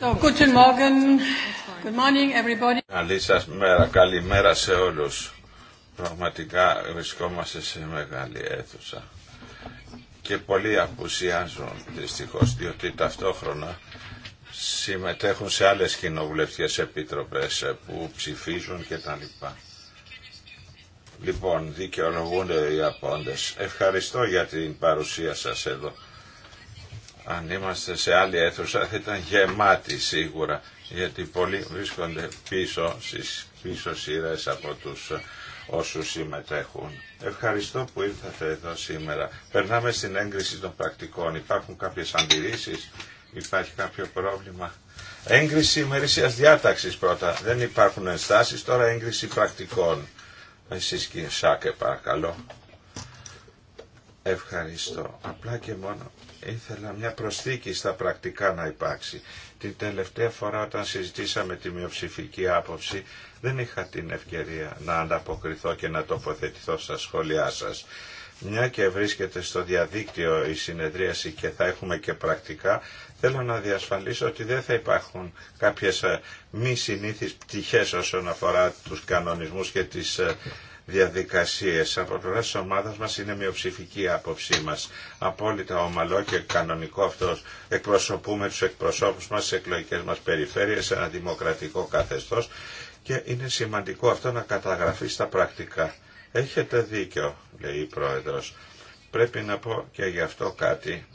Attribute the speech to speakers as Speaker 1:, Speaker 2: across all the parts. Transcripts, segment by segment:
Speaker 1: Guten Καλή
Speaker 2: μέρα, καλημέρα σε όλους. Πραγματικά βρισκόμαστε σε μεγάλη αίθουσα και πολλοί απουσιάζουν δυστυχώς διότι ταυτόχρονα συμμετέχουν σε άλλες κοινοβουλευτικές επιτροπές που ψηφίζουν και τα λοιπά. Λοιπόν, δικαιολογούνται οι απόντες. Ευχαριστώ για την παρουσία σας εδώ αν είμαστε σε άλλη αίθουσα θα ήταν γεμάτη σίγουρα γιατί πολλοί βρίσκονται πίσω στις πίσω σειρές από τους ε, όσους συμμετέχουν. Ευχαριστώ που ήρθατε εδώ σήμερα. Περνάμε στην έγκριση των πρακτικών. Υπάρχουν κάποιες αντιρρήσεις, υπάρχει κάποιο πρόβλημα. Έγκριση ημερησίας διάταξης πρώτα. Δεν υπάρχουν ενστάσεις, τώρα έγκριση πρακτικών. Εσείς κύριε Σάκε παρακαλώ. Ευχαριστώ. Απλά και μόνο ήθελα μια προσθήκη στα πρακτικά να υπάρξει. Την τελευταία φορά όταν συζητήσαμε τη μειοψηφική άποψη δεν είχα την ευκαιρία να ανταποκριθώ και να τοποθετηθώ στα σχόλιά σας. Μια και βρίσκεται στο διαδίκτυο η συνεδρίαση και θα έχουμε και πρακτικά, θέλω να διασφαλίσω ότι δεν θα υπάρχουν κάποιες ε, μη συνήθεις πτυχές όσον αφορά τους κανονισμούς και τις ε, Διαδικασίε Από πλευρά τη ομάδα μας είναι μειοψηφική η άποψή μας. Απόλυτα ομαλό και κανονικό αυτό. Εκπροσωπούμε τους εκπροσώπους μας σε εκλογικές μας περιφέρειες, σε ένα δημοκρατικό καθεστώς και είναι σημαντικό αυτό να καταγραφεί στα πρακτικά. Έχετε δίκιο, λέει η Πρόεδρος. Πρέπει να πω και γι' αυτό κάτι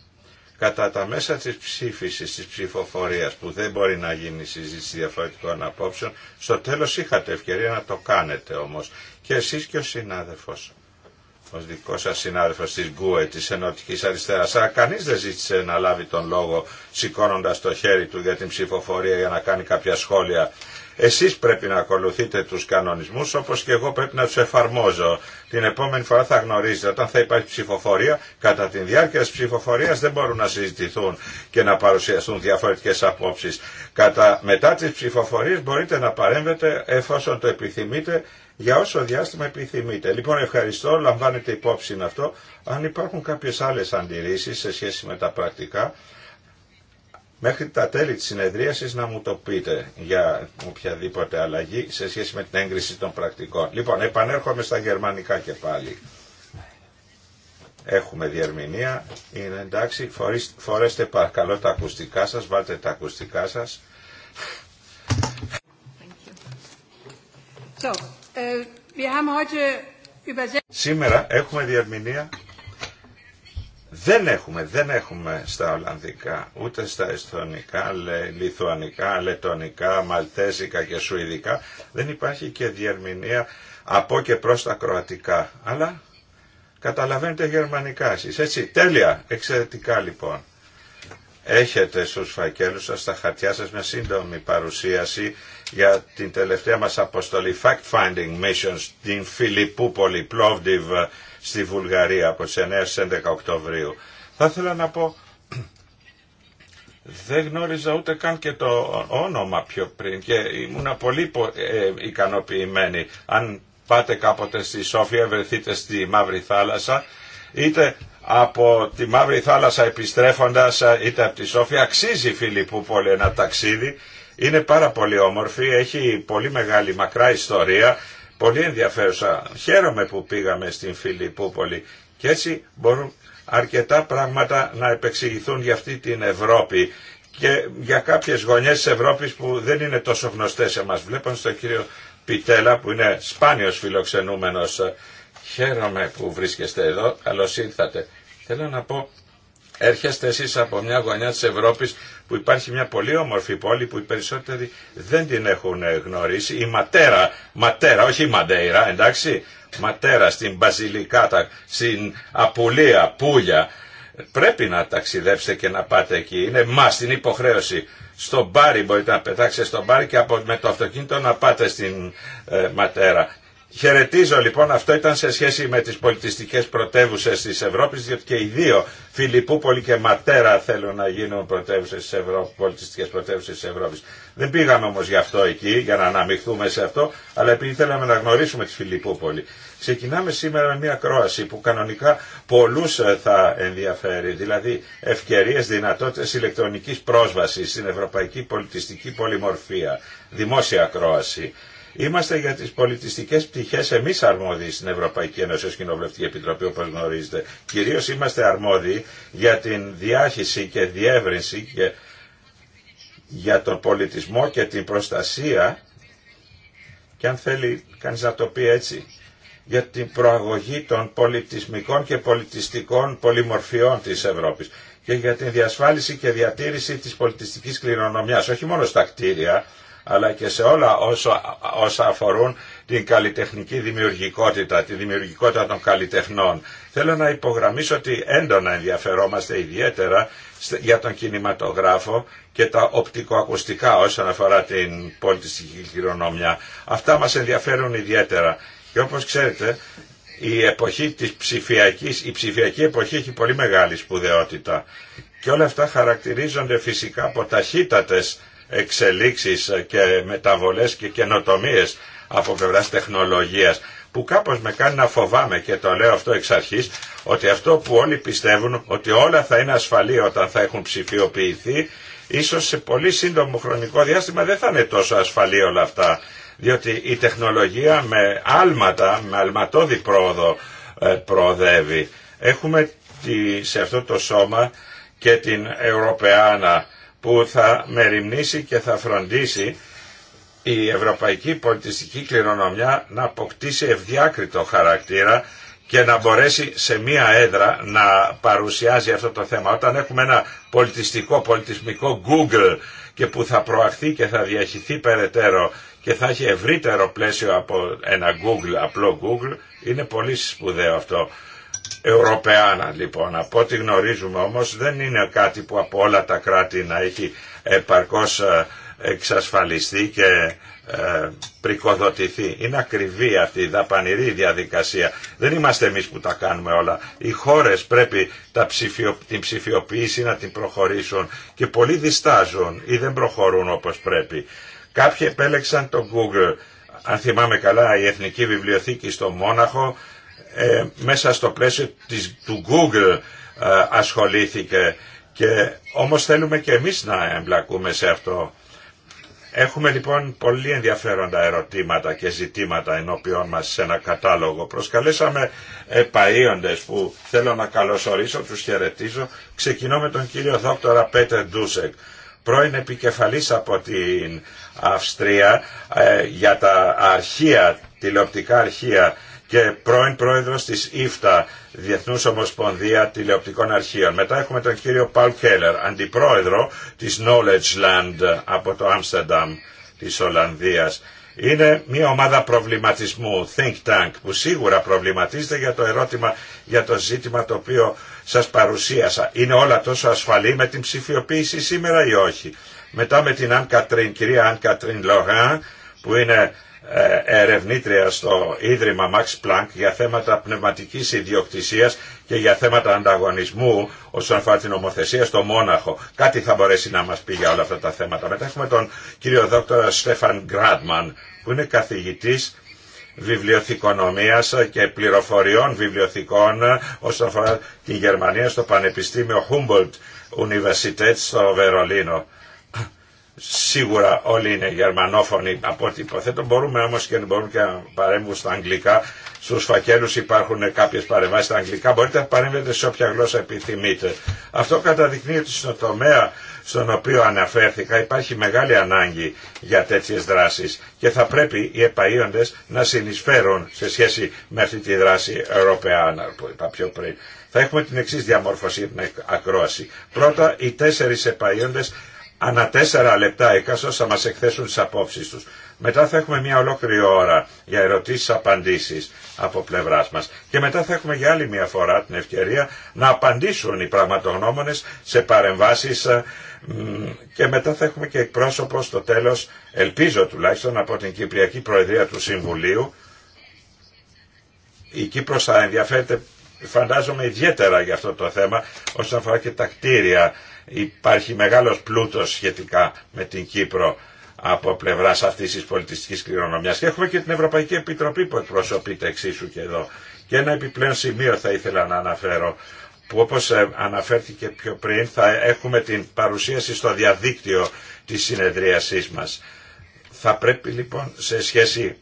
Speaker 2: κατά τα μέσα της ψήφισης, της ψηφοφορίας που δεν μπορεί να γίνει συζήτηση διαφορετικών απόψεων, στο τέλος είχατε ευκαιρία να το κάνετε όμως και εσείς και ο συνάδελφος ο δικό σα συνάδελφο τη Γκουε τη Ενωτική Αριστερά. Αλλά κανεί δεν ζήτησε να λάβει τον λόγο σηκώνοντα το χέρι του για την ψηφοφορία για να κάνει κάποια σχόλια. Εσεί πρέπει να ακολουθείτε του κανονισμού όπω και εγώ πρέπει να του εφαρμόζω. Την επόμενη φορά θα γνωρίζετε όταν θα υπάρχει ψηφοφορία, κατά τη διάρκεια τη ψηφοφορία δεν μπορούν να συζητηθούν και να παρουσιαστούν διαφορετικέ απόψει. Μετά τι ψηφοφορίε μπορείτε να παρέμβετε εφόσον το επιθυμείτε για όσο διάστημα επιθυμείτε. Λοιπόν, ευχαριστώ, λαμβάνετε υπόψη αυτό. Αν υπάρχουν κάποιες άλλες αντιρρήσεις σε σχέση με τα πρακτικά, μέχρι τα τέλη της συνεδρίασης να μου το πείτε για οποιαδήποτε αλλαγή σε σχέση με την έγκριση των πρακτικών. Λοιπόν, επανέρχομαι στα γερμανικά και πάλι. Έχουμε διερμηνία, είναι εντάξει, φορέστε παρακαλώ τα ακουστικά σας, βάλτε τα ακουστικά σας. Thank you. Σήμερα έχουμε διαρμηνία. Δεν έχουμε, δεν έχουμε στα Ολλανδικά, ούτε στα Εσθονικά, Λιθουανικά, Λετωνικά, Μαλτέζικα και Σουηδικά. Δεν υπάρχει και διαρμηνία από και προς τα Κροατικά. Αλλά καταλαβαίνετε Γερμανικά εσείς, έτσι. Τέλεια, εξαιρετικά λοιπόν. Έχετε στους φακέλους σας, στα χαρτιά σας, μια σύντομη παρουσίαση για την τελευταία μας αποστολή Fact Finding Mission στην Φιλιππούπολη Πλόβδιβ στη Βουλγαρία από τις 9 11 Οκτωβρίου. Θα ήθελα να πω, δεν γνώριζα ούτε καν και το όνομα πιο πριν και ήμουν πολύ ε, ικανοποιημένη. Αν πάτε κάποτε στη Σόφια, βρεθείτε στη Μαύρη Θάλασσα, είτε από τη Μαύρη Θάλασσα επιστρέφοντας είτε από τη Σόφια. Αξίζει Φιλιππούπολη ένα ταξίδι. Είναι πάρα πολύ όμορφη, έχει πολύ μεγάλη μακρά ιστορία, πολύ ενδιαφέρουσα. Χαίρομαι που πήγαμε στην Φιλιππούπολη και έτσι μπορούν αρκετά πράγματα να επεξηγηθούν για αυτή την Ευρώπη και για κάποιες γωνιές της Ευρώπης που δεν είναι τόσο γνωστές μας. Βλέπω στον κύριο Πιτέλα που είναι σπάνιος φιλοξενούμενος Χαίρομαι που βρίσκεστε εδώ. Καλώς ήρθατε. Θέλω να πω, έρχεστε εσείς από μια γωνιά της Ευρώπης που υπάρχει μια πολύ όμορφη πόλη που οι περισσότεροι δεν την έχουν γνωρίσει. Η Ματέρα, Ματέρα, όχι η Μαντέιρα, εντάξει. Ματέρα στην Μπαζιλικάτα, στην Απουλία, Πούλια. Πρέπει να ταξιδέψετε και να πάτε εκεί. Είναι μα την υποχρέωση. Στο μπάρι μπορείτε να πετάξετε στο μπάρι και από, με το αυτοκίνητο να πάτε στην ε, Ματέρα. Χαιρετίζω λοιπόν, αυτό ήταν σε σχέση με τις πολιτιστικές πρωτεύουσες της Ευρώπης, διότι και οι δύο, Φιλιππούπολη και Ματέρα, θέλουν να γίνουν πρωτεύουσες της Ευρώπης, πολιτιστικές πρωτεύουσες της Ευρώπης. Δεν πήγαμε όμως γι' αυτό εκεί, για να αναμειχθούμε σε αυτό, αλλά επειδή θέλαμε να γνωρίσουμε τη Φιλιππούπολη. Ξεκινάμε σήμερα με μια κρόαση που κανονικά πολλούς ε, θα ενδιαφέρει, δηλαδή ευκαιρίες, δυνατότητες ηλεκτρονικής πρόσβασης στην ευρωπαϊκή πολιτιστική πολυμορφία, δημόσια κρόαση. Είμαστε για τις πολιτιστικές πτυχές εμείς αρμόδιοι στην Ευρωπαϊκή Ένωση ως Κοινοβουλευτική Επιτροπή όπως γνωρίζετε. Κυρίως είμαστε αρμόδιοι για την διάχυση και διεύρυνση και για τον πολιτισμό και την προστασία και αν θέλει κανείς να το πει έτσι για την προαγωγή των πολιτισμικών και πολιτιστικών πολυμορφιών της Ευρώπης και για την διασφάλιση και διατήρηση της πολιτιστικής κληρονομιάς, όχι μόνο στα κτίρια, αλλά και σε όλα όσα, όσα αφορούν την καλλιτεχνική δημιουργικότητα, τη δημιουργικότητα των καλλιτεχνών. Θέλω να υπογραμμίσω ότι έντονα ενδιαφερόμαστε ιδιαίτερα για τον κινηματογράφο και τα οπτικοακουστικά όσον αφορά την πολιτιστική κληρονομιά. Αυτά μας ενδιαφέρουν ιδιαίτερα. Και όπως ξέρετε, η, εποχή της ψηφιακής, η ψηφιακή εποχή έχει πολύ μεγάλη σπουδαιότητα. Και όλα αυτά χαρακτηρίζονται φυσικά από ταχύτατες εξελίξεις και μεταβολές και καινοτομίες από πλευράς τεχνολογίας που κάπως με κάνει να φοβάμαι και το λέω αυτό εξ αρχής ότι αυτό που όλοι πιστεύουν ότι όλα θα είναι ασφαλή όταν θα έχουν ψηφιοποιηθεί ίσως σε πολύ σύντομο χρονικό διάστημα δεν θα είναι τόσο ασφαλή όλα αυτά διότι η τεχνολογία με άλματα, με αλματώδη πρόοδο ε, προοδεύει. Έχουμε σε αυτό το σώμα και την Ευρωπαϊκή που θα μεριμνήσει και θα φροντίσει η ευρωπαϊκή πολιτιστική κληρονομιά να αποκτήσει ευδιάκριτο χαρακτήρα και να μπορέσει σε μία έδρα να παρουσιάζει αυτό το θέμα. Όταν έχουμε ένα πολιτιστικό, πολιτισμικό Google και που θα προαχθεί και θα διαχυθεί περαιτέρω και θα έχει ευρύτερο πλαίσιο από ένα Google, απλό Google, είναι πολύ σπουδαίο αυτό. Ευρωπαίανα λοιπόν. Από ό,τι γνωρίζουμε όμως δεν είναι κάτι που από όλα τα κράτη να έχει επαρκώς ε, εξασφαλιστεί και ε, πρικοδοτηθεί. Είναι ακριβή αυτή η δαπανηρή διαδικασία. Δεν είμαστε εμείς που τα κάνουμε όλα. Οι χώρες πρέπει τα την ψηφιοποίηση να την προχωρήσουν και πολλοί διστάζουν ή δεν προχωρούν όπως πρέπει. Κάποιοι επέλεξαν το Google. Αν θυμάμαι καλά η Εθνική Βιβλιοθήκη στο Μόναχο ε, μέσα στο πλαίσιο της, του Google ε, ασχολήθηκε και όμως θέλουμε και εμείς να εμπλακούμε σε αυτό. Έχουμε λοιπόν πολύ ενδιαφέροντα ερωτήματα και ζητήματα ενώπιόν μας σε ένα κατάλογο. Προσκαλέσαμε επαΐοντες που θέλω να καλωσορίσω, τους χαιρετίζω. Ξεκινώ με τον κύριο δόκτορα Πέτερ Ντούσεκ, πρώην επικεφαλής από την Αυστρία ε, για τα αρχεία, τηλεοπτικά αρχεία και πρώην πρόεδρος της ΙΦΤΑ, Διεθνούς Ομοσπονδία Τηλεοπτικών Αρχείων. Μετά έχουμε τον κύριο Παλ Κέλλερ, αντιπρόεδρο της Knowledge Land από το Άμστερνταμ της Ολλανδίας. Είναι μια ομάδα προβληματισμού, think tank, που σίγουρα προβληματίζεται για το ερώτημα, για το ζήτημα το οποίο σας παρουσίασα. Είναι όλα τόσο ασφαλή με την ψηφιοποίηση σήμερα ή όχι. Μετά με την Αν κυρία Αν Κατρίν Λογάν, που είναι ε, ερευνήτρια στο Ίδρυμα Max Planck για θέματα πνευματικής ιδιοκτησίας και για θέματα ανταγωνισμού όσον αφορά την ομοθεσία στο Μόναχο. Κάτι θα μπορέσει να μας πει για όλα αυτά τα θέματα. Μετά έχουμε τον κύριο δόκτωρα Στέφαν Γκράντμαν που είναι καθηγητής βιβλιοθηκονομίας και πληροφοριών βιβλιοθηκών όσον αφορά την Γερμανία στο Πανεπιστήμιο Humboldt Universität στο Βερολίνο σίγουρα όλοι είναι γερμανόφωνοι από ό,τι υποθέτω. Μπορούμε όμω και και να παρέμβουν στα αγγλικά. Στου φακέλους υπάρχουν κάποιε παρεμβάσει στα αγγλικά. Μπορείτε να παρέμβετε σε όποια γλώσσα επιθυμείτε. Αυτό καταδεικνύει ότι στον τομέα στον οποίο αναφέρθηκα υπάρχει μεγάλη ανάγκη για τέτοιε δράσει και θα πρέπει οι επαείοντε να συνεισφέρουν σε σχέση με αυτή τη δράση ευρωπαϊκή που είπα πιο πριν. Θα έχουμε την εξή διαμόρφωση την ακρόαση. Πρώτα, οι τέσσερι επαείοντε ανά τέσσερα λεπτά εκάστος θα μας εκθέσουν τις απόψεις τους. Μετά θα έχουμε μια ολόκληρη ώρα για ερωτήσεις, απαντήσεις από πλευράς μας. Και μετά θα έχουμε για άλλη μια φορά την ευκαιρία να απαντήσουν οι πραγματογνώμονες σε παρεμβάσεις ε, και μετά θα έχουμε και εκπρόσωπο στο τέλος, ελπίζω τουλάχιστον από την Κυπριακή Προεδρία του Συμβουλίου. Η Κύπρος θα ενδιαφέρεται φαντάζομαι ιδιαίτερα για αυτό το θέμα όσον αφορά και τα κτίρια Υπάρχει μεγάλος πλούτος σχετικά με την Κύπρο από πλευράς αυτής της πολιτιστική κληρονομιάς Και έχουμε και την Ευρωπαϊκή Επιτροπή που εκπροσωπείται εξίσου και εδώ. Και ένα επιπλέον σημείο θα ήθελα να αναφέρω που όπως ε, αναφέρθηκε πιο πριν θα έχουμε την παρουσίαση στο διαδίκτυο της συνεδρίασής μας. Θα πρέπει λοιπόν σε σχέση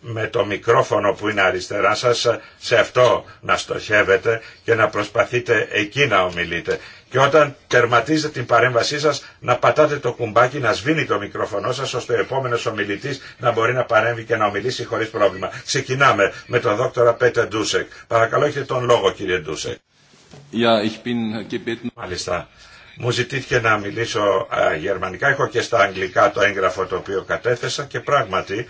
Speaker 2: με το μικρόφωνο που είναι αριστερά σας σε αυτό να στοχεύετε και να προσπαθείτε εκεί να ομιλείτε. Και όταν τερματίζετε την παρέμβασή σας να πατάτε το κουμπάκι, να σβήνει το μικρόφωνο σας ώστε ο επόμενος ομιλητής να μπορεί να παρέμβει και να ομιλήσει χωρίς πρόβλημα. Ξεκινάμε με τον δόκτωρα Πέτερ Ντούσεκ. Παρακαλώ έχετε τον λόγο κύριε Ντούσεκ. ich Μάλιστα. Μου ζητήθηκε να μιλήσω γερμανικά, έχω και στα αγγλικά το έγγραφο το οποίο κατέθεσα και πράγματι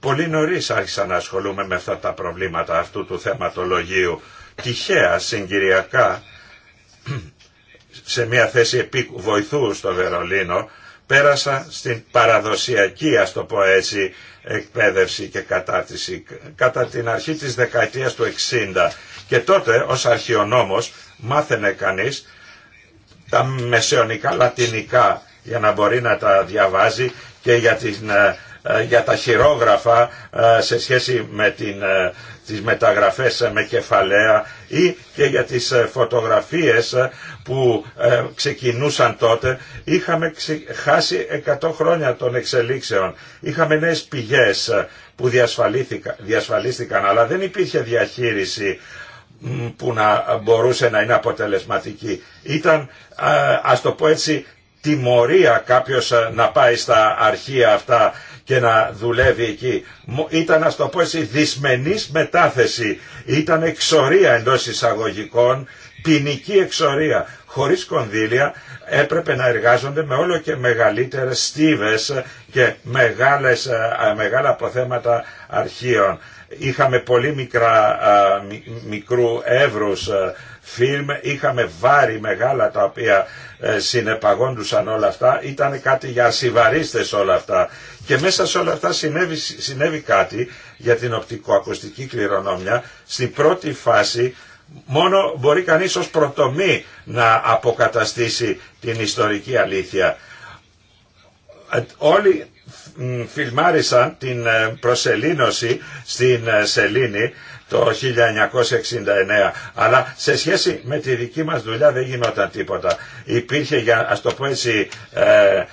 Speaker 2: πολύ νωρίς άρχισα να ασχολούμαι με αυτά τα προβλήματα αυτού του θεματολογίου. Τυχαία, συγκυριακά, σε μια θέση βοηθού στο Βερολίνο, πέρασα στην παραδοσιακή, ας το πω έτσι, εκπαίδευση και κατάρτιση κατά την αρχή της δεκαετίας του 60. Και τότε ως αρχιονόμος μάθαινε κανείς τα μεσαιωνικά λατινικά για να μπορεί να τα διαβάζει και για την ε, ε, για τα χειρόγραφα ε, σε σχέση με την, ε, τις μεταγραφές με κεφαλαία ή και για τις φωτογραφίες που ξεκινούσαν τότε είχαμε χάσει 100 χρόνια των εξελίξεων. Είχαμε νέες πηγές που διασφαλίστηκαν αλλά δεν υπήρχε διαχείριση που να μπορούσε να είναι αποτελεσματική. Ήταν, ας το πω έτσι, τιμωρία κάποιος να πάει στα αρχεία αυτά και να δουλεύει εκεί. Ήταν, α το πω έτσι, δυσμενής μετάθεση. Ήταν εξορία εντός εισαγωγικών, ποινική εξορία. Χωρίς κονδύλια έπρεπε να εργάζονται με όλο και μεγαλύτερες στίβες και μεγάλες, ε, μεγάλα αποθέματα αρχείων. Είχαμε πολύ μικρά, μικρού εύρους ε, φιλμ, είχαμε βάρη μεγάλα τα οποία ε, συνεπαγόντουσαν όλα αυτά, ήταν κάτι για ασυβαρίστες όλα αυτά. Και μέσα σε όλα αυτά συνέβη, κάτι για την οπτικοακουστική κληρονομιά. Στην πρώτη φάση μόνο μπορεί κανείς ως πρωτομή να αποκαταστήσει την ιστορική αλήθεια. Ε, όλοι φιλμάρισαν την ε, προσελήνωση στην σελήνη το 1969. Αλλά σε σχέση με τη δική μας δουλειά δεν γινόταν τίποτα. Υπήρχε, για, ας το πω έτσι, ε,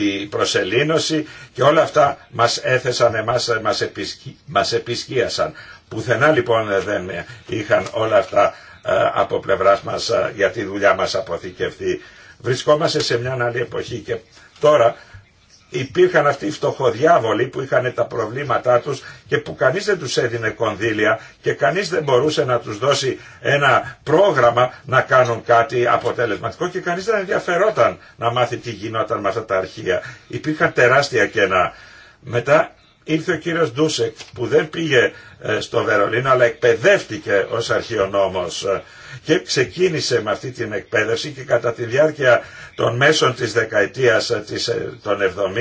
Speaker 2: η, προσελήνωση και όλα αυτά μας έθεσαν εμάς, μας, μας επισκίασαν. Πουθενά λοιπόν δεν είχαν όλα αυτά ε, από πλευράς μας ε, για τη δουλειά μας αποθηκευτεί. Βρισκόμαστε σε μια άλλη εποχή και τώρα υπήρχαν αυτοί οι φτωχοδιάβολοι που είχαν τα προβλήματά τους και που κανείς δεν τους έδινε κονδύλια και κανείς δεν μπορούσε να τους δώσει ένα πρόγραμμα να κάνουν κάτι αποτελεσματικό και κανείς δεν ενδιαφερόταν να μάθει τι γινόταν με αυτά τα αρχεία. Υπήρχαν τεράστια κενά. Μετά ήρθε ο κύριος Ντούσεκ που δεν πήγε ε, στο Βερολίνο αλλά εκπαιδεύτηκε ως αρχαιονόμος και ξεκίνησε με αυτή την εκπαίδευση και κατά τη διάρκεια των μέσων της δεκαετίας ε, ε, των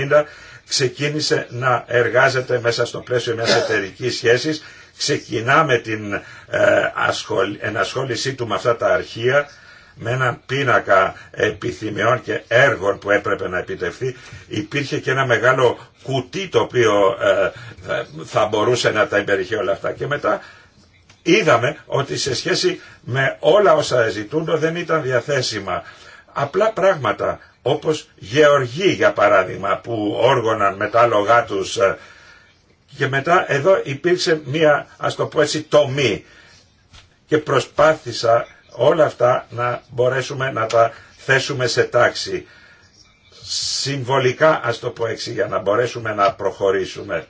Speaker 2: 70 ξεκίνησε να εργάζεται μέσα στο πλαίσιο μιας εταιρικής σχέσης. με την ε, ενασχόλησή του με αυτά τα αρχεία με έναν πίνακα επιθυμιών και έργων που έπρεπε να επιτευχθεί υπήρχε και ένα μεγάλο κουτί το οποίο θα μπορούσε να τα εμπεριχεί όλα αυτά και μετά είδαμε ότι σε σχέση με όλα όσα ζητούντο δεν ήταν διαθέσιμα. Απλά πράγματα όπως γεωργοί για παράδειγμα που όργωναν με λογά τους ε, και μετά εδώ υπήρξε μία ας το πω έτσι τομή και προσπάθησα όλα αυτά να μπορέσουμε να τα θέσουμε σε τάξη συμβολικά ας το πω έτσι για να μπορέσουμε να προχωρήσουμε.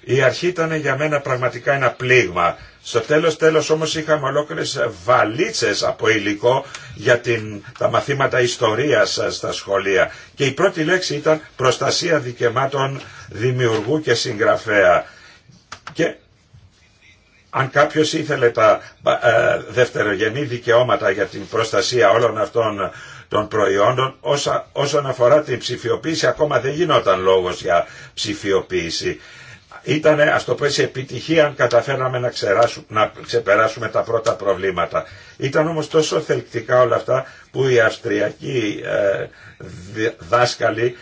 Speaker 2: Η αρχή ήταν για μένα πραγματικά ένα πλήγμα στο τέλος τέλος όμως είχαμε ολόκληρες βαλίτσες από υλικό για την, τα μαθήματα ιστορίας ε, στα σχολεία. Και η πρώτη λέξη ήταν προστασία δικαιωμάτων δημιουργού και συγγραφέα. Και αν κάποιος ήθελε τα ε, δευτερογενή δικαιώματα για την προστασία όλων αυτών των προϊόντων όσα, όσον αφορά την ψηφιοποίηση ακόμα δεν γινόταν λόγος για ψηφιοποίηση ήταν ας το πω έτσι επιτυχία αν καταφέραμε να, να ξεπεράσουμε τα πρώτα προβλήματα. Ήταν όμως τόσο θελκτικά όλα αυτά που οι αυστριακοί ε, δάσκαλοι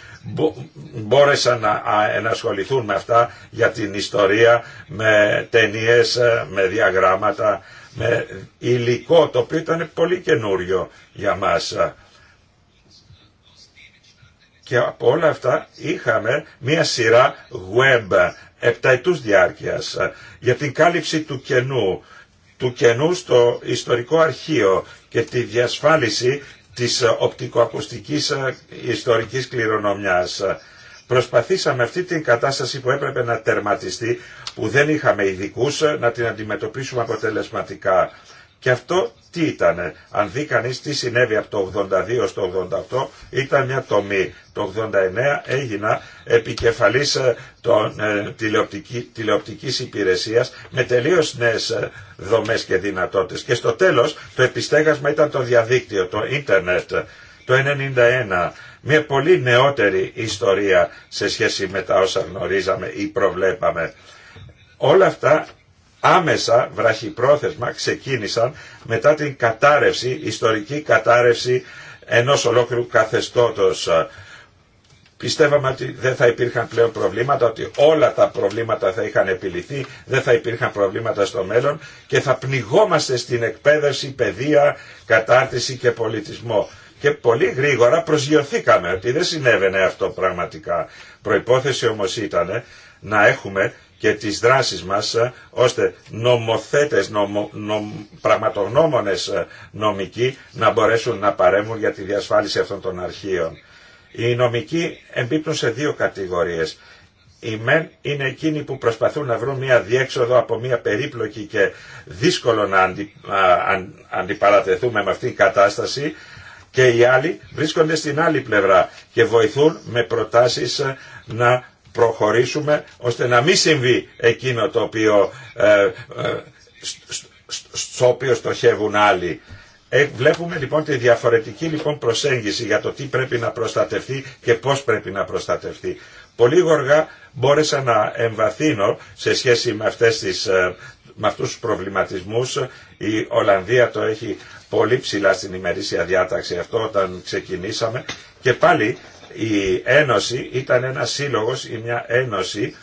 Speaker 2: μπόρεσαν να ενασχοληθούν με αυτά για την ιστορία με ταινίες, ε, με διαγράμματα, με υλικό το οποίο ήταν πολύ καινούριο για μας. Και από όλα αυτά είχαμε μία σειρά web επταετούς διάρκειας ε, για την κάλυψη του κενού, του κενού στο ιστορικό αρχείο και τη διασφάλιση της ε, οπτικοακουστικής ε, ιστορικής κληρονομιάς. Προσπαθήσαμε αυτή την κατάσταση που έπρεπε να τερματιστεί, που δεν είχαμε ειδικού να την αντιμετωπίσουμε αποτελεσματικά. Και αυτό τι ήταν. Αν δει κανεί τι συνέβη από το 82 στο 88 ήταν μια τομή. Το 89 έγινα επικεφαλής ε, των, ε, τηλεοπτική, τηλεοπτικής υπηρεσίας με τελείως νέες ε, δομές και δυνατότητες. Και στο τέλος το επιστέγασμα ήταν το διαδίκτυο, το ίντερνετ. Το 91 μια πολύ νεότερη ιστορία σε σχέση με τα όσα γνωρίζαμε ή προβλέπαμε. Όλα αυτά άμεσα βραχυπρόθεσμα ξεκίνησαν μετά την κατάρρευση, ιστορική κατάρρευση ενός ολόκληρου καθεστώτος. Πιστεύαμε ότι δεν θα υπήρχαν πλέον προβλήματα, ότι όλα τα προβλήματα θα είχαν επιληθεί, δεν θα υπήρχαν προβλήματα στο μέλλον και θα πνιγόμαστε στην εκπαίδευση, παιδεία, κατάρτιση και πολιτισμό. Και πολύ γρήγορα προσγειωθήκαμε ότι δεν συνέβαινε αυτό πραγματικά. Προϋπόθεση όμως ήταν να έχουμε και τις δράσεις μας ε, ώστε νομοθέτες, νομο, πραγματογνώμονες ε, νομικοί να μπορέσουν να παρέμουν για τη διασφάλιση αυτών των αρχείων. Οι νομικοί εμπίπτουν σε δύο κατηγορίες. Οι μεν είναι εκείνοι που προσπαθούν να βρουν μια διέξοδο από μια περίπλοκη και δύσκολο να αντιπαρατεθούμε με αυτήν την κατάσταση και οι άλλοι βρίσκονται στην άλλη πλευρά και βοηθούν με προτάσεις ε, να προχωρήσουμε ώστε να μην συμβεί εκείνο το οποίο, ε, ε, στο οποίο στοχεύουν άλλοι. Ε, βλέπουμε λοιπόν τη διαφορετική λοιπόν προσέγγιση για το τι πρέπει να προστατευτεί και πώς πρέπει να προστατευτεί. Πολύ γοργά μπόρεσα να εμβαθύνω σε σχέση με, αυτές τις, ε, με αυτούς τους προβληματισμούς. Η Ολλανδία το έχει πολύ ψηλά στην ημερήσια διάταξη αυτό όταν ξεκινήσαμε και πάλι η Ένωση ήταν ένα σύλλογος ή μια ένωση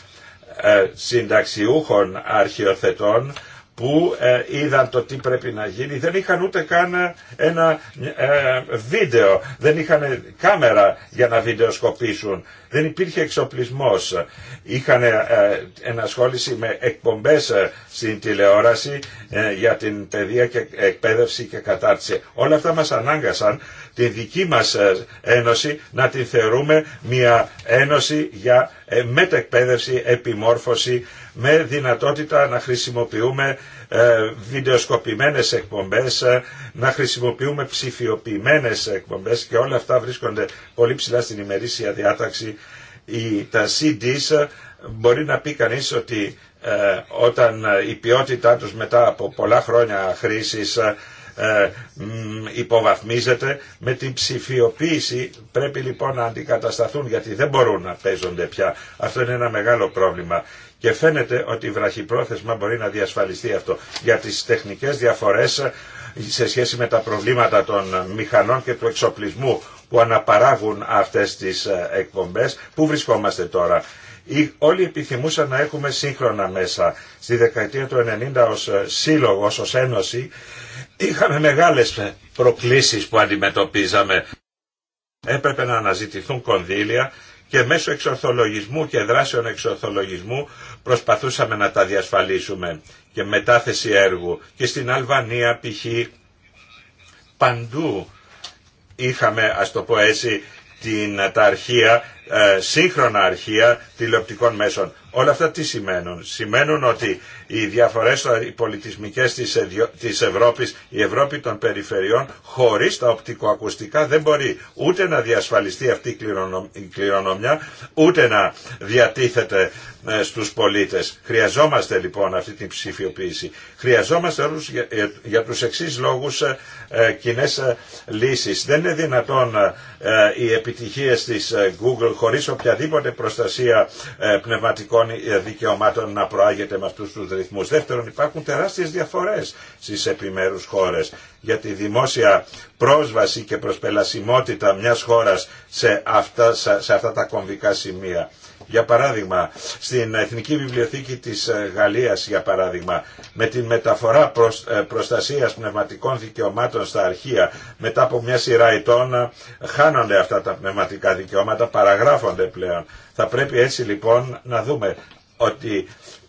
Speaker 2: ε, συνταξιούχων αρχιοθετών που ε, είδαν το τι πρέπει να γίνει δεν είχαν ούτε καν ε, ένα ε, βίντεο, δεν είχαν κάμερα για να βιντεοσκοπήσουν, δεν υπήρχε εξοπλισμός. Είχαν ενασχόληση με εκπομπές στην τηλεόραση για την παιδεία και εκπαίδευση και κατάρτιση. Όλα αυτά μας ανάγκασαν τη δική μας ένωση να την θεωρούμε μια ένωση για ε, μετεκπαίδευση, επιμόρφωση με δυνατότητα να χρησιμοποιούμε ε, βιντεοσκοπημένες εκπομπές, ε, να χρησιμοποιούμε ψηφιοποιημένες εκπομπές και όλα αυτά βρίσκονται πολύ ψηλά στην ημερήσια διάταξη. Τα CDs μπορεί να πει κανείς ότι όταν η ποιότητά τους μετά από πολλά χρόνια χρήσης ε, υποβαθμίζεται. Με την ψηφιοποίηση πρέπει λοιπόν να αντικατασταθούν γιατί δεν μπορούν να παίζονται πια. Αυτό είναι ένα μεγάλο πρόβλημα. Και φαίνεται ότι βραχυπρόθεσμα μπορεί να διασφαλιστεί αυτό. Για τις τεχνικές διαφορές ε, σε σχέση με τα προβλήματα των μηχανών και του εξοπλισμού που αναπαράγουν αυτές τις ε, εκπομπές. Πού βρισκόμαστε τώρα. Όλοι επιθυμούσαν να έχουμε σύγχρονα μέσα. Στη δεκαετία του 90 ως ε, σύλλογος, ως ένωση, είχαμε μεγάλες ε, προκλήσεις που αντιμετωπίζαμε. Έπρεπε να αναζητηθούν κονδύλια και μέσω εξορθολογισμού και δράσεων εξορθολογισμού προσπαθούσαμε να τα διασφαλίσουμε και μετάθεση έργου. Και στην Αλβανία π.χ. παντού είχαμε, ας το πω έτσι, την, τα ε, σύγχρονα αρχεία τηλεοπτικών μέσων. Όλα αυτά τι σημαίνουν. Σημαίνουν ότι οι διαφορές οι πολιτισμικές ε, της Ευρώπης, η Ευρώπη των περιφερειών, χωρίς τα οπτικοακουστικά δεν μπορεί ούτε να διασφαλιστεί αυτή η κληρονομιά, ούτε να διατίθεται ε, στους πολίτες. Χρειαζόμαστε λοιπόν αυτή την ψηφιοποίηση. Χρειαζόμαστε όλους για τους εξής λόγους κοινέ λύσεις. Δεν είναι δυνατόν οι επιτυχίες της Google χωρίς οποιαδήποτε προστασία ε, πνευματικών ε, δικαιωμάτων να προάγεται με αυτούς τους ρυθμούς. Δεύτερον, υπάρχουν τεράστιες διαφορές στις επιμέρους χώρες για τη δημόσια πρόσβαση και προσπελασιμότητα μιας χώρας σε αυτά, σε αυτά τα κομβικά σημεία. Για παράδειγμα, στην Εθνική Βιβλιοθήκη της ε, Γαλλίας, για παράδειγμα, με την μεταφορά ε, προστασίας πνευματικών δικαιωμάτων στα αρχεία, μετά από μια σειρά ετών ε, χάνονται αυτά τα πνευματικά δικαιώματα, παραγράφονται πλέον. Θα πρέπει έτσι λοιπόν να δούμε ότι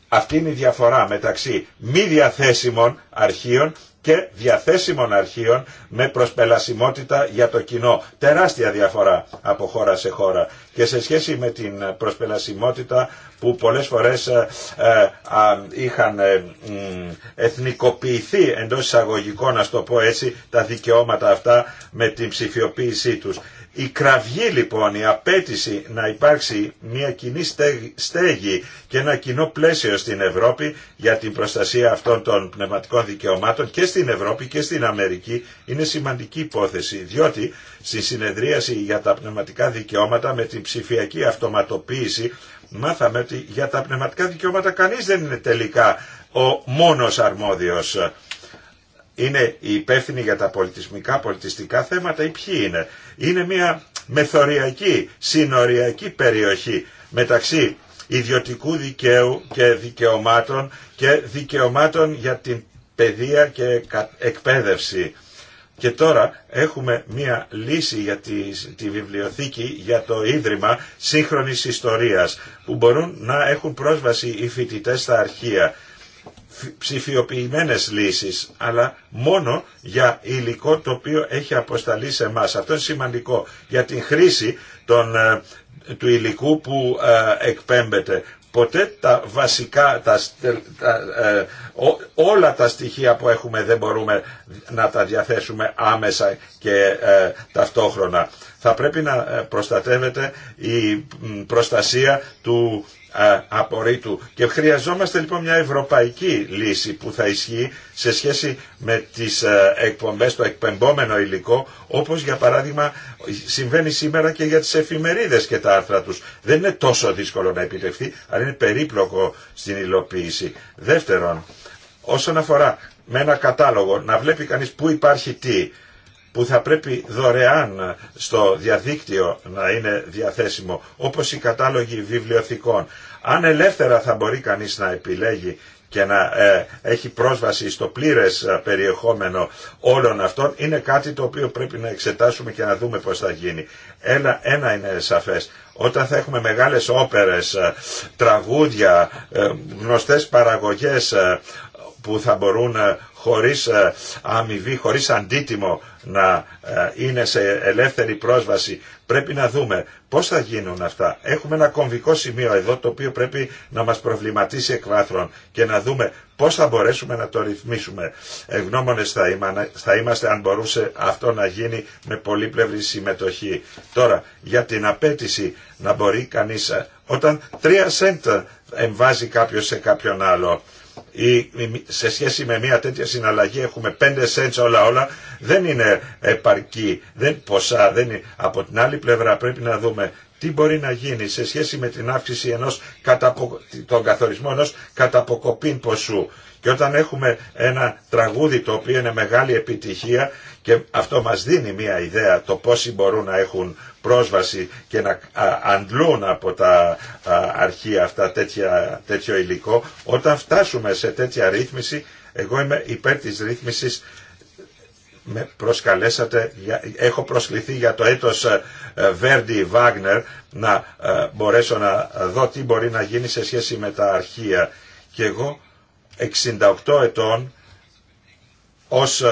Speaker 2: αυτή είναι η διαφορά μεταξύ μη διαθέσιμων αρχείων και διαθέσιμων αρχείων με προσπελασιμότητα για το κοινό. Τεράστια διαφορά από χώρα σε χώρα και σε σχέση με την προσπελασιμότητα που πολλές φορές ε, ε, είχαν ε, εθνικοποιηθεί εντός εισαγωγικών, να το πω έτσι, τα δικαιώματα αυτά με την ψηφιοποίησή τους. Η κραυγή λοιπόν, η απέτηση να υπάρξει μια κοινή στέγη και ένα κοινό πλαίσιο στην Ευρώπη για την προστασία αυτών των πνευματικών δικαιωμάτων και στην Ευρώπη και στην Αμερική είναι σημαντική υπόθεση διότι στη συνεδρίαση για τα πνευματικά δικαιώματα με την ψηφιακή αυτοματοποίηση μάθαμε ότι για τα πνευματικά δικαιώματα κανείς δεν είναι τελικά ο μόνος αρμόδιος είναι η υπεύθυνοι για τα πολιτισμικά, πολιτιστικά θέματα ή ποιοι είναι. Είναι μια μεθοριακή, συνοριακή περιοχή μεταξύ ιδιωτικού δικαίου και δικαιωμάτων και δικαιωμάτων για την παιδεία και εκπαίδευση. Και τώρα έχουμε μία λύση για τη, τη βιβλιοθήκη, για το Ίδρυμα Σύγχρονης Ιστορίας, που μπορούν να έχουν πρόσβαση οι φοιτητές στα αρχεία ψηφιοποιημένες λύσεις, αλλά μόνο για υλικό το οποίο έχει αποσταλεί σε εμά. Αυτό είναι σημαντικό για την χρήση των, ε, του υλικού που ε, εκπέμπεται. Ποτέ τα βασικά, τα, ε, όλα τα στοιχεία που έχουμε δεν μπορούμε να τα διαθέσουμε άμεσα και ταυτόχρονα. Θα πρέπει να προστατεύεται η προστασία του απορρίτου. Και χρειαζόμαστε λοιπόν μια ευρωπαϊκή λύση που θα ισχύει σε σχέση με τις ε, εκπομπές, το εκπαιμπόμενο υλικό, όπως για παράδειγμα συμβαίνει σήμερα και για τις εφημερίδες και τα άρθρα τους. Δεν είναι τόσο δύσκολο να επιτευχθεί, αλλά είναι περίπλοκο στην υλοποίηση. Δεύτερον, όσον αφορά με ένα κατάλογο, να βλέπει κανείς πού υπάρχει τι, που θα πρέπει δωρεάν στο διαδίκτυο να είναι διαθέσιμο, όπως οι κατάλογοι βιβλιοθηκών. Αν ελεύθερα θα μπορεί κανείς να επιλέγει και να ε, έχει πρόσβαση στο πλήρες ε, περιεχόμενο όλων αυτών, είναι κάτι το οποίο πρέπει να εξετάσουμε και να δούμε πώς θα γίνει. Ένα, ένα είναι σαφές. Όταν θα έχουμε μεγάλες όπερες, ε, τραγούδια, γνωστές παραγωγές που θα μπορούν ε, χωρίς ε, αμοιβή, χωρίς αντίτιμο να ε, είναι σε ελεύθερη πρόσβαση. Πρέπει να δούμε πώς θα γίνουν αυτά. Έχουμε ένα κομβικό σημείο εδώ το οποίο πρέπει να μας προβληματίσει εκ βάθρων και να δούμε πώς θα μπορέσουμε να το ρυθμίσουμε. Ευγνώμονες θα είμαστε αν μπορούσε αυτό να γίνει με πολύπλευρη συμμετοχή. Τώρα για την απέτηση να μπορεί κανείς όταν τρία σέντ εμβάζει κάποιος σε κάποιον άλλο ή σε σχέση με μια τέτοια συναλλαγή έχουμε 5 cents όλα όλα δεν είναι επαρκή δεν, ποσά, δεν από την άλλη πλευρά πρέπει να δούμε τι μπορεί να γίνει σε σχέση με την αύξηση ενός τον καθορισμό ενός καταποκοπήν ποσού και όταν έχουμε ένα τραγούδι το οποίο είναι μεγάλη επιτυχία και αυτό μας δίνει μια ιδέα το πόσοι μπορούν να έχουν πρόσβαση και να αντλούν από τα αρχεία αυτά τέτοια, τέτοιο υλικό, όταν φτάσουμε σε τέτοια ρύθμιση, εγώ είμαι υπέρ της ρύθμισης με προσκαλέσατε, έχω προσκληθεί για το έτος ε, Verdi Wagner να ε, μπορέσω να δω τι μπορεί να γίνει σε σχέση με τα αρχεία. Και εγώ 68 ετών ως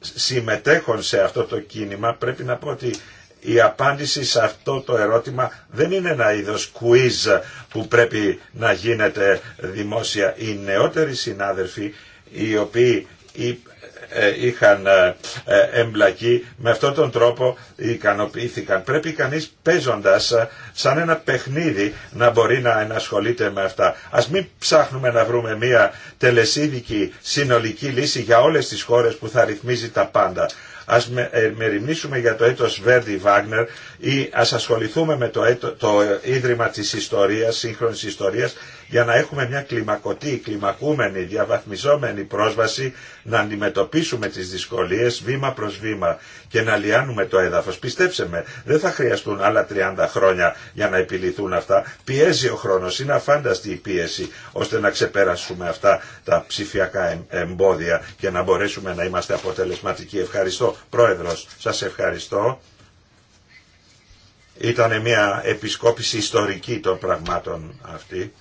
Speaker 2: συμμετέχον σε αυτό το κίνημα πρέπει να πω ότι η απάντηση σε αυτό το ερώτημα δεν είναι ένα είδος quiz που πρέπει να γίνεται δημόσια. Οι νεότεροι συνάδελφοι οι οποίοι ε, είχαν ε, ε, εμπλακεί. Με αυτόν τον τρόπο ικανοποιήθηκαν. Πρέπει κανείς παίζοντας σαν ένα παιχνίδι να μπορεί να ενασχολείται με αυτά. Ας μην ψάχνουμε να βρούμε μια τελεσίδικη συνολική λύση για όλες τις χώρες που θα ρυθμίζει τα πάντα. Ας μεριμνήσουμε για το έτος Βέρντι Βάγνερ ή ας ασχοληθούμε με το, το Ίδρυμα της Ιστορίας, σύγχρονης ιστορίας για να έχουμε μια κλιμακωτή, κλιμακούμενη, διαβαθμιζόμενη πρόσβαση να αντιμετωπίσουμε τις δυσκολίες βήμα προς βήμα και να λιάνουμε το έδαφος. Πιστέψε με, δεν θα χρειαστούν άλλα 30 χρόνια για να επιληθούν αυτά. Πιέζει ο χρόνος, είναι αφάνταστη η πίεση ώστε να ξεπεράσουμε αυτά τα ψηφιακά εμπόδια και να μπορέσουμε να είμαστε αποτελεσματικοί. Ευχαριστώ. Πρόεδρος, σας ευχαριστώ. Ήταν μια επισκόπηση ιστορική των πραγμάτων αυτή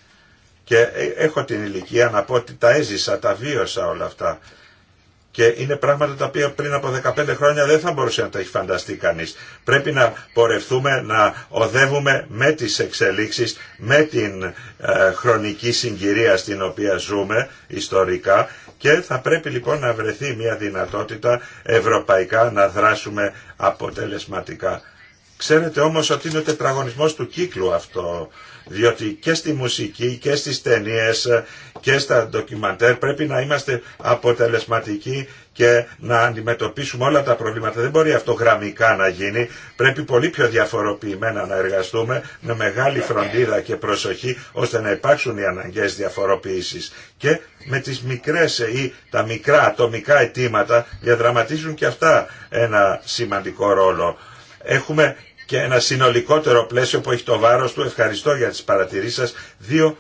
Speaker 2: και ε, έχω την ηλικία να πω ότι τα έζησα, τα βίωσα όλα αυτά. Και είναι πράγματα τα οποία πριν από 15 χρόνια δεν θα μπορούσε να τα έχει φανταστεί κανεί. Πρέπει να πορευτούμε, να οδεύουμε με τις εξελίξεις, με την ε, χρονική συγκυρία στην οποία ζούμε ιστορικά και θα πρέπει λοιπόν να βρεθεί μια δυνατότητα ευρωπαϊκά να δράσουμε αποτελεσματικά. Ξέρετε όμως ότι είναι ο τετραγωνισμός του κύκλου αυτό διότι και στη μουσική και στις ταινίες και στα ντοκιμαντέρ πρέπει να είμαστε αποτελεσματικοί και να αντιμετωπίσουμε όλα τα προβλήματα. Δεν μπορεί αυτό γραμμικά να γίνει. Πρέπει πολύ πιο διαφοροποιημένα να εργαστούμε με μεγάλη φροντίδα και προσοχή ώστε να υπάρξουν οι αναγκαίες διαφοροποίησεις. Και με τις μικρές ή τα μικρά ατομικά αιτήματα διαδραματίζουν και αυτά ένα σημαντικό ρόλο. Έχουμε και ένα συνολικότερο πλαίσιο που έχει το βάρος του. Ευχαριστώ για τις παρατηρήσεις σας. Δύο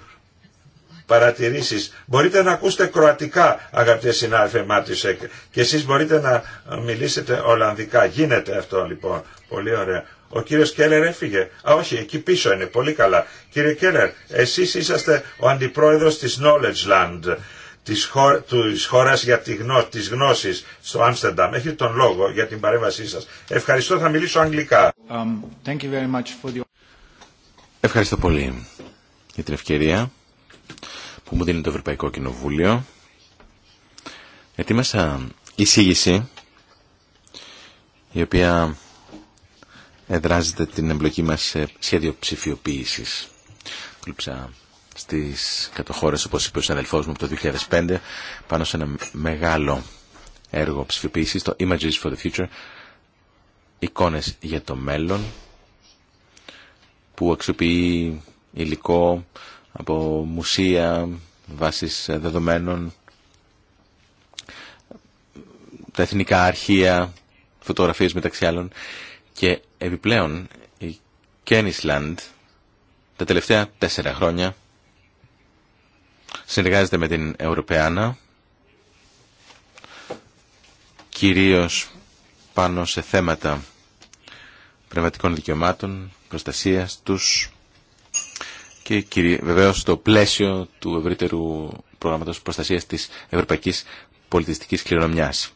Speaker 2: παρατηρήσεις. Μπορείτε να ακούσετε κροατικά, αγαπητέ συνάδελφε Μάτισεκ, και εσείς μπορείτε να μιλήσετε Ολλανδικά. Γίνεται αυτό λοιπόν. Πολύ ωραία. Ο κύριο Κέλλερ έφυγε. Α, όχι, εκεί πίσω είναι. Πολύ καλά. Κύριε Κέλλερ, εσεί είσαστε ο αντιπρόεδρο τη Knowledge Land της, χω... χώρας για τη γνώ... της γνώσης στο Άμστερνταμ. Έχετε τον λόγο για την παρέμβασή σας. Ευχαριστώ, θα μιλήσω αγγλικά. Um,
Speaker 1: thank you very much for the...
Speaker 3: Ευχαριστώ πολύ για την ευκαιρία που μου δίνει το Ευρωπαϊκό Κοινοβούλιο. Ετοίμασα εισήγηση η οποία εδράζεται την εμπλοκή μας σε σχέδιο ψηφιοποίησης στις κατοχώρες, όπως είπε ο συναδελφός μου από το 2005, πάνω σε ένα μεγάλο έργο ψηφιοποίησης, το Images for the Future, εικόνες για το μέλλον, που αξιοποιεί υλικό από μουσεία, βάσεις δεδομένων, τα εθνικά αρχεία, φωτογραφίες μεταξύ άλλων και επιπλέον η Κένισλαντ τα τελευταία τέσσερα χρόνια συνεργάζεται με την Ευρωπαϊκή κυρίως πάνω σε θέματα πνευματικών δικαιωμάτων, προστασίας τους και βεβαίως στο πλαίσιο του ευρύτερου προγράμματος προστασίας της Ευρωπαϊκής Πολιτιστικής Κληρονομιάς.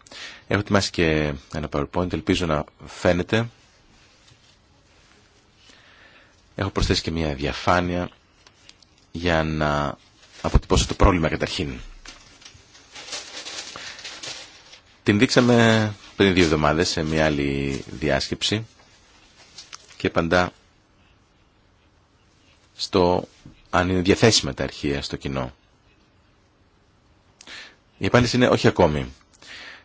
Speaker 3: Έχω ετοιμάσει και ένα PowerPoint, ελπίζω να φαίνεται. Έχω προσθέσει και μια διαφάνεια για να αποτυπώσει το πρόβλημα καταρχήν. Την δείξαμε πριν δύο εβδομάδες σε μια άλλη διάσκεψη και παντά στο αν είναι διαθέσιμα τα αρχεία στο κοινό. Η απάντηση είναι όχι ακόμη.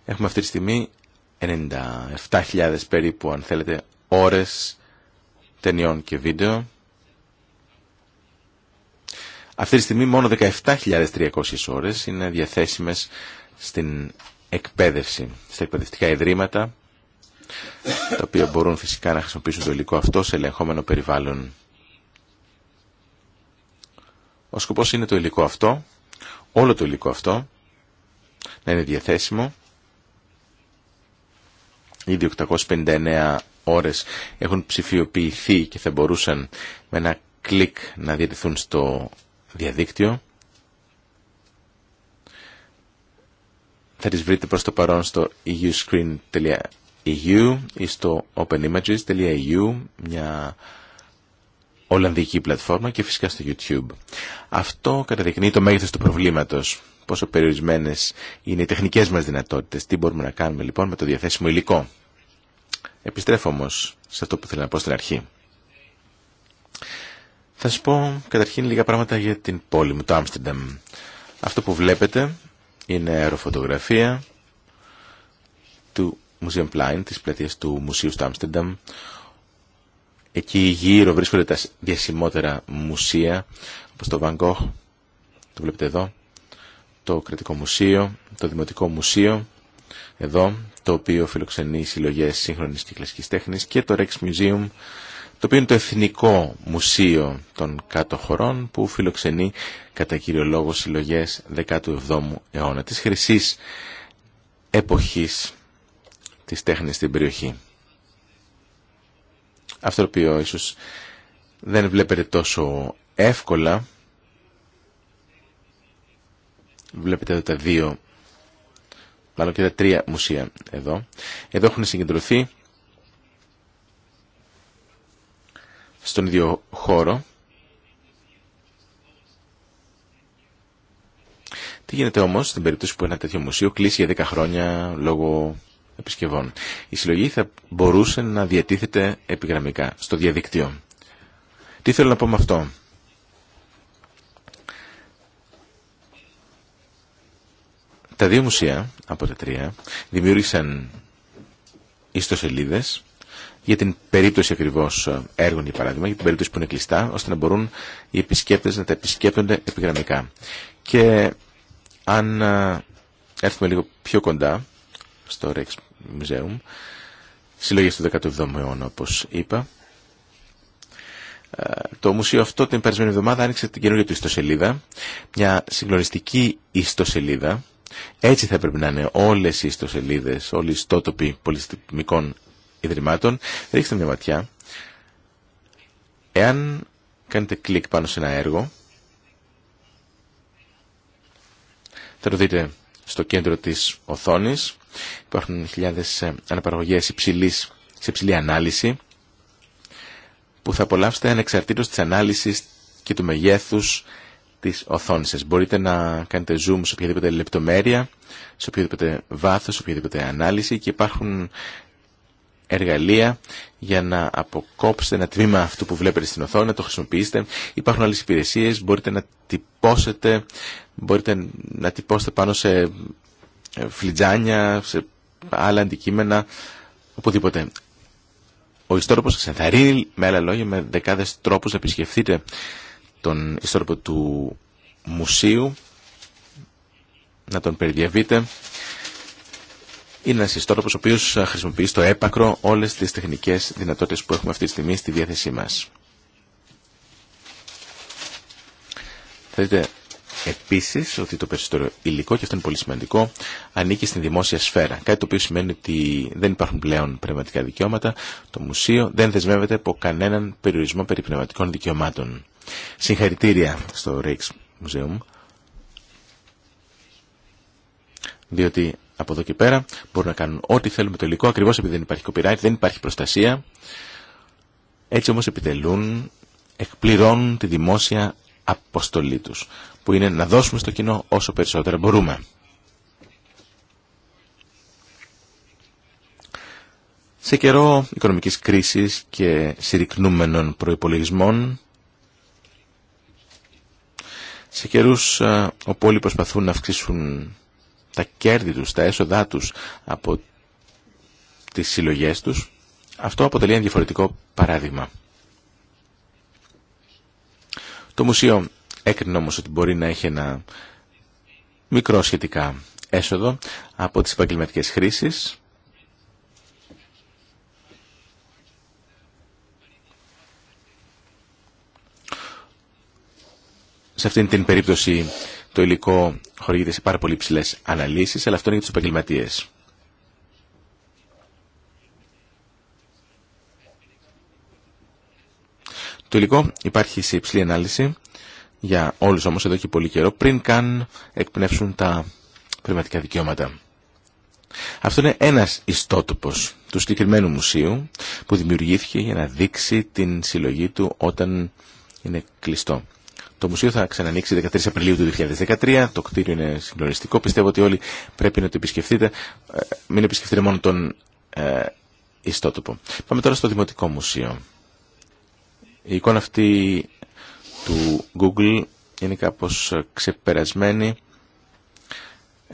Speaker 3: Έχουμε αυτή τη στιγμή 97.000 περίπου, αν θέλετε, ώρες ταινιών και βίντεο αυτή τη στιγμή μόνο 17.300 ώρες είναι διαθέσιμες στην εκπαίδευση, στα εκπαιδευτικά ιδρύματα, τα οποία μπορούν φυσικά να χρησιμοποιήσουν το υλικό αυτό σε ελεγχόμενο περιβάλλον. Ο σκοπός είναι το υλικό αυτό, όλο το υλικό αυτό, να είναι διαθέσιμο. Ήδη 859 ώρες έχουν ψηφιοποιηθεί και θα μπορούσαν με ένα κλικ να διατηθούν στο διαδίκτυο. Θα τις βρείτε προς το παρόν στο euscreen.eu ή στο openimages.eu, μια Ολλανδική πλατφόρμα και φυσικά στο YouTube. Αυτό καταδεικνύει το μέγεθος του προβλήματος, πόσο περιορισμένες είναι οι τεχνικές μας δυνατότητες, τι μπορούμε να κάνουμε λοιπόν με το διαθέσιμο υλικό. Επιστρέφω όμως σε αυτό που θέλω να πω στην αρχή. Θα σας πω καταρχήν λίγα πράγματα για την πόλη μου, το Άμστερνταμ. Αυτό που βλέπετε είναι αεροφωτογραφία του Museum Plain, της πλατείας του Μουσείου στο Άμστερνταμ. Εκεί γύρω βρίσκονται τα διασημότερα μουσεία, όπως το Van Gogh, το βλέπετε εδώ, το Κρατικό Μουσείο, το Δημοτικό Μουσείο, εδώ, το οποίο φιλοξενεί συλλογές σύγχρονη και κλασικής τέχνης και το Rex Museum, το οποίο είναι το Εθνικό Μουσείο των Κάτω Χωρών που φιλοξενεί κατά κύριο λόγο συλλογές 17ου αιώνα της χρυσή εποχής της τέχνης στην περιοχή. Αυτό το οποίο ίσως δεν βλέπετε τόσο εύκολα βλέπετε εδώ τα δύο μάλλον και τα τρία μουσεία εδώ εδώ έχουν συγκεντρωθεί στον ίδιο χώρο. Τι γίνεται όμως στην περίπτωση που ένα τέτοιο μουσείο κλείσει για 10 χρόνια λόγω επισκευών. Η συλλογή θα μπορούσε να διατίθεται επιγραμμικά στο διαδίκτυο. Τι θέλω να πω με αυτό. Τα δύο μουσεία από τα τρία δημιούργησαν ιστοσελίδες για την περίπτωση ακριβώ ε, έργων, για παράδειγμα, για την περίπτωση που είναι κλειστά, ώστε να μπορούν οι επισκέπτε να τα επισκέπτονται επιγραμμικά. Και αν ε, έρθουμε λίγο πιο κοντά στο Rex Museum, συλλογέ του 17ου αιώνα όπως είπα, ε, το μουσείο αυτό την περασμένη εβδομάδα άνοιξε την καινούργια του ιστοσελίδα, μια συγκλονιστική ιστοσελίδα, έτσι θα έπρεπε να είναι όλες οι ιστοσελίδες, όλοι οι ιστότοποι πολιτισμικών ιδρυμάτων, ρίξτε μια ματιά. Εάν κάνετε κλικ πάνω σε ένα έργο, θα το δείτε στο κέντρο της οθόνης. Υπάρχουν χιλιάδες ε, αναπαραγωγές υψηλής, σε υψηλή ανάλυση που θα απολαύσετε ανεξαρτήτως της ανάλυσης και του μεγέθους της οθόνης σας. Μπορείτε να κάνετε zoom σε οποιαδήποτε λεπτομέρεια, σε οποιοδήποτε βάθος, σε οποιαδήποτε ανάλυση και υπάρχουν εργαλεία για να αποκόψετε ένα τμήμα αυτού που βλέπετε στην οθόνη, να το χρησιμοποιήσετε. Υπάρχουν άλλες υπηρεσίες, μπορείτε να τυπώσετε, μπορείτε να τυπώσετε πάνω σε ε, φλιτζάνια, σε άλλα αντικείμενα, οπουδήποτε. Ο ιστόρροπος σας ενθαρρύνει, με άλλα λόγια, με δεκάδες τρόπους να επισκεφθείτε τον ιστόρροπο του μουσείου, να τον περιδιαβείτε, είναι ένα ιστότοπο ο οποίο ε, χρησιμοποιεί στο έπακρο όλε τι τεχνικέ δυνατότητε που έχουμε αυτή τη στιγμή στη διάθεσή μα. Θα δείτε επίση ότι το περισσότερο υλικό, και αυτό είναι πολύ σημαντικό, ανήκει στην δημόσια σφαίρα. Κάτι το οποίο σημαίνει ότι δεν υπάρχουν πλέον πνευματικά δικαιώματα. Το μουσείο δεν δεσμεύεται από κανέναν περιορισμό περί πνευματικών δικαιωμάτων. Συγχαρητήρια στο Ρίξ Museum. Διότι από εδώ και πέρα μπορούν να κάνουν ό,τι θέλουν με το υλικό ακριβώς επειδή δεν υπάρχει copyright, δεν υπάρχει προστασία. Έτσι όμως επιτελούν, εκπληρώνουν τη δημόσια αποστολή τους που είναι να δώσουμε στο κοινό όσο περισσότερα μπορούμε. Σε καιρό οικονομικής κρίσης και συρρυκνούμενων προϋπολογισμών σε καιρούς ε, όπου όλοι προσπαθούν να αυξήσουν τα κέρδη τους, τα έσοδά τους από τις συλλογές τους, αυτό αποτελεί ένα διαφορετικό παράδειγμα. Το μουσείο έκρινε όμως ότι μπορεί να έχει ένα μικρό σχετικά έσοδο από τις επαγγελματικέ χρήσεις, Σε αυτήν την περίπτωση το υλικό χορηγείται σε πάρα πολύ ψηλέ αναλύσει, αλλά αυτό είναι για του επαγγελματίε. Το υλικό υπάρχει σε υψηλή ανάλυση για όλους όμως εδώ και πολύ καιρό πριν καν εκπνεύσουν τα πνευματικά δικαιώματα. Αυτό είναι ένας ιστότοπος του συγκεκριμένου μουσείου που δημιουργήθηκε για να δείξει την συλλογή του όταν είναι κλειστό. Το μουσείο θα ξανανοίξει 13 Απριλίου του 2013. Το κτίριο είναι συγκλονιστικό. Πιστεύω ότι όλοι πρέπει να το επισκεφτείτε. Ε, μην επισκεφτείτε μόνο τον ε, ιστότοπο. Πάμε τώρα στο Δημοτικό Μουσείο. Η εικόνα αυτή του Google είναι κάπως ε, ξεπερασμένη.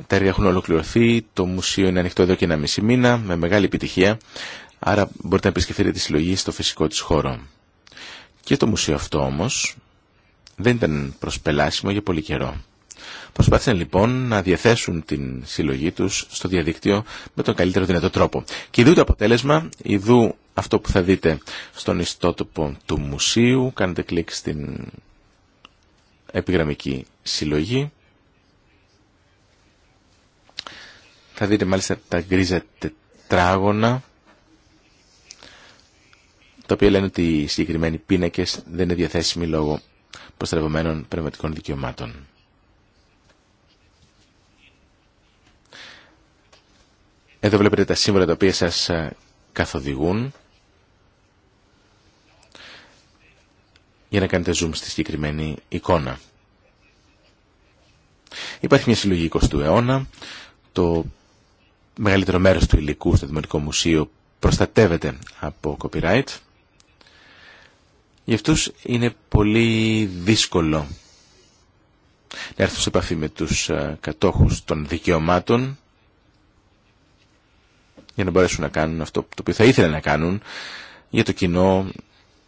Speaker 3: Τα έργα έχουν ολοκληρωθεί. Το μουσείο είναι ανοιχτό εδώ και ένα μισή μήνα με μεγάλη επιτυχία. Άρα μπορείτε να επισκεφτείτε τη συλλογή στο φυσικό της χώρο. Και το μουσείο αυτό όμως δεν ήταν προσπελάσιμο για πολύ καιρό. Προσπάθησαν λοιπόν να διαθέσουν την συλλογή τους στο διαδίκτυο με τον καλύτερο δυνατό τρόπο. Και ειδού το αποτέλεσμα, ειδού αυτό που θα δείτε στον ιστότοπο του μουσείου, κάνετε κλικ στην επιγραμμική συλλογή. Θα δείτε μάλιστα τα γκρίζα τετράγωνα, τα οποία λένε ότι οι συγκεκριμένοι πίνακες δεν είναι διαθέσιμοι λόγω προστατευμένων πνευματικών δικαιωμάτων. Εδώ βλέπετε τα σύμβολα τα οποία σας ε, καθοδηγούν για να κάνετε zoom στη συγκεκριμένη εικόνα. Υπάρχει μια συλλογή 20ου αιώνα. Το μεγαλύτερο μέρος του υλικού στο Δημοτικό Μουσείο προστατεύεται από copyright για αυτούς είναι πολύ δύσκολο να έρθουν σε επαφή με τους ε, κατόχους των δικαιωμάτων για να μπορέσουν να κάνουν αυτό το οποίο θα ήθελαν να κάνουν για το κοινό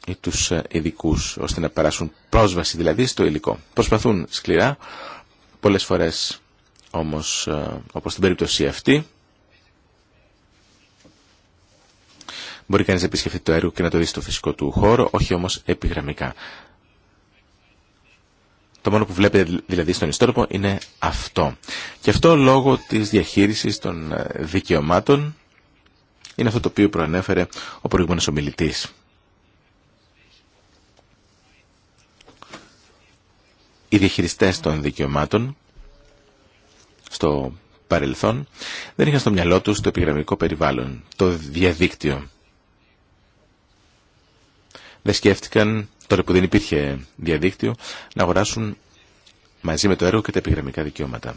Speaker 3: ή τους ε, ειδικού, ώστε να περάσουν πρόσβαση δηλαδή στο υλικό. Προσπαθούν σκληρά, πολλές φορές όμως ε, όπως στην περίπτωση αυτή Μπορεί κανείς να επισκεφτεί το έργο και να το δει στο φυσικό του χώρο, όχι όμως επιγραμμικά. Το μόνο που βλέπετε δηλαδή στον ιστόρπο είναι αυτό. Και αυτό λόγω της διαχείρισης των ε, δικαιωμάτων είναι αυτό το οποίο προανέφερε ο προηγούμενος ομιλητής. Οι διαχειριστές των δικαιωμάτων στο παρελθόν δεν είχαν στο μυαλό τους το επιγραμμικό περιβάλλον, το διαδίκτυο δεν σκέφτηκαν, τώρα που δεν υπήρχε διαδίκτυο, να αγοράσουν μαζί με το έργο και τα επιγραμμικά δικαιώματα.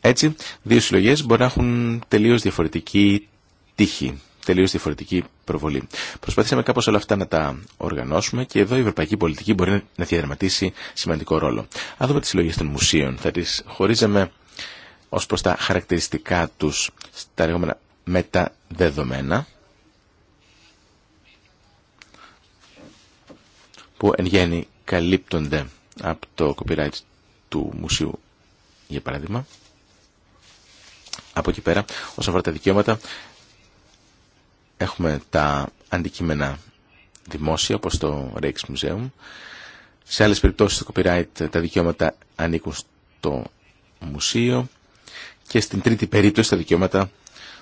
Speaker 3: Έτσι, δύο συλλογέ μπορεί να έχουν τελείως διαφορετική τύχη, τελείως διαφορετική προβολή. Προσπαθήσαμε κάπως όλα αυτά να τα οργανώσουμε και εδώ η ευρωπαϊκή πολιτική μπορεί να διαδραματίσει σημαντικό ρόλο. Αν δούμε τις συλλογές των μουσείων, θα τις χωρίζαμε ως προς τα χαρακτηριστικά τους στα λεγόμενα μεταδεδομένα που εν γέννη καλύπτονται από το copyright του μουσείου για παράδειγμα από εκεί πέρα όσον αφορά τα δικαιώματα έχουμε τα αντικείμενα δημόσια όπως το Museum σε άλλες περιπτώσεις το copyright τα δικαιώματα ανήκουν στο μουσείο και στην τρίτη περίπτωση τα δικαιώματα,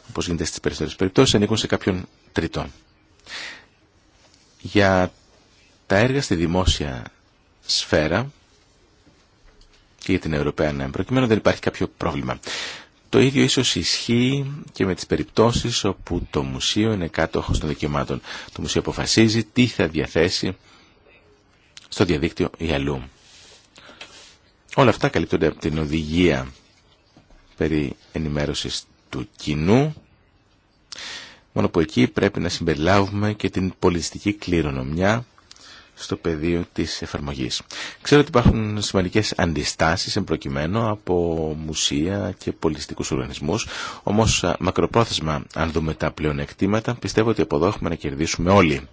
Speaker 3: όπω γίνεται στι περισσότερε περιπτώσει, ανήκουν σε κάποιον τρίτο. Για τα έργα στη δημόσια σφαίρα και για την Ευρωπαία ναι, προκειμένου δεν υπάρχει κάποιο πρόβλημα. Το ίδιο ίσω ισχύει και με τι περιπτώσει όπου το μουσείο είναι κάτοχο των δικαιωμάτων. Το μουσείο αποφασίζει τι θα διαθέσει στο διαδίκτυο ή αλλού. Όλα αυτά καλύπτονται από την οδηγία περί ενημέρωσης του κοινού, μόνο που εκεί πρέπει να συμπεριλάβουμε και την πολιτιστική κληρονομιά στο πεδίο της εφαρμογής. Ξέρω ότι υπάρχουν σημαντικές αντιστάσεις εμπροκειμένου από μουσεία και πολιτιστικούς οργανισμούς, όμως μακροπρόθεσμα αν δούμε τα πλεονεκτήματα πιστεύω ότι από εδώ έχουμε να κερδίσουμε όλοι.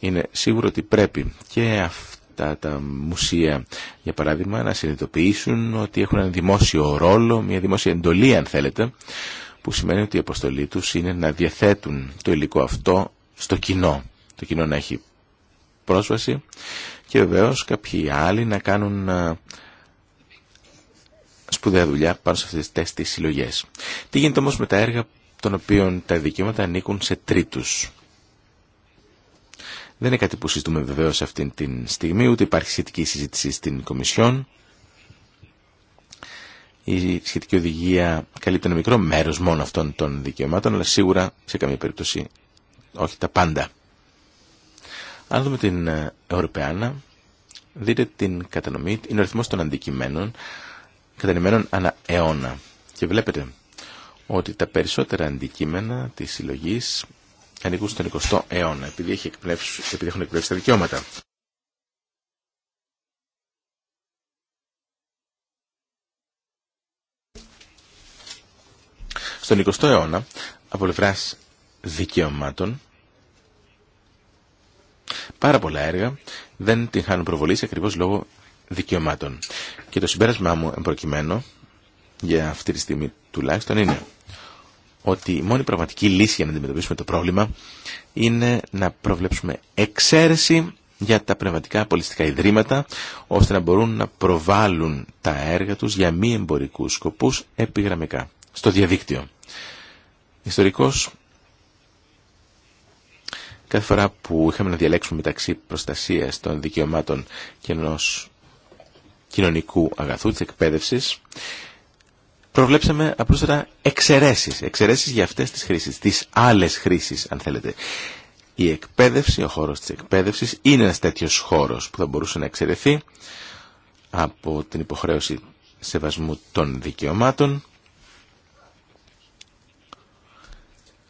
Speaker 3: Είναι σίγουρο ότι πρέπει και αυτό τα μουσεία, για παράδειγμα, να συνειδητοποιήσουν ότι έχουν ένα δημόσιο ρόλο, μια δημόσια εντολή αν θέλετε, που σημαίνει ότι η αποστολή τους είναι να διαθέτουν το υλικό αυτό στο κοινό. Το κοινό να έχει πρόσβαση και βεβαίως κάποιοι άλλοι να κάνουν σπουδαία δουλειά πάνω σε αυτές τις συλλογές. Τι γίνεται όμως με τα έργα των οποίων τα δικαιώματα ανήκουν σε τρίτους. Δεν είναι κάτι που συζητούμε βεβαίω αυτή τη στιγμή, ούτε υπάρχει σχετική συζήτηση στην Κομισιόν. Η σχετική οδηγία καλύπτει ένα μικρό μέρο μόνο αυτών των δικαιωμάτων, αλλά σίγουρα σε καμία περίπτωση όχι τα πάντα. Αν δούμε την ε, Ευρωπαϊκή, δείτε την κατανομή, είναι ο αριθμό των αντικειμένων κατανημένων ανά αιώνα. Και βλέπετε ότι τα περισσότερα αντικείμενα της συλλογής ανήκουν στον 20ο αιώνα, επειδή, έχει επειδή έχουν εκπνεύσει τα δικαιώματα. Στον 20ο αιώνα, από πλευρά δικαιωμάτων, πάρα πολλά έργα δεν την χάνουν προβολή ακριβώ λόγω δικαιωμάτων. Και το συμπέρασμά μου, εμπροκειμένο, για αυτή τη στιγμή τουλάχιστον, είναι ότι η μόνη πραγματική λύση για να αντιμετωπίσουμε το πρόβλημα είναι να προβλέψουμε εξαίρεση για τα πνευματικά πολιτικά ιδρύματα ώστε να μπορούν να προβάλλουν τα έργα τους για μη εμπορικούς σκοπούς επιγραμμικά στο διαδίκτυο. Ιστορικός κάθε φορά που είχαμε να διαλέξουμε μεταξύ προστασίας των δικαιωμάτων και ενό κοινωνικού αγαθού της εκπαίδευσης προβλέψαμε απλούστερα εξαιρέσεις. Εξαιρέσεις για αυτές τις χρήσεις, τις άλλες χρήσεις αν θέλετε. Η εκπαίδευση, ο χώρος της εκπαίδευσης είναι ένας τέτοιος χώρος που θα μπορούσε να εξαιρεθεί από την υποχρέωση σεβασμού των δικαιωμάτων.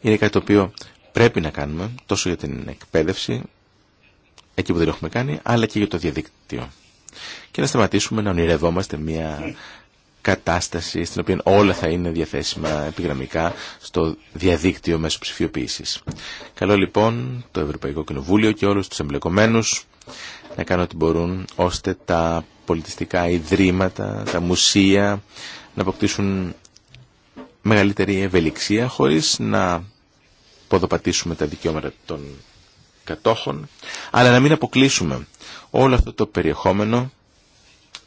Speaker 3: Είναι κάτι το οποίο πρέπει να κάνουμε τόσο για την εκπαίδευση, εκεί που δεν έχουμε κάνει, αλλά και για το διαδίκτυο. Και να σταματήσουμε να ονειρευόμαστε μια κατάσταση στην οποία όλα θα είναι διαθέσιμα επιγραμμικά στο διαδίκτυο μέσω ψηφιοποίηση. Καλό λοιπόν το Ευρωπαϊκό Κοινοβούλιο και όλους τους εμπλεκομένους να κάνουν ό,τι μπορούν ώστε τα πολιτιστικά ιδρύματα, τα μουσεία να αποκτήσουν μεγαλύτερη ευελιξία χωρίς να ποδοπατήσουμε τα δικαιώματα των κατόχων αλλά να μην αποκλείσουμε όλο αυτό το περιεχόμενο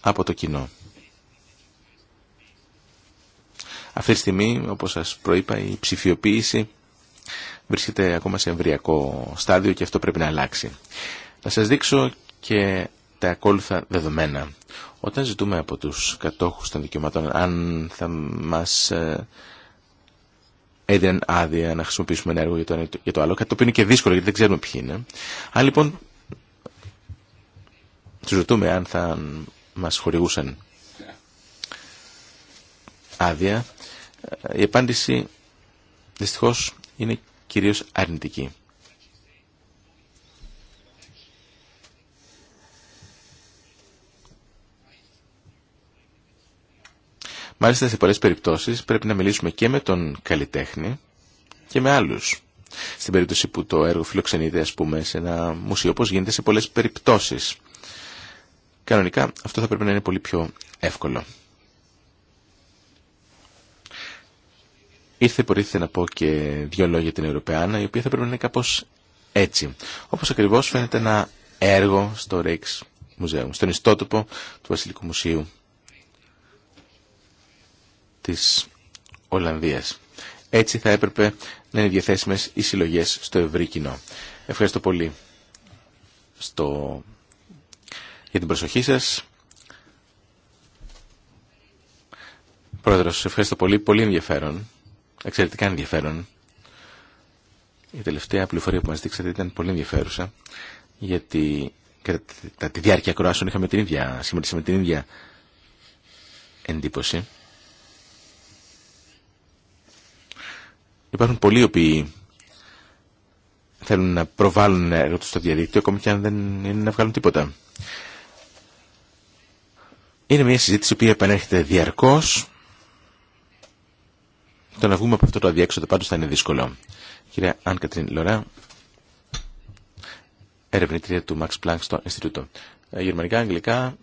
Speaker 3: από το κοινό. Αυτή τη στιγμή, όπως σας προείπα, η ψηφιοποίηση βρίσκεται ακόμα σε εμβριακό στάδιο και αυτό πρέπει να αλλάξει. Να σας δείξω και τα ακόλουθα δεδομένα. Όταν ζητούμε από τους κατόχους των δικαιωμάτων αν θα μας ε, έδιναν άδεια να χρησιμοποιήσουμε ένα έργο για το, για το άλλο, κάτι το οποίο είναι και δύσκολο γιατί δεν ξέρουμε ποιοι είναι. Αν λοιπόν τους ρωτούμε αν θα μας χορηγούσαν άδεια, η απάντηση δυστυχώ είναι κυρίως αρνητική. Μάλιστα σε πολλές περιπτώσεις πρέπει να μιλήσουμε και με τον καλλιτέχνη και με άλλους. Στην περίπτωση που το έργο φιλοξενείται ας πούμε σε ένα μουσείο όπως γίνεται σε πολλές περιπτώσεις. Κανονικά αυτό θα πρέπει να είναι πολύ πιο εύκολο. ήρθε υποτίθεται να πω και δύο λόγια την Ευρωπαϊκή, η οποία θα πρέπει να είναι κάπως έτσι. Όπως ακριβώς φαίνεται ένα έργο στο Ρίξ Μουζέου, στον ιστότοπο του Βασιλικού Μουσείου της Ολλανδίας. Έτσι θα έπρεπε να είναι διαθέσιμε οι συλλογέ στο ευρύ κοινό. Ευχαριστώ πολύ στο... για την προσοχή σας. Πρόεδρος, ευχαριστώ πολύ. Πολύ ενδιαφέρον εξαιρετικά ενδιαφέρον. Η τελευταία πληροφορία που μας δείξατε ήταν πολύ ενδιαφέρουσα, γιατί κατά τη διάρκεια κροάσεων είχαμε την ίδια, με την ίδια εντύπωση. Υπάρχουν πολλοί οι οποίοι θέλουν να προβάλλουν έργο στο διαδίκτυο, ακόμη και αν δεν είναι να βγάλουν τίποτα. Είναι μια συζήτηση που επανέρχεται διαρκώς, το να βγούμε από αυτό το αδιέξοδο πάντω θα είναι δύσκολο. Κυρία Αν Κατρίν Λορά, ερευνητρία του Max Planck στο Ινστιτούτο. Ε, γερμανικά, αγγλικά,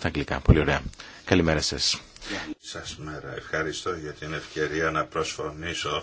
Speaker 3: τα αγγλικά. Πολύ ωραία. Καλημέρα σα.
Speaker 2: Σας μέρα. Ευχαριστώ για την ευκαιρία να προσφωνήσω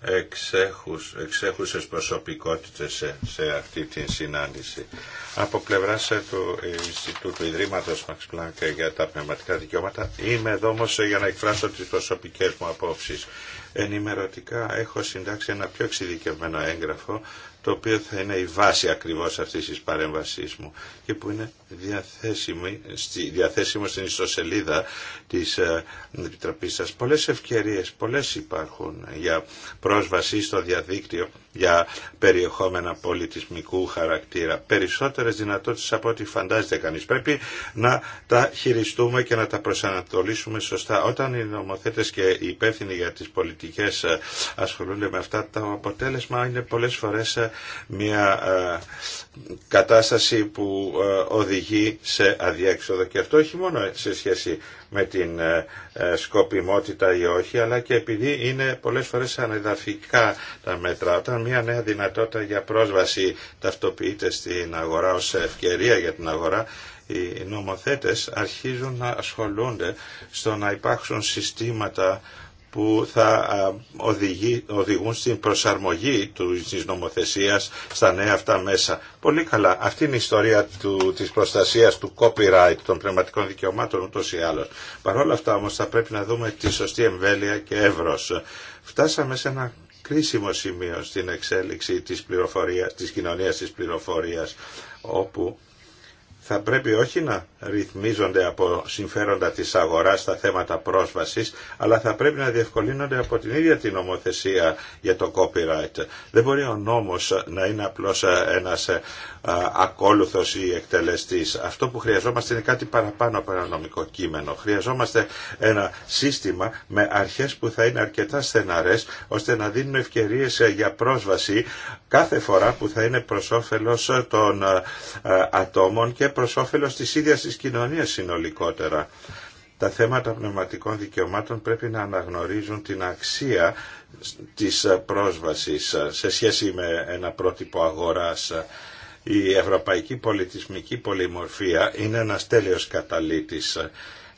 Speaker 2: εξέχους, εξέχουσες προσωπικότητες σε, σε αυτή την συνάντηση. Από πλευρά ε, του Ινστιτούτου Ιδρύματος Max Planck ε, για τα πνευματικά δικαιώματα είμαι εδώ όμως ε, για να εκφράσω τις προσωπικές μου απόψεις. Ενημερωτικά έχω συντάξει ένα πιο εξειδικευμένο έγγραφο το οποίο θα είναι η βάση ακριβώς αυτής της παρέμβασής μου και που είναι διαθέσιμη, στη, διαθέσιμο στην ιστοσελίδα της ε, Επιτροπής σας. Πολλές ευκαιρίες, πολλές υπάρχουν για πρόσβαση στο διαδίκτυο για περιεχόμενα πολιτισμικού χαρακτήρα. Περισσότερες δυνατότητες από ό,τι φαντάζεται κανείς. Πρέπει να τα χειριστούμε και να τα προσανατολίσουμε σωστά. Όταν οι νομοθέτες και οι υπεύθυνοι για τις πολιτικές ε, ασχολούνται με αυτά, το αποτέλεσμα είναι πολλές φορές ε, μια κατάσταση που ε, οδηγεί σε αδιέξοδο και αυτό όχι μόνο σε σχέση με την ε, ε, σκοπιμότητα ή όχι αλλά και επειδή είναι πολλές φορές ανεδαφικά τα μέτρα όταν μια νέα δυνατότητα για πρόσβαση ταυτοποιείται στην αγορά ως ευκαιρία για την αγορά οι νομοθέτες αρχίζουν να ασχολούνται στο να υπάρξουν συστήματα που θα οδηγούν στην προσαρμογή του, της νομοθεσίας στα νέα αυτά μέσα. Πολύ καλά. Αυτή είναι η ιστορία του, της προστασίας του copyright των πνευματικών δικαιωμάτων ούτως ή άλλως. Παρ' όλα αυτά όμως θα πρέπει να δούμε τη σωστή εμβέλεια και εύρος. Φτάσαμε σε ένα κρίσιμο σημείο στην εξέλιξη της, πληροφορίας, της κοινωνίας της πληροφορίας όπου θα πρέπει όχι να ρυθμίζονται από συμφέροντα της αγοράς στα θέματα πρόσβασης, αλλά θα πρέπει να διευκολύνονται από την ίδια την νομοθεσία για το copyright. Δεν μπορεί ο νόμος να είναι απλώς ένας ε, ακόλουθος ή εκτελεστής. Αυτό που χρειαζόμαστε είναι κάτι παραπάνω από ένα νομικό κείμενο. Χρειαζόμαστε ένα σύστημα με αρχές που θα είναι αρκετά στεναρές, ώστε να δίνουν ευκαιρίες ε, για πρόσβαση κάθε φορά που θα είναι προς όφελος των ε, ε, ατόμων και προς όφελος της ίδιας της κοινωνίας συνολικότερα. Τα θέματα πνευματικών δικαιωμάτων πρέπει να αναγνωρίζουν την αξία της πρόσβασης σε σχέση με ένα πρότυπο αγοράς. Η ευρωπαϊκή πολιτισμική πολυμορφία είναι ένας τέλειος καταλήτης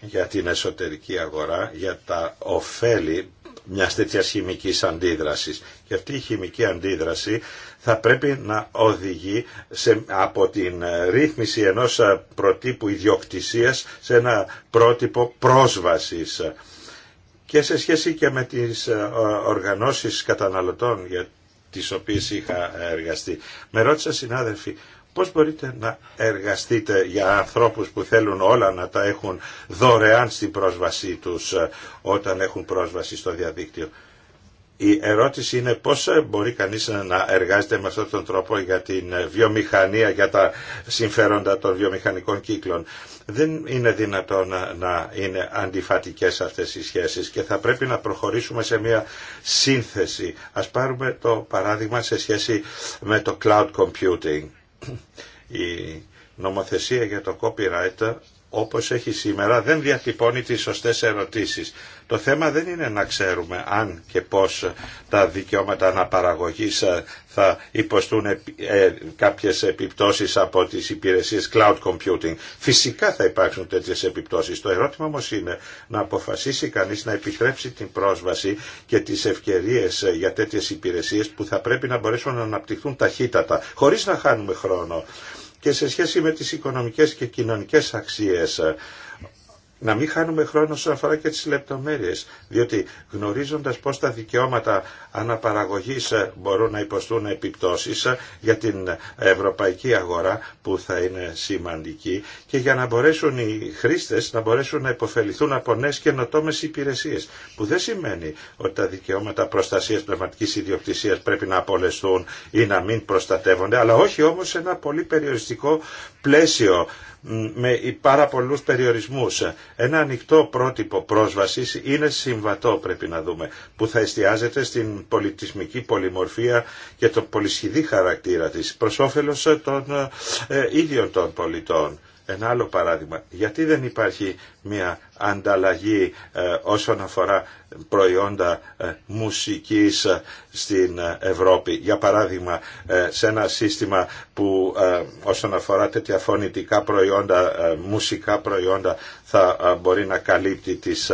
Speaker 2: για την εσωτερική αγορά, για τα ωφέλη μια τέτοια χημική αντίδρασης. Και αυτή η χημική αντίδραση θα πρέπει να οδηγεί σε, από την ρύθμιση ενός ε, προτύπου ιδιοκτησία σε ένα πρότυπο πρόσβασης. Και σε σχέση και με τις ε, οργανώσεις καταναλωτών για τις οποίες είχα ε, εργαστεί. Με ρώτησαν συνάδελφοι Πώς μπορείτε να εργαστείτε για ανθρώπους που θέλουν όλα να τα έχουν δωρεάν στην πρόσβασή τους ε, όταν έχουν πρόσβαση στο διαδίκτυο. Η ερώτηση είναι πώς ε, μπορεί κανείς ε, να εργάζεται με αυτόν τον τρόπο για την βιομηχανία, για τα συμφέροντα των βιομηχανικών κύκλων. Δεν είναι δυνατόν να είναι αντιφατικές αυτές οι σχέσεις και θα πρέπει να προχωρήσουμε σε μια σύνθεση. Ας πάρουμε το παράδειγμα σε σχέση με το cloud computing η νομοθεσία για το copyright όπως έχει σήμερα δεν διατυπώνει τις σωστές ερωτήσεις. Το θέμα δεν είναι να ξέρουμε αν και πώς τα δικαιώματα αναπαραγωγής ε, θα υποστούν ε, κάποιες επιπτώσεις από τις υπηρεσίες cloud computing. Φυσικά θα υπάρξουν τέτοιες επιπτώσεις. Το ερώτημα όμως είναι να αποφασίσει κανείς να επιτρέψει την πρόσβαση και τις ευκαιρίες ε, για τέτοιες υπηρεσίες που θα πρέπει να μπορέσουν να αναπτυχθούν ταχύτατα, χωρίς να χάνουμε χρόνο και σε σχέση με τις οικονομικές και κοινωνικές αξίες να μην χάνουμε χρόνο όσον αφορά και τις λεπτομέρειες, διότι γνωρίζοντας πώς τα δικαιώματα αναπαραγωγής ε, μπορούν να υποστούν επιπτώσεις ε, για την ευρωπαϊκή αγορά που θα είναι σημαντική και για να μπορέσουν οι χρήστες να μπορέσουν να υποφεληθούν από νέες καινοτόμες υπηρεσίες, που δεν σημαίνει ότι τα δικαιώματα προστασίας πνευματικής ιδιοκτησίας πρέπει να απολεστούν ή να μην προστατεύονται, αλλά όχι όμως σε ένα πολύ περιοριστικό πλαίσιο με πάρα πολλούς περιορισμούς. Ένα ανοιχτό πρότυπο πρόσβασης είναι συμβατό πρέπει να δούμε, που θα εστιάζεται στην πολιτισμική πολυμορφία και το πολυσχηδή χαρακτήρα της, προς όφελος των ε, ίδιων των πολιτών. Ένα άλλο παράδειγμα. Γιατί δεν υπάρχει μια ανταλλαγή ε, όσον αφορά προϊόντα ε, μουσικής ε, στην Ευρώπη. Για παράδειγμα, σε ένα σύστημα που όσον αφορά τέτοια φωνητικά προϊόντα, μουσικά προϊόντα, θα μπορεί να καλύπτει τις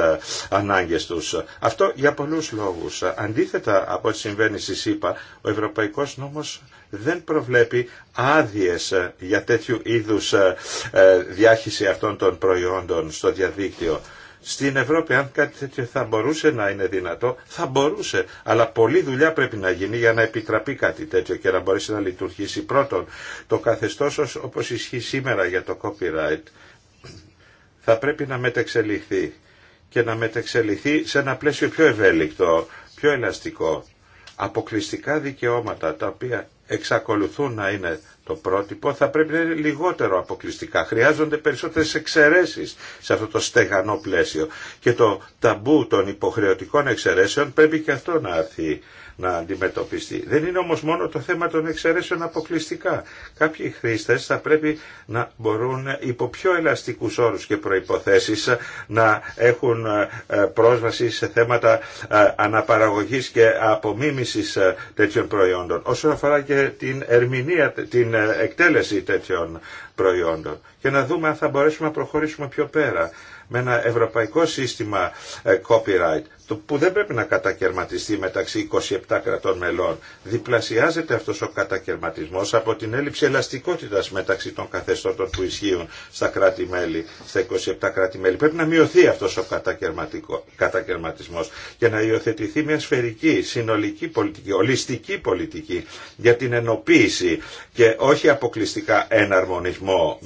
Speaker 2: ανάγκες τους. Αυτό για πολλούς λόγους. Αντίθετα από ό,τι συμβαίνει στη ΣΥΠΑ, ο Ευρωπαϊκός νόμος δεν προβλέπει άδειες για τέτοιου είδους ε, ε, διάχυση αυτών των προϊόντων στο διαδίκτυο. Στην Ευρώπη αν κάτι τέτοιο θα μπορούσε να είναι δυνατό, θα μπορούσε. Αλλά πολλή δουλειά πρέπει να γίνει για να επιτραπεί κάτι τέτοιο και να μπορέσει να λειτουργήσει. Πρώτον, το καθεστώς όπως ισχύει σήμερα για το copyright θα πρέπει να μετεξελιχθεί και να μετεξελιχθεί σε ένα πλαίσιο πιο ευέλικτο, πιο ελαστικό. Αποκλειστικά δικαιώματα τα οποία εξακολουθούν να είναι το πρότυπο θα πρέπει να είναι λιγότερο αποκλειστικά. Χρειάζονται περισσότερες εξαιρέσεις σε αυτό το στεγανό πλαίσιο. Και το ταμπού των υποχρεωτικών εξαιρέσεων πρέπει και αυτό να έρθει να αντιμετωπιστεί. Δεν είναι όμως μόνο το θέμα των εξαιρέσεων αποκλειστικά. Κάποιοι χρήστες θα πρέπει να μπορούν υπό πιο ελαστικούς όρους και προϋποθέσεις να έχουν ε, πρόσβαση σε θέματα ε, αναπαραγωγής και απομίμησης ε, τέτοιων προϊόντων. Όσον αφορά και την ερμηνεία, την εκτέλεση τέτοιων προϊόντων και να δούμε αν θα μπορέσουμε να προχωρήσουμε πιο πέρα με ένα ευρωπαϊκό σύστημα ε, copyright το που δεν πρέπει να κατακαιρματιστεί μεταξύ 27 κρατών μελών. Διπλασιάζεται αυτός ο κατακαιρματισμός από την έλλειψη ελαστικότητας μεταξύ των καθεστώτων που ισχύουν στα κράτη-μέλη, στα 27 κράτη-μέλη. Πρέπει να μειωθεί αυτός ο κατακαιρματισμός και να υιοθετηθεί μια σφαιρική, συνολική πολιτική, ολιστική πολιτική για την ενοποίηση και όχι αποκλειστικά εναρμονισμό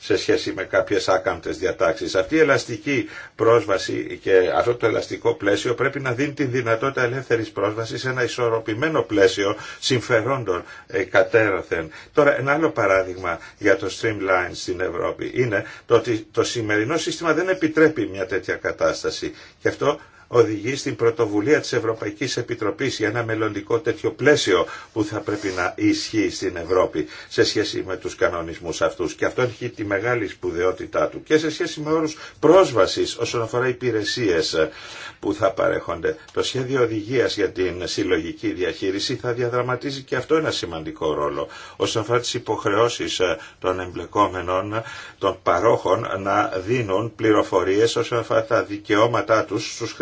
Speaker 2: σε σχέση με κάποιες άκαμπτες διατάξεις. Αυτή η ελαστική πρόσβαση και αυτό το ελαστικό πλέον πλαίσιο πρέπει να δίνει τη δυνατότητα ελεύθερη πρόσβαση σε ένα ισορροπημένο πλαίσιο συμφερόντων ε, κατέρωθεν. Τώρα, ένα άλλο παράδειγμα για το streamline στην Ευρώπη είναι το ότι το σημερινό σύστημα δεν επιτρέπει μια τέτοια κατάσταση. Και αυτό οδηγεί στην πρωτοβουλία της Ευρωπαϊκής Επιτροπής για ένα μελλοντικό τέτοιο πλαίσιο που θα πρέπει να ισχύει στην Ευρώπη σε σχέση με τους κανονισμούς αυτούς. Και αυτό έχει τη μεγάλη σπουδαιότητά του και σε σχέση με όρους πρόσβασης όσον αφορά υπηρεσίες που θα παρέχονται. Το σχέδιο οδηγίας για την συλλογική διαχείριση θα διαδραματίζει και αυτό ένα σημαντικό ρόλο όσον αφορά τις υποχρεώσεις ε, των εμπλεκόμενων, των παρόχων να δίνουν πληροφορίες όσον αφορά τα δικαιώματά τους στους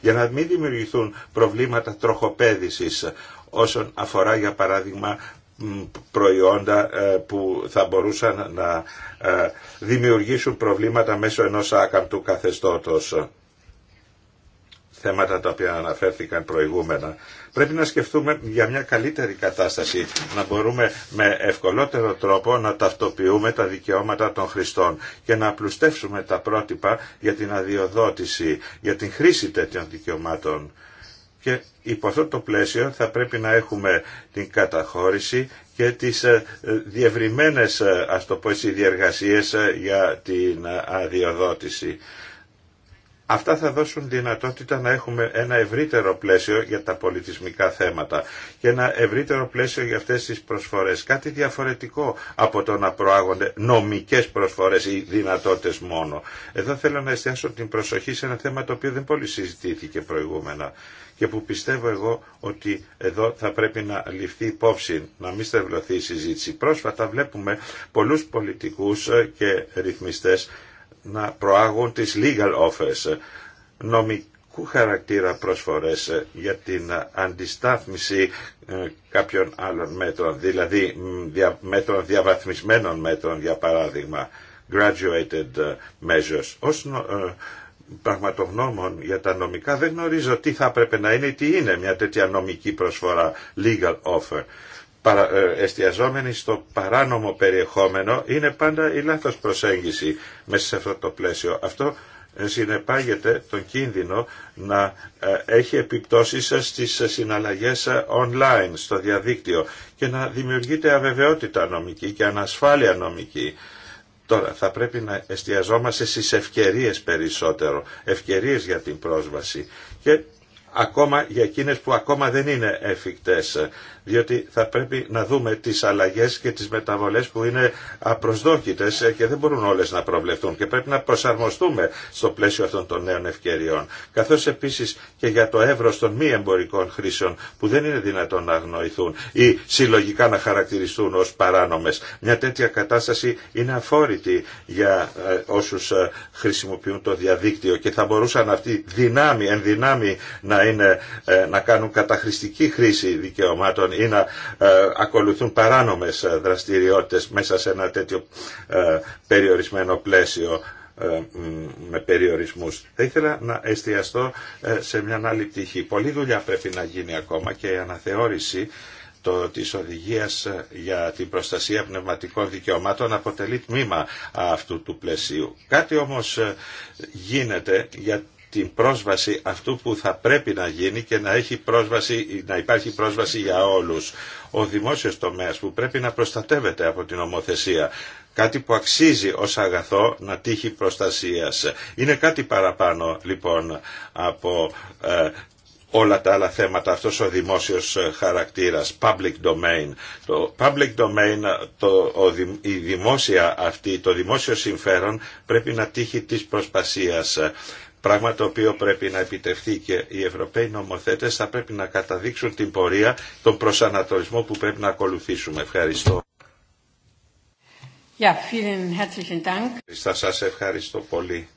Speaker 2: για να μην δημιουργηθούν προβλήματα τροχοπέδησης όσον αφορά για παράδειγμα προϊόντα ε, που θα μπορούσαν να ε, δημιουργήσουν προβλήματα μέσω ενός άκαμπτου καθεστώτος θέματα τα οποία αναφέρθηκαν προηγούμενα. Πρέπει να σκεφτούμε για μια καλύτερη κατάσταση, να μπορούμε με ευκολότερο τρόπο να ταυτοποιούμε τα δικαιώματα των χρηστών και να απλουστεύσουμε τα πρότυπα για την αδειοδότηση, για την χρήση τέτοιων δικαιωμάτων. Και υπό αυτό το πλαίσιο θα πρέπει να έχουμε την καταχώρηση και τις ε, διευρυμένες, ε, ας το πω ε, για την αδειοδότηση. Αυτά θα δώσουν δυνατότητα να έχουμε ένα ευρύτερο πλαίσιο για τα πολιτισμικά θέματα και ένα ευρύτερο πλαίσιο για αυτές τις προσφορές. Κάτι διαφορετικό από το να προάγονται νομικές προσφορές ή δυνατότητες μόνο. Εδώ θέλω να εστιάσω την προσοχή σε ένα θέμα το οποίο δεν πολύ συζητήθηκε προηγούμενα και που πιστεύω εγώ ότι εδώ θα πρέπει να ληφθεί υπόψη, να μην στρεβλωθεί η συζήτηση. Πρόσφατα βλέπουμε πολλούς πολιτικούς και ρυθμιστές να προάγουν τις legal offers, νομικού χαρακτήρα προσφορές ε, για την αντιστάθμιση ε, κάποιων άλλων μέτρων, δηλαδή μέτρων διαβαθμισμένων μέτρων για παράδειγμα, graduated ε, measures. Ως πραγματογνώμων για τα νομικά δεν γνωρίζω τι θα πρέπει να είναι ή τι είναι μια τέτοια νομική προσφορά, legal offer. Ε, εστιαζόμενοι στο παράνομο περιεχόμενο είναι πάντα η λάθος προσέγγιση μέσα σε αυτό το πλαίσιο. Αυτό ε, συνεπάγεται τον κίνδυνο να ε, έχει επιπτώσεις στις συναλλαγές online, στο διαδίκτυο και να δημιουργείται αβεβαιότητα νομική και ανασφάλεια νομική. Τώρα θα πρέπει να εστιαζόμαστε στις ευκαιρίες περισσότερο, ευκαιρίες για την πρόσβαση και ακόμα για εκείνες που ακόμα δεν είναι εφικτές διότι θα πρέπει να δούμε τις αλλαγές και τις μεταβολές που είναι απροσδόκητες και δεν μπορούν όλες να προβλεφθούν και πρέπει να προσαρμοστούμε στο πλαίσιο αυτών των νέων ευκαιριών. Καθώς επίσης και για το εύρος των μη εμπορικών χρήσεων που δεν είναι δυνατόν να αγνοηθούν ή συλλογικά να χαρακτηριστούν ως παράνομες. Μια τέτοια κατάσταση είναι αφόρητη για ε, όσους ε, χρησιμοποιούν το διαδίκτυο και θα μπορούσαν αυτοί δυνάμει, να, είναι, ε, να κάνουν καταχρηστική χρήση δικαιωμάτων ή να ε, ακολουθούν παράνομες ε, δραστηριότητες μέσα σε ένα τέτοιο ε, περιορισμένο πλαίσιο με περιορισμούς. Θα ήθελα να εστιαστώ σε μια άλλη πτυχή. Πολλή δουλειά πρέπει να γίνει ακόμα και η αναθεώρηση το της οδηγίας για την προστασία πνευματικών δικαιωμάτων αποτελεί τμήμα αυτού του πλαισίου. Κάτι όμως γίνεται για την πρόσβαση αυτού που θα πρέπει να γίνει και να, έχει πρόσβαση, να υπάρχει πρόσβαση για όλους. Ο δημόσιος τομέας που πρέπει να προστατεύεται από την ομοθεσία. Κάτι που αξίζει ως αγαθό να τύχει προστασίας. Είναι κάτι παραπάνω λοιπόν από ε, όλα τα άλλα θέματα, αυτός ο δημόσιος ε, χαρακτήρας, public domain. Το public domain, το, η δημόσια αυτή, το δημόσιο συμφέρον πρέπει να τύχει της προσπασίας. Πράγμα το οποίο πρέπει να επιτευχθεί και οι Ευρωπαίοι νομοθέτες θα πρέπει να καταδείξουν την πορεία, τον προσανατολισμό που πρέπει να ακολουθήσουμε. Ευχαριστώ. Ja, ευχαριστώ πολύ.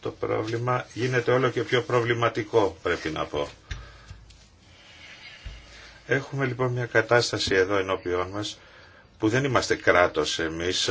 Speaker 2: Το πρόβλημα γίνεται όλο και πιο προβληματικό, πρέπει να πω. Έχουμε λοιπόν μια κατάσταση εδώ ενώπιόν μας που δεν είμαστε κράτος εμείς,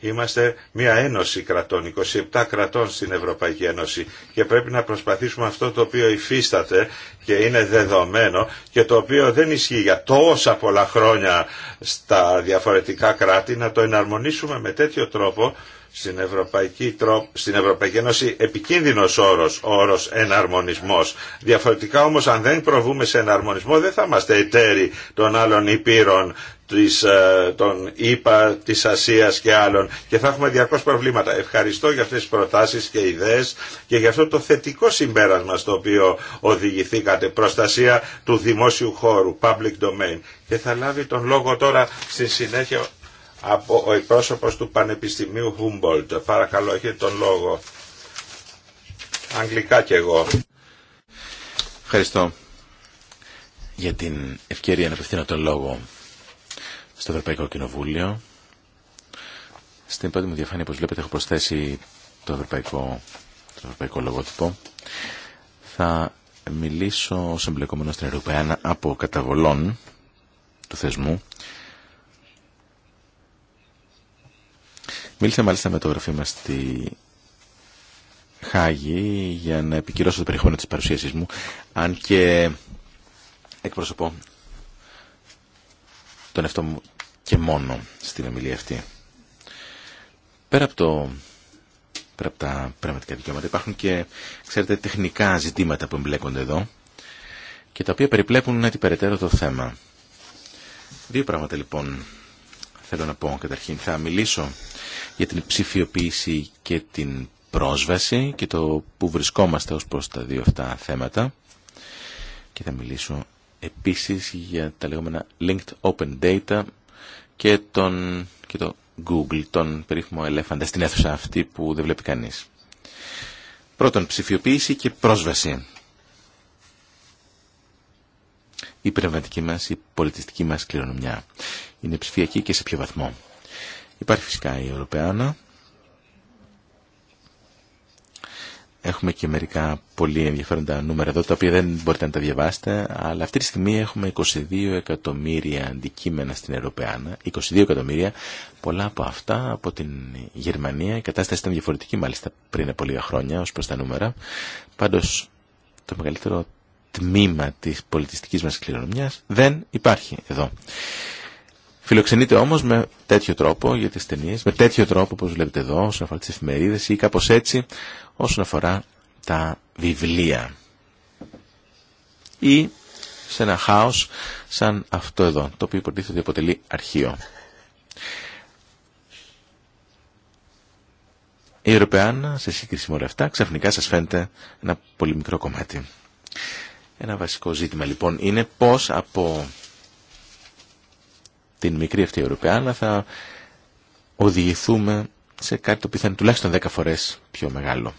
Speaker 2: είμαστε μια ένωση κρατών, 27 κρατών στην Ευρωπαϊκή Ένωση και πρέπει να προσπαθήσουμε αυτό το οποίο υφίσταται και είναι δεδομένο και το οποίο δεν ισχύει για τόσα πολλά χρόνια στα διαφορετικά κράτη να το εναρμονίσουμε με τέτοιο τρόπο στην Ευρωπαϊκή, στην Ευρωπαϊκή Ένωση επικίνδυνος όρος, όρος εναρμονισμός. Διαφορετικά όμως αν δεν προβούμε σε εναρμονισμό δεν θα είμαστε εταίροι των άλλων υπήρων της, ε, των ΙΠΑ, της Ασίας και άλλων και θα έχουμε διαρκώς προβλήματα. Ευχαριστώ για αυτές τις προτάσεις και ιδέες και για αυτό το θετικό συμπέρασμα στο οποίο οδηγηθήκατε. Προστασία του δημόσιου χώρου, public domain. Και θα λάβει τον λόγο τώρα στη συνέχεια από ο εκπρόσωπος του Πανεπιστημίου Humboldt. Παρακαλώ, έχετε τον λόγο. Αγγλικά κι εγώ.
Speaker 3: Ευχαριστώ για την ευκαιρία να απευθύνω τον λόγο στο Ευρωπαϊκό Κοινοβούλιο. Στην πρώτη μου διαφάνεια, όπως βλέπετε, έχω προσθέσει το ευρωπαϊκό, το ευρωπαϊκό λογότυπο. Θα μιλήσω ως εμπλεκόμενο στην Ευρωπαϊκή από καταβολών του θεσμού. Μίλησα μάλιστα με το γραφείο μας στη Χάγη για να επικυρώσω το περιεχόμενο της παρουσίασής μου, αν και εκπροσωπώ τον εαυτό μου και μόνο στην ομιλία αυτή. Πέρα από, πέρα τα πραγματικά δικαιώματα υπάρχουν και, ξέρετε, τεχνικά ζητήματα που εμπλέκονται εδώ και τα οποία περιπλέκουν να περαιτέρω το θέμα. Δύο πράγματα λοιπόν θέλω να πω καταρχήν. Θα μιλήσω για την ψηφιοποίηση και την πρόσβαση και το που βρισκόμαστε ως προς τα δύο αυτά θέματα και θα μιλήσω επίσης για τα λεγόμενα linked open data και, τον, και το Google, τον περίφημο ελέφαντα στην αίθουσα αυτή που δεν βλέπει κανείς. Πρώτον, ψηφιοποίηση και πρόσβαση. Η πνευματική μας, η πολιτιστική μας κληρονομιά είναι ψηφιακή και σε ποιο βαθμό. Υπάρχει φυσικά η Ευρωπαϊκή Έχουμε και μερικά πολύ ενδιαφέροντα νούμερα εδώ, τα οποία δεν μπορείτε να τα διαβάσετε, αλλά αυτή τη στιγμή έχουμε 22 εκατομμύρια αντικείμενα στην Ευρωπαϊκή, 22 εκατομμύρια, πολλά από αυτά από την Γερμανία. Η κατάσταση ήταν διαφορετική μάλιστα πριν από λίγα χρόνια ως προς τα νούμερα. Πάντως το μεγαλύτερο τμήμα της πολιτιστικής μας κληρονομιάς δεν υπάρχει εδώ. Φιλοξενείται όμως με τέτοιο τρόπο για τις ταινίες, με τέτοιο τρόπο όπως βλέπετε εδώ, όσον αφορά τις εφημερίδες ή κάπως έτσι όσον αφορά τα βιβλία. Ή σε ένα χάος σαν αυτό εδώ, το οποίο υποτίθεται ότι αποτελεί αρχείο. Η Ευρωπαϊκή, σε σύγκριση με όλα αυτά, ξαφνικά σας φαίνεται ένα πολύ μικρό κομμάτι. Ένα βασικό ζήτημα λοιπόν είναι πώς από την μικρή αυτή Ευρωπαϊκή θα οδηγηθούμε σε κάτι το οποίο θα είναι τουλάχιστον 10 φορές πιο μεγάλο.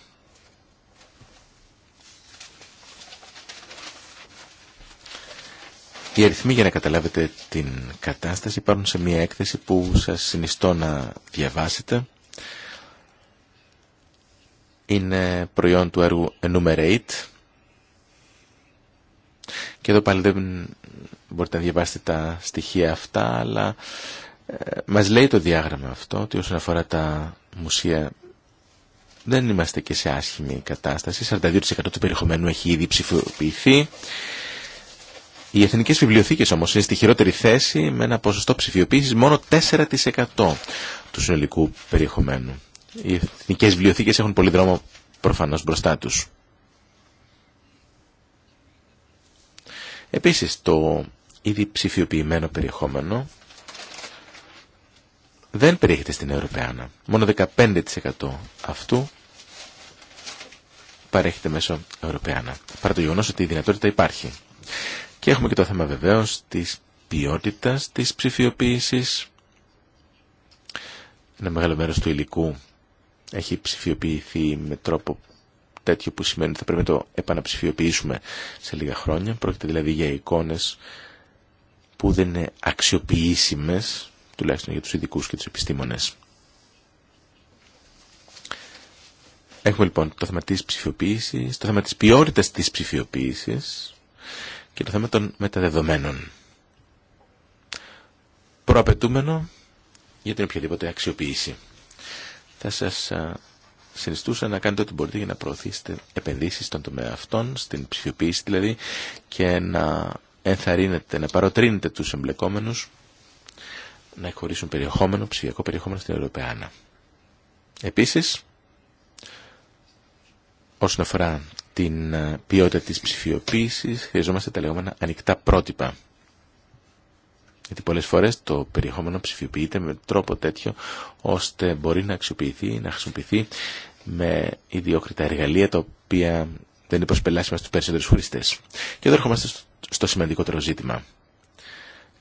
Speaker 3: Οι αριθμοί για να καταλάβετε την κατάσταση υπάρχουν σε μια έκθεση που σας συνιστώ να διαβάσετε. Είναι προϊόν του έργου Enumerate. Και εδώ πάλι δεν μπορείτε να διαβάσετε τα στοιχεία αυτά, αλλά ε, μας λέει το διάγραμμα αυτό ότι όσον αφορά τα μουσεία δεν είμαστε και σε άσχημη κατάσταση. 42% του περιεχομένου έχει ήδη ψηφιοποιηθεί. Οι εθνικές βιβλιοθήκες όμως είναι στη χειρότερη θέση με ένα ποσοστό ψηφιοποίησης μόνο 4% του συνολικού περιεχομένου. Οι εθνικές βιβλιοθήκες έχουν πολύ δρόμο προφανώ μπροστά του. Επίση, το ήδη ψηφιοποιημένο περιεχόμενο δεν περιέχεται στην Ευρωπαϊκή. Μόνο 15% αυτού παρέχεται μέσω Ευρωπαϊκή. Παρά το γεγονό ότι η δυνατότητα υπάρχει. Και έχουμε και το θέμα βεβαίω τη ποιότητα τη ψηφιοποίηση. Ένα μεγάλο μέρο του υλικού έχει ψηφιοποιηθεί με τρόπο τέτοιο που σημαίνει ότι θα πρέπει να το επαναψηφιοποιήσουμε σε λίγα χρόνια. Πρόκειται δηλαδή για εικόνες που δεν είναι αξιοποιήσιμες τουλάχιστον για τους ειδικού και τους επιστήμονες. Έχουμε λοιπόν το θέμα της ψηφιοποίησης, το θέμα της ποιότητας της ψηφιοποίησης και το θέμα των μεταδεδομένων. Προαπαιτούμενο για την οποιαδήποτε αξιοποίηση. Θα σας συνιστούσα να κάνετε ό,τι μπορείτε για να προωθήσετε επενδύσεις στον τομέα αυτών, στην ψηφιοποίηση δηλαδή, και να ενθαρρύνετε, να παροτρύνετε τους εμπλεκόμενους να χωρίσουν περιεχόμενο, ψηφιακό περιεχόμενο στην Ευρωπαϊκή. Επίσης, όσον αφορά την ε, ποιότητα της ψηφιοποίησης, χρειαζόμαστε τα λεγόμενα ανοιχτά πρότυπα. Γιατί πολλές φορές το περιεχόμενο ψηφιοποιείται με τρόπο τέτοιο, ώστε μπορεί να αξιοποιηθεί, να χρησιμοποιηθεί με ιδιόκριτα εργαλεία, τα οποία δεν είναι προσπελάσιμα στους περισσότερους χρήστες. Και εδώ ερχόμαστε στο σημαντικότερο ζήτημα.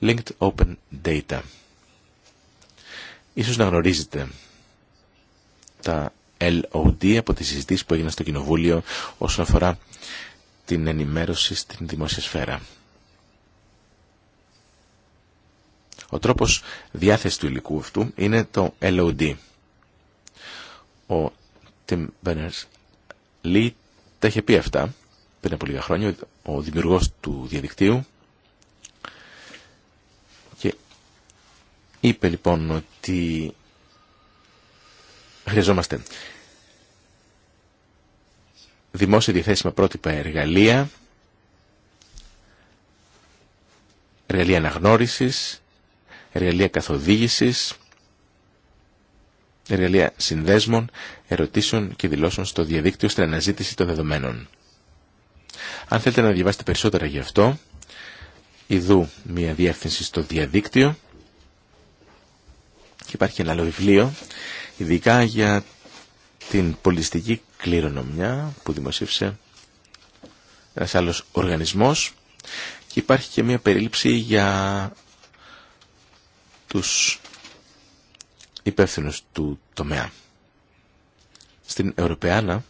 Speaker 3: Linked Open Data. Ίσως να γνωρίζετε τα LOD από τις συζητήσεις που έγιναν στο Κοινοβούλιο όσον αφορά την ενημέρωση στην δημόσια σφαίρα. Ο τρόπος διάθεσης του υλικού αυτού είναι το LOD. Ο Tim Berners-Lee τα είχε πει αυτά πριν από λίγα χρόνια, ο δημιουργός του διαδικτύου, Είπε λοιπόν ότι χρειαζόμαστε δημόσια διαθέσιμα πρότυπα εργαλεία, εργαλεία αναγνώρισης, εργαλεία καθοδήγησης, εργαλεία συνδέσμων, ερωτήσεων και δηλώσεων στο διαδίκτυο στην αναζήτηση των δεδομένων. Αν θέλετε να διαβάσετε περισσότερα γι' αυτό, ειδού μια διεύθυνση στο διαδίκτυο, και υπάρχει ένα άλλο βιβλίο, ειδικά για την πολιτιστική κληρονομιά που δημοσίευσε ένας άλλος οργανισμός και υπάρχει και μια περίληψη για τους υπεύθυνου του τομέα. Στην Ευρωπαϊκή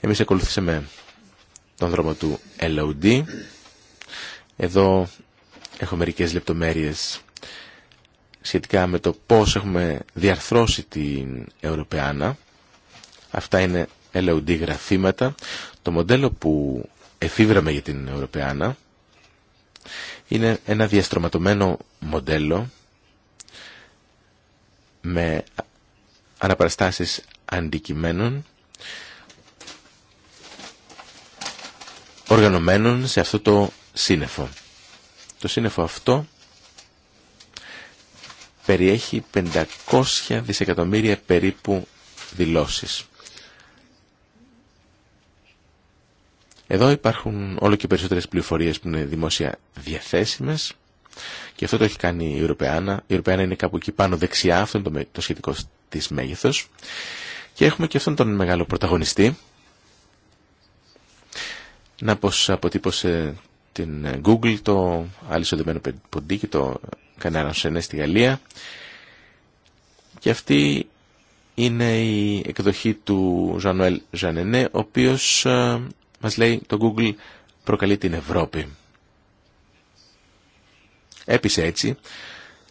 Speaker 3: εμείς ακολουθήσαμε τον δρόμο του LOD. Εδώ έχω μερικές λεπτομέρειες σχετικά με το πώς έχουμε διαρθρώσει την Ευρωπαϊκή. Αυτά είναι LOD γραφήματα. Το μοντέλο που εφήβραμε για την Ευρωπαϊκή είναι ένα διαστρωματωμένο μοντέλο με αναπαραστάσεις αντικειμένων οργανωμένων σε αυτό το σύννεφο. Το σύννεφο αυτό περιέχει 500 δισεκατομμύρια περίπου δηλώσεις. Εδώ υπάρχουν όλο και περισσότερες πληροφορίες που είναι δημόσια διαθέσιμες και αυτό το έχει κάνει η Ευρωπαϊκή. Η Ευρωπαϊκή είναι κάπου εκεί πάνω δεξιά, αυτό είναι το, το σχετικό της μέγεθος. Και έχουμε και αυτόν τον μεγάλο πρωταγωνιστή να πως αποτύπωσε την ε, Google, το αλυσοδεμένο ποντίκι, το κανένα Σενέ στη Γαλλία. Και αυτή είναι η εκδοχή του Ζανουέλ Ζανενέ, ο οποίος ε, μας λέει το Google προκαλεί την Ευρώπη. Έπεισε έτσι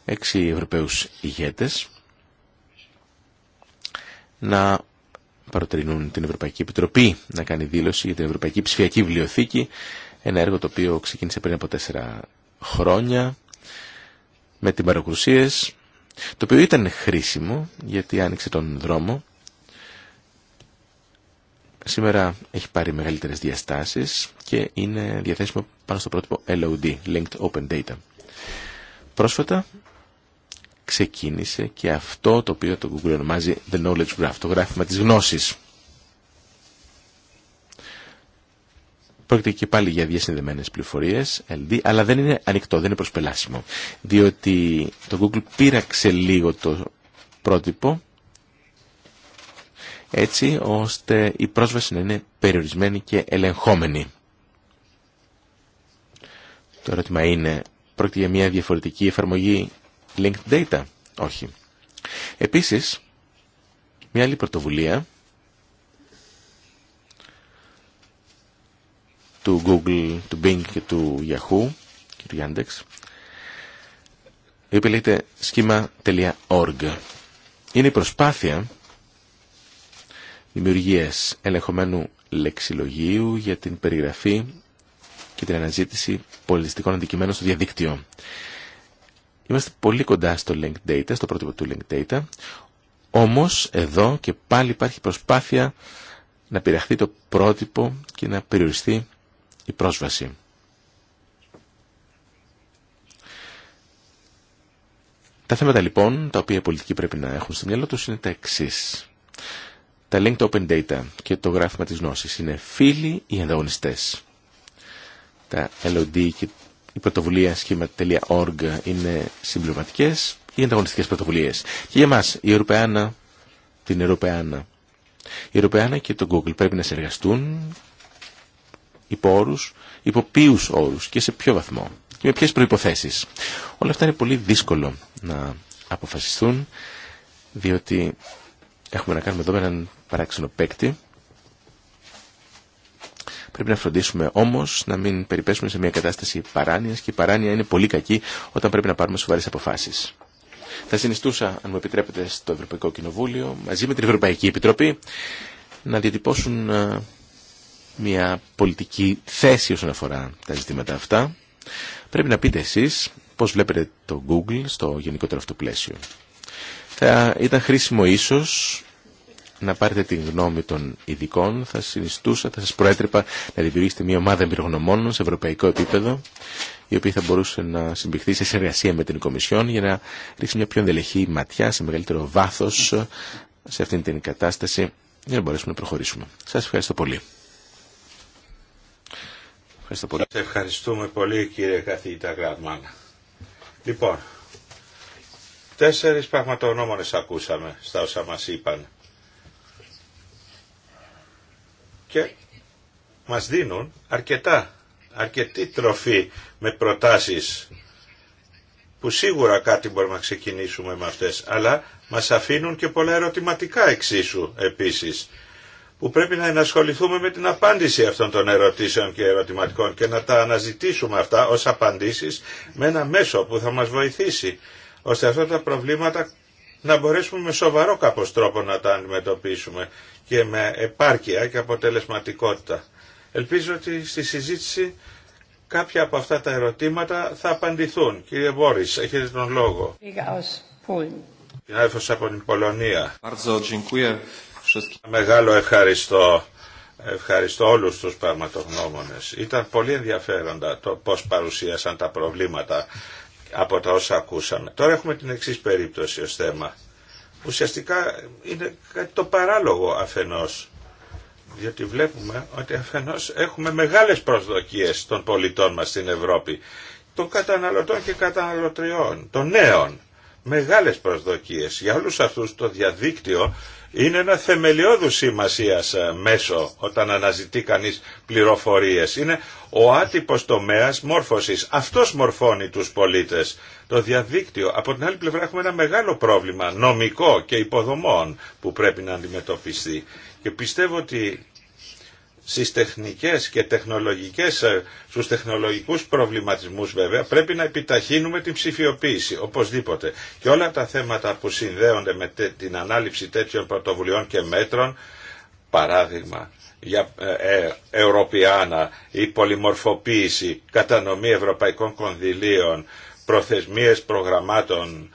Speaker 3: έξι Ευρωπαίους ηγέτες να παροτρινούν την Ευρωπαϊκή Επιτροπή να κάνει δήλωση για την Ευρωπαϊκή Ψηφιακή Βιβλιοθήκη ένα έργο το οποίο ξεκίνησε πριν από τέσσερα χρόνια με την παροκρουσίες το οποίο ήταν χρήσιμο γιατί άνοιξε τον δρόμο. Σήμερα έχει πάρει μεγαλύτερες διαστάσεις και είναι διαθέσιμο πάνω στο πρότυπο LOD, Linked Open Data. Πρόσφατα ξεκίνησε και αυτό το οποίο το Google ονομάζει The Knowledge Graph, το γράφημα της γνώσης. Πρόκειται και πάλι για διασυνδεμένε πληροφορίες, LD, αλλά δεν είναι ανοιχτό, δεν είναι προσπελάσιμο. Διότι το Google πήραξε λίγο το πρότυπο, έτσι ώστε η πρόσβαση να είναι περιορισμένη και ελεγχόμενη. Το ερώτημα είναι, πρόκειται για μια διαφορετική εφαρμογή linked data. Όχι. Επίσης, μια άλλη πρωτοβουλία του Google, του Bing και του Yahoo και του Yandex η οποία λέγεται Είναι η προσπάθεια δημιουργίας ελεγχομένου λεξιλογίου για την περιγραφή και την αναζήτηση πολιτιστικών αντικειμένων στο διαδίκτυο. Είμαστε πολύ κοντά στο Link Data, στο πρότυπο του Link Data, όμως εδώ και πάλι υπάρχει προσπάθεια να πειραχθεί το πρότυπο και να περιοριστεί η πρόσβαση. Τα θέματα λοιπόν τα οποία οι πολιτικοί πρέπει να έχουν στο μυαλό τους είναι τα εξή. Τα linked open data και το γράφημα της γνώσης είναι φίλοι ή ανταγωνιστές. Τα LOD και η πρωτοβουλία σχήμα.org είναι συμπληρωματικές ή ανταγωνιστικές πρωτοβουλίες. Και για μας η Ευρωπαίνα, την Ευρωπαϊκή. Η Ευρωπαϊκή και το Google πρέπει να συνεργαστούν υπό όρους, υπό ποιους όρους και σε ποιο βαθμό και με ποιες προϋποθέσεις. Όλα αυτά είναι πολύ δύσκολο να αποφασιστούν διότι έχουμε να κάνουμε εδώ με έναν παράξενο παίκτη. Πρέπει να φροντίσουμε όμως να μην περιπέσουμε σε μια κατάσταση παράνοιας και η παράνοια είναι πολύ κακή όταν πρέπει να πάρουμε σοβαρές αποφάσεις. Θα συνιστούσα, αν μου επιτρέπετε, στο Ευρωπαϊκό Κοινοβούλιο μαζί με την Ευρωπαϊκή Επιτροπή να διατυπώσουν ε, μια πολιτική θέση όσον αφορά τα ζητήματα αυτά. Πρέπει να πείτε εσείς πώς βλέπετε το Google στο γενικότερο αυτό πλαίσιο. Θα ήταν χρήσιμο ίσως να πάρετε την γνώμη των ειδικών, θα συνιστούσα, θα σας προέτρεπα να δημιουργήσετε μια ομάδα εμπειρογνωμόνων σε ευρωπαϊκό επίπεδο, η οποία θα μπορούσε να συμπληκθεί σε συνεργασία με την Κομισιόν για να ρίξει μια πιο ενδελεχή ματιά σε μεγαλύτερο βάθος σε αυτήν την κατάσταση για να μπορέσουμε να προχωρήσουμε. Σας ευχαριστώ πολύ. Ευχαριστώ πολύ. Σε
Speaker 2: ευχαριστούμε πολύ κύριε καθηγητά Γραμμάν. Λοιπόν, τέσσερις πραγματογνώμονες ακούσαμε στα όσα μας είπαν. Και μας δίνουν αρκετά, αρκετή τροφή με προτάσεις που σίγουρα κάτι μπορούμε να ξεκινήσουμε με αυτές, αλλά μας αφήνουν και πολλά ερωτηματικά εξίσου επίσης που πρέπει να ενασχοληθούμε με την απάντηση αυτών των ερωτήσεων και ερωτηματικών και να τα αναζητήσουμε αυτά ως απαντήσεις με ένα μέσο που θα μας βοηθήσει ώστε αυτά τα προβλήματα να μπορέσουμε με σοβαρό κάπως τρόπο να τα αντιμετωπίσουμε και με επάρκεια και αποτελεσματικότητα. Ελπίζω ότι στη συζήτηση κάποια από αυτά τα ερωτήματα θα απαντηθούν. Κύριε Μπόρις, έχετε τον λόγο. από την Πολωνία. Μεγάλο ευχαριστώ. Ευχαριστώ όλους τους πραγματογνώμονες. Ήταν πολύ ενδιαφέροντα το πώς παρουσίασαν τα προβλήματα από τα όσα ακούσαμε. Τώρα έχουμε την εξή περίπτωση ως θέμα. Ουσιαστικά είναι κάτι το παράλογο αφενός. Διότι βλέπουμε ότι αφενός έχουμε μεγάλες προσδοκίες των πολιτών μας στην Ευρώπη. Των καταναλωτών και καταναλωτριών, των νέων. Μεγάλες προσδοκίες. Για όλους αυτούς το διαδίκτυο είναι ένα θεμελιώδου σημασία ε, μέσο όταν αναζητεί κανείς πληροφορίες. Είναι ο άτυπος τομέας μόρφωσης. Αυτός μορφώνει τους πολίτες. Το διαδίκτυο. Από την άλλη πλευρά έχουμε ένα μεγάλο πρόβλημα νομικό και υποδομών που πρέπει να αντιμετωπιστεί. Και πιστεύω ότι στις τεχνικές και τεχνολογικές, ε, στους τεχνολογικούς προβληματισμούς βέβαια, πρέπει να επιταχύνουμε την ψηφιοποίηση, οπωσδήποτε. Και όλα τα θέματα που συνδέονται με την ανάληψη τέτοιων πρωτοβουλειών και μέτρων, παράδειγμα, για ε, ε, Ευρωπιάνα, η πολυμορφοποίηση, κατανομή ευρωπαϊκών κονδυλίων, προθεσμίες προγραμμάτων,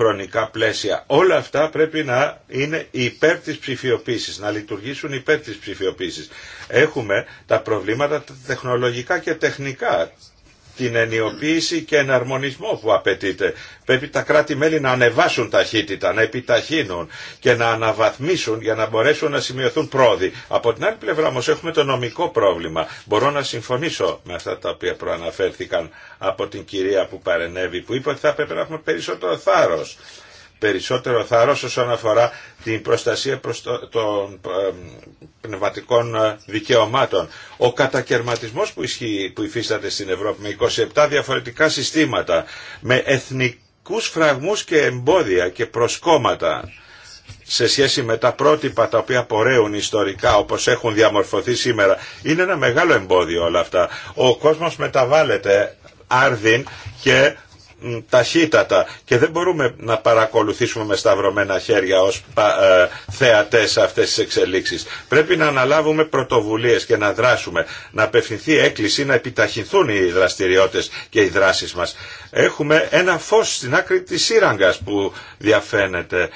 Speaker 2: χρονικά πλαίσια. Όλα αυτά πρέπει να είναι υπέρ της ψηφιοποίησης, να λειτουργήσουν υπέρ της ψηφιοποίησης. Έχουμε τα προβλήματα τεχνολογικά και τεχνικά την ενιοποίηση και εναρμονισμό που απαιτείται. Πρέπει τα κράτη-μέλη να ανεβάσουν ταχύτητα, να επιταχύνουν και να αναβαθμίσουν για να μπορέσουν να σημειωθούν πρόοδοι. Από την άλλη πλευρά όμως έχουμε το νομικό πρόβλημα. Μπορώ να συμφωνήσω με αυτά τα οποία προαναφέρθηκαν από την κυρία που παρενέβη, που είπε ότι θα έπρεπε να έχουμε περισσότερο θάρρος περισσότερο θάρρος όσον αφορά την προστασία προς των πνευματικών ε, δικαιωμάτων. Ο κατακαιρματισμός που, ισχύει, που υφίσταται στην Ευρώπη με 27 διαφορετικά συστήματα, με εθνικούς φραγμούς και εμπόδια και προσκόμματα σε σχέση με τα πρότυπα τα οποία πορεύουν ιστορικά όπως έχουν διαμορφωθεί σήμερα. Είναι ένα μεγάλο εμπόδιο όλα αυτά. Ο κόσμος μεταβάλλεται άρδιν και ταχύτατα και δεν μπορούμε να παρακολουθήσουμε με σταυρωμένα χέρια ως ε, θεατές αυτές τις εξελίξεις. Πρέπει να αναλάβουμε πρωτοβουλίες και να δράσουμε, να απευθυνθεί έκκληση, να επιταχυνθούν οι δραστηριότητες και οι δράσεις μας. Έχουμε ένα φως στην άκρη της σύραγγας που διαφαίνεται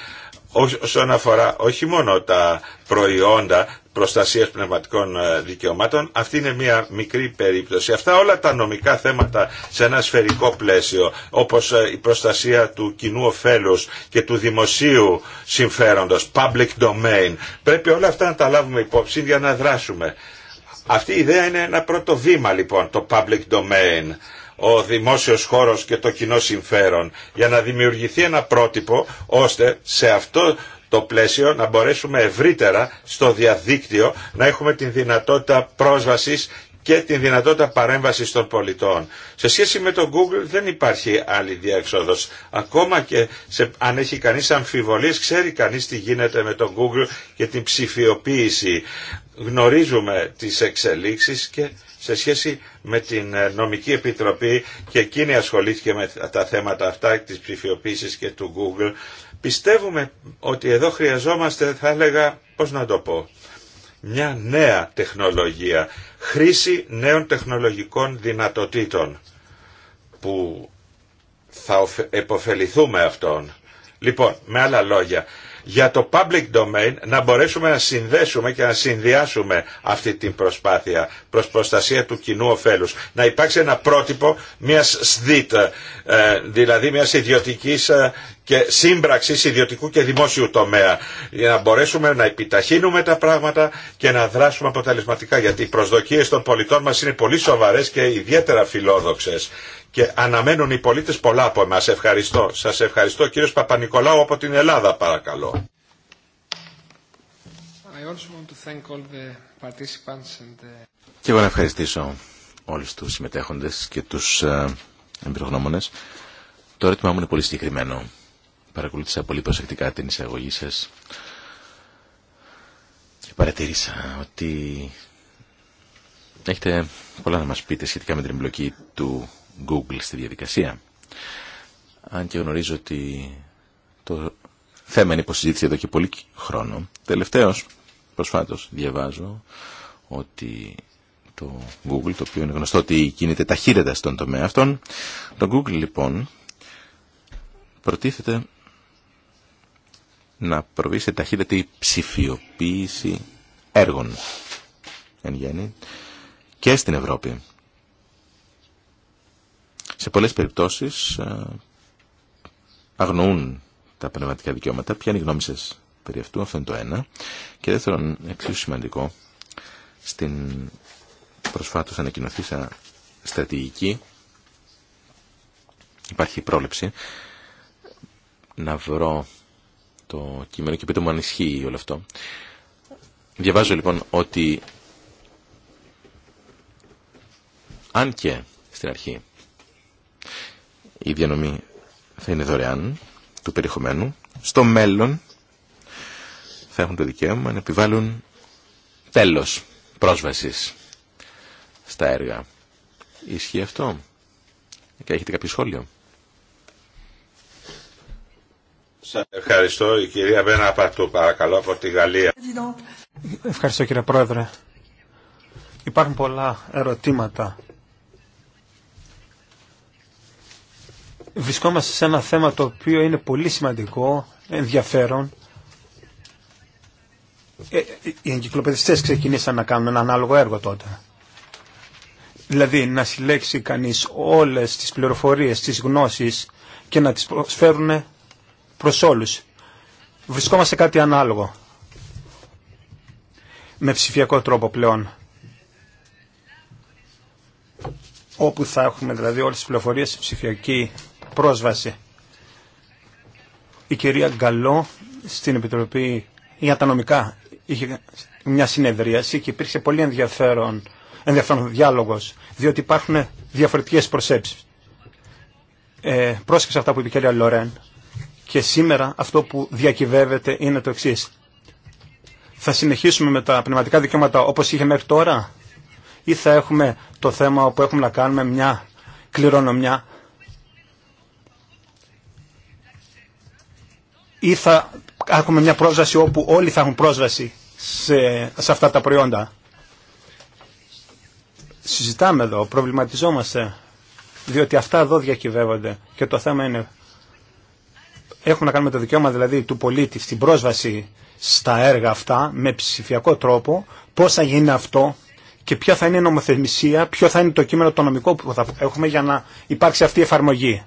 Speaker 2: όσον αφορά όχι μόνο τα προϊόντα, προστασίας πνευματικών ε, δικαιωμάτων. Αυτή είναι μια μικρή περίπτωση. Αυτά όλα τα νομικά θέματα σε ένα σφαιρικό πλαίσιο, όπως ε, η προστασία του κοινού ωφέλους και του δημοσίου συμφέροντος, public domain, πρέπει όλα αυτά να τα λάβουμε υπόψη για να δράσουμε. Αυτή η ιδέα είναι ένα πρώτο βήμα λοιπόν, το public domain ο δημόσιος χώρος και το κοινό συμφέρον για να δημιουργηθεί ένα πρότυπο ώστε σε αυτό το πλαίσιο να μπορέσουμε ευρύτερα στο διαδίκτυο να έχουμε την δυνατότητα πρόσβασης και την δυνατότητα παρέμβασης των πολιτών. Σε σχέση με το Google δεν υπάρχει άλλη διέξοδος. Ακόμα και σε, αν έχει κανείς αμφιβολίες, ξέρει κανείς τι γίνεται με το Google και την ψηφιοποίηση. Γνωρίζουμε τις εξελίξεις και σε σχέση με την ε, νομική επιτροπή και εκείνη ασχολήθηκε με τα θέματα αυτά της ψηφιοποίησης και του Google Πιστεύουμε ότι εδώ χρειαζόμαστε, θα έλεγα, πώς να το πω, μια νέα τεχνολογία, χρήση νέων τεχνολογικών δυνατοτήτων που θα επωφεληθούμε αυτών. Λοιπόν, με άλλα λόγια, για το public domain να μπορέσουμε να συνδέσουμε και να συνδυάσουμε αυτή την προσπάθεια προς προστασία του κοινού ωφέλους. Να υπάρξει ένα πρότυπο μιας SDIT, ε, δηλαδή μιας ιδιωτικής ε, και σύμπραξης ιδιωτικού και δημόσιου τομέα για να μπορέσουμε να επιταχύνουμε τα πράγματα και να δράσουμε αποτελεσματικά γιατί οι προσδοκίες των πολιτών μας είναι πολύ σοβαρές και ιδιαίτερα φιλόδοξες και αναμένουν οι πολίτες πολλά από εμάς. Ευχαριστώ. Σας ευχαριστώ κύριος Παπα-Νικολάου από την Ελλάδα παρακαλώ.
Speaker 3: Και εγώ να ευχαριστήσω όλους τους συμμετέχοντες και τους ε, εμπειρογνώμονες. Το ερώτημά μου είναι πολύ συγκεκριμένο. Παρακολούθησα πολύ προσεκτικά την εισαγωγή σας και παρατήρησα ότι έχετε πολλά να μας πείτε σχετικά με την εμπλοκή του Google στη διαδικασία. Αν και γνωρίζω ότι το θέμα είναι υποσυζήτηση εδώ και πολύ χρόνο. Τελευταίος, προσφάτως, διαβάζω ότι το Google, το οποίο είναι γνωστό ότι κινείται ταχύτερα στον τομέα αυτόν, το Google λοιπόν προτίθεται να προβεί σε ταχύτερη ψηφιοποίηση έργων εν γέννη και στην Ευρώπη σε πολλές περιπτώσεις ε, αγνοούν τα πνευματικά δικαιώματα. Ποια είναι η γνώμη σας περί αυτού, αυτό είναι το ένα. Και δεύτερον, εξίσου σημαντικό, στην προσφάτως ανακοινωθήσα στρατηγική υπάρχει πρόληψη να βρω το κείμενο και πείτε μου αν ισχύει όλο αυτό. Διαβάζω λοιπόν ότι αν και στην αρχή η διανομή θα είναι δωρεάν του περιεχομένου. Στο μέλλον θα έχουν το δικαίωμα να επιβάλλουν τέλος πρόσβασης στα έργα. Ισχύει αυτό. Και έχετε κάποιο σχόλιο.
Speaker 2: ευχαριστώ. Η κυρία Βένα παρακαλώ, από τη Γαλλία.
Speaker 1: Ευχαριστώ κύριε Πρόεδρε. Υπάρχουν πολλά ερωτήματα βρισκόμαστε σε ένα θέμα το οποίο είναι πολύ σημαντικό, ενδιαφέρον. Ε, οι εγκυκλοπαιδιστές ξεκινήσαν να κάνουν ένα ανάλογο έργο τότε. Δηλαδή να συλλέξει κανείς όλες τις πληροφορίες, τις γνώσεις και να τις προσφέρουν προς όλους. Βρισκόμαστε κάτι ανάλογο. Με ψηφιακό τρόπο πλέον. όπου θα έχουμε δηλαδή όλες τις πληροφορίες ψηφιακή πρόσβαση. Η κυρία Γκαλό στην Επιτροπή για τα νομικά είχε μια συνεδρίαση και υπήρξε πολύ ενδιαφέρον, ενδιαφέρον διάλογος, διότι υπάρχουν διαφορετικές προσέψεις. Ε, αυτά που είπε η κυρία Λορέν και σήμερα αυτό που διακυβεύεται είναι το εξή. Θα συνεχίσουμε με τα πνευματικά δικαιώματα όπως είχε μέχρι τώρα ή θα έχουμε το θέμα όπου έχουμε να κάνουμε μια κληρονομιά ή θα έχουμε μια πρόσβαση όπου όλοι θα έχουν πρόσβαση σε, σε αυτά τα προϊόντα. Συζητάμε εδώ, προβληματιζόμαστε, διότι αυτά εδώ διακυβεύονται και το θέμα είναι έχουν να κάνουμε το δικαίωμα δηλαδή του πολίτη στην πρόσβαση στα έργα αυτά με ψηφιακό τρόπο, πώς θα γίνει αυτό και ποια θα είναι η νομοθεσία, ποιο θα είναι το κείμενο το νομικό που θα έχουμε για να υπάρξει αυτή η εφαρμογή.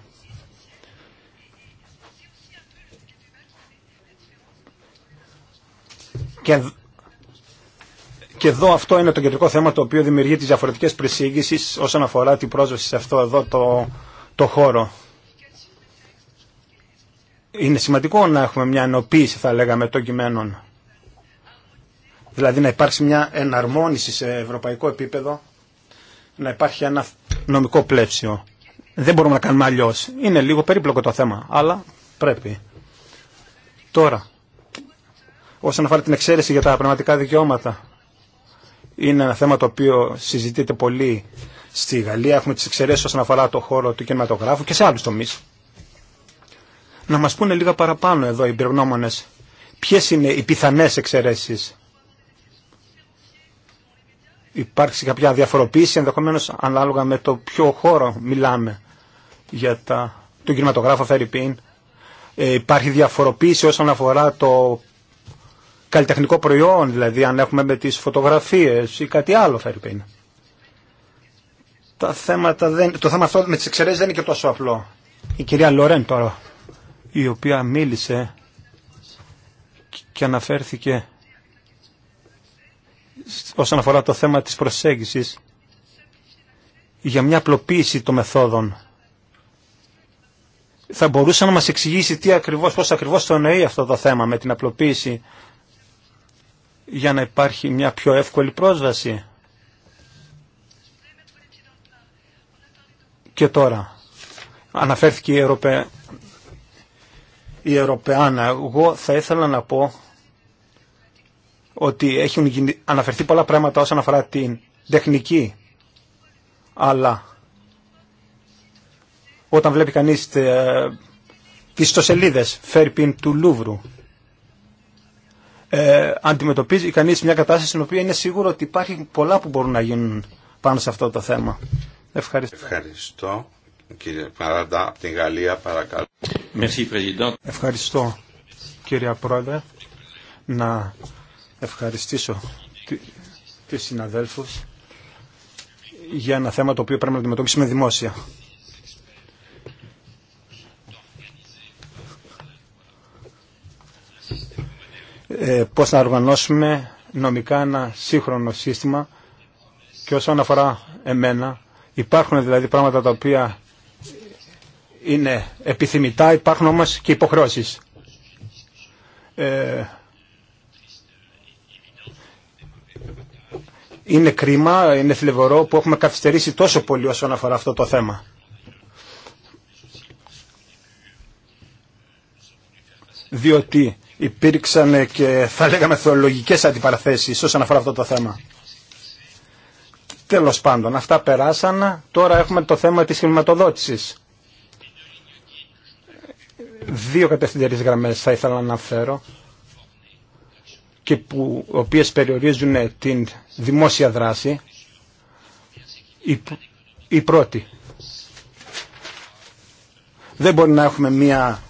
Speaker 1: Και, και εδώ αυτό είναι το κεντρικό θέμα το οποίο δημιουργεί τις διαφορετικές προσήγησεις όσον αφορά την πρόσβαση σε αυτό εδώ το, το χώρο. Είναι σημαντικό να έχουμε μια ενοποίηση θα λέγαμε των κειμένων. Δηλαδή να υπάρξει μια εναρμόνιση σε ευρωπαϊκό επίπεδο, να υπάρχει ένα νομικό πλαίσιο. Δεν μπορούμε να κάνουμε αλλιώ. Είναι λίγο περίπλοκο το θέμα, αλλά πρέπει. Τώρα, Όσον αφορά την εξαίρεση για τα πνευματικά δικαιώματα, είναι ένα θέμα το οποίο συζητείται πολύ στη Γαλλία. Έχουμε τι εξαιρέσει όσον αφορά το χώρο του κινηματογράφου και σε άλλου τομεί. Να μα πούνε λίγα παραπάνω εδώ οι εμπειρογνώμονε, Ποιε είναι οι πιθανέ εξαιρεσει. Υπάρχει κάποια διαφοροποίηση ενδεχομένω ανάλογα με το ποιο χώρο μιλάμε για τα... τον κινηματογράφο Φερρυπίν. Ε, υπάρχει διαφοροποίηση όσον αφορά το καλλιτεχνικό προϊόν, δηλαδή αν έχουμε με τις φωτογραφίες ή κάτι άλλο φέρει Τα θέματα δεν, το θέμα αυτό με τις εξαιρέσεις δεν είναι και τόσο απλό. Η κυρία Λορέν τώρα, η οποία μίλησε και αναφέρθηκε όσον αφορά το θέμα της προσέγγισης για μια απλοποίηση των μεθόδων. Θα μπορούσε να μας εξηγήσει τι ακριβώς, πώς ακριβώς το εννοεί αυτό το θέμα με την απλοποίηση για να υπάρχει μια πιο εύκολη πρόσβαση. Και τώρα, αναφέρθηκε η, Ευρωπαϊ... η Ευρωπαϊκή Εγώ θα ήθελα να πω ότι έχουν αναφερθεί πολλά πράγματα όσον αφορά την τεχνική, αλλά όταν βλέπει κανείς ε, τις ιστοσελίδες φερπιν του Λούβρου ε, αντιμετωπίζει κανεί μια κατάσταση στην οποία είναι σίγουρο ότι υπάρχει πολλά που μπορούν να γίνουν πάνω σε αυτό το θέμα. Ευχαριστώ.
Speaker 2: Ευχαριστώ. Κύριε Παράντα, την Γαλλία, παρακαλώ. Merci,
Speaker 1: Ευχαριστώ, κύριε Πρόεδρε. Να ευχαριστήσω τους συναδέλφους για ένα θέμα το οποίο πρέπει να αντιμετωπίσουμε δημόσια. Ε, πώς να οργανώσουμε νομικά ένα σύγχρονο σύστημα και όσον αφορά εμένα υπάρχουν δηλαδή πράγματα τα οποία είναι επιθυμητά, υπάρχουν όμως και υποχρώσεις. Ε, είναι κρίμα, είναι θλιβερό που έχουμε καθυστερήσει τόσο πολύ όσον αφορά αυτό το θέμα. Διότι υπήρξαν και θα λέγαμε θεολογικές αντιπαραθέσεις όσον αφορά αυτό το θέμα. Τέλος πάντων, αυτά περάσαν. Τώρα έχουμε το θέμα της χρηματοδότησης. Δύο κατευθυντικές γραμμές θα ήθελα να αναφέρω και που οποίες περιορίζουν την δημόσια δράση. Η, η πρώτη. Δεν μπορεί να έχουμε μία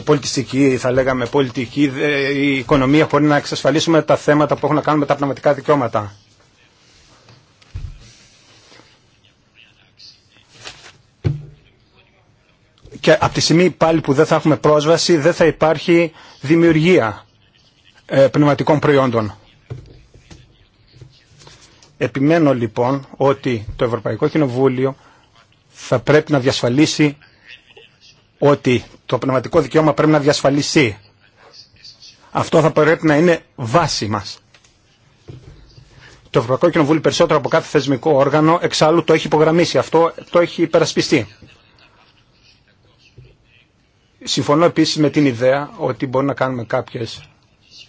Speaker 1: πολιτιστική, θα λέγαμε πολιτική, ε, η οικονομία μπορεί να εξασφαλίσουμε τα θέματα που έχουν να κάνουν με τα πνευματικά δικαιώματα. Και από τη στιγμή πάλι που δεν θα έχουμε πρόσβαση, δεν θα υπάρχει δημιουργία ε, πνευματικών προϊόντων. Επιμένω λοιπόν ότι το Ευρωπαϊκό Κοινοβούλιο θα πρέπει να διασφαλίσει ότι το πνευματικό δικαίωμα πρέπει να διασφαλιστεί. Αυτό θα πρέπει να είναι βάση μας. Το Ευρωπαϊκό Κοινοβούλιο περισσότερο από κάθε θεσμικό όργανο εξάλλου το έχει υπογραμμίσει. Αυτό το έχει υπερασπιστεί. Συμφωνώ επίσης με την ιδέα ότι μπορεί να κάνουμε κάποιες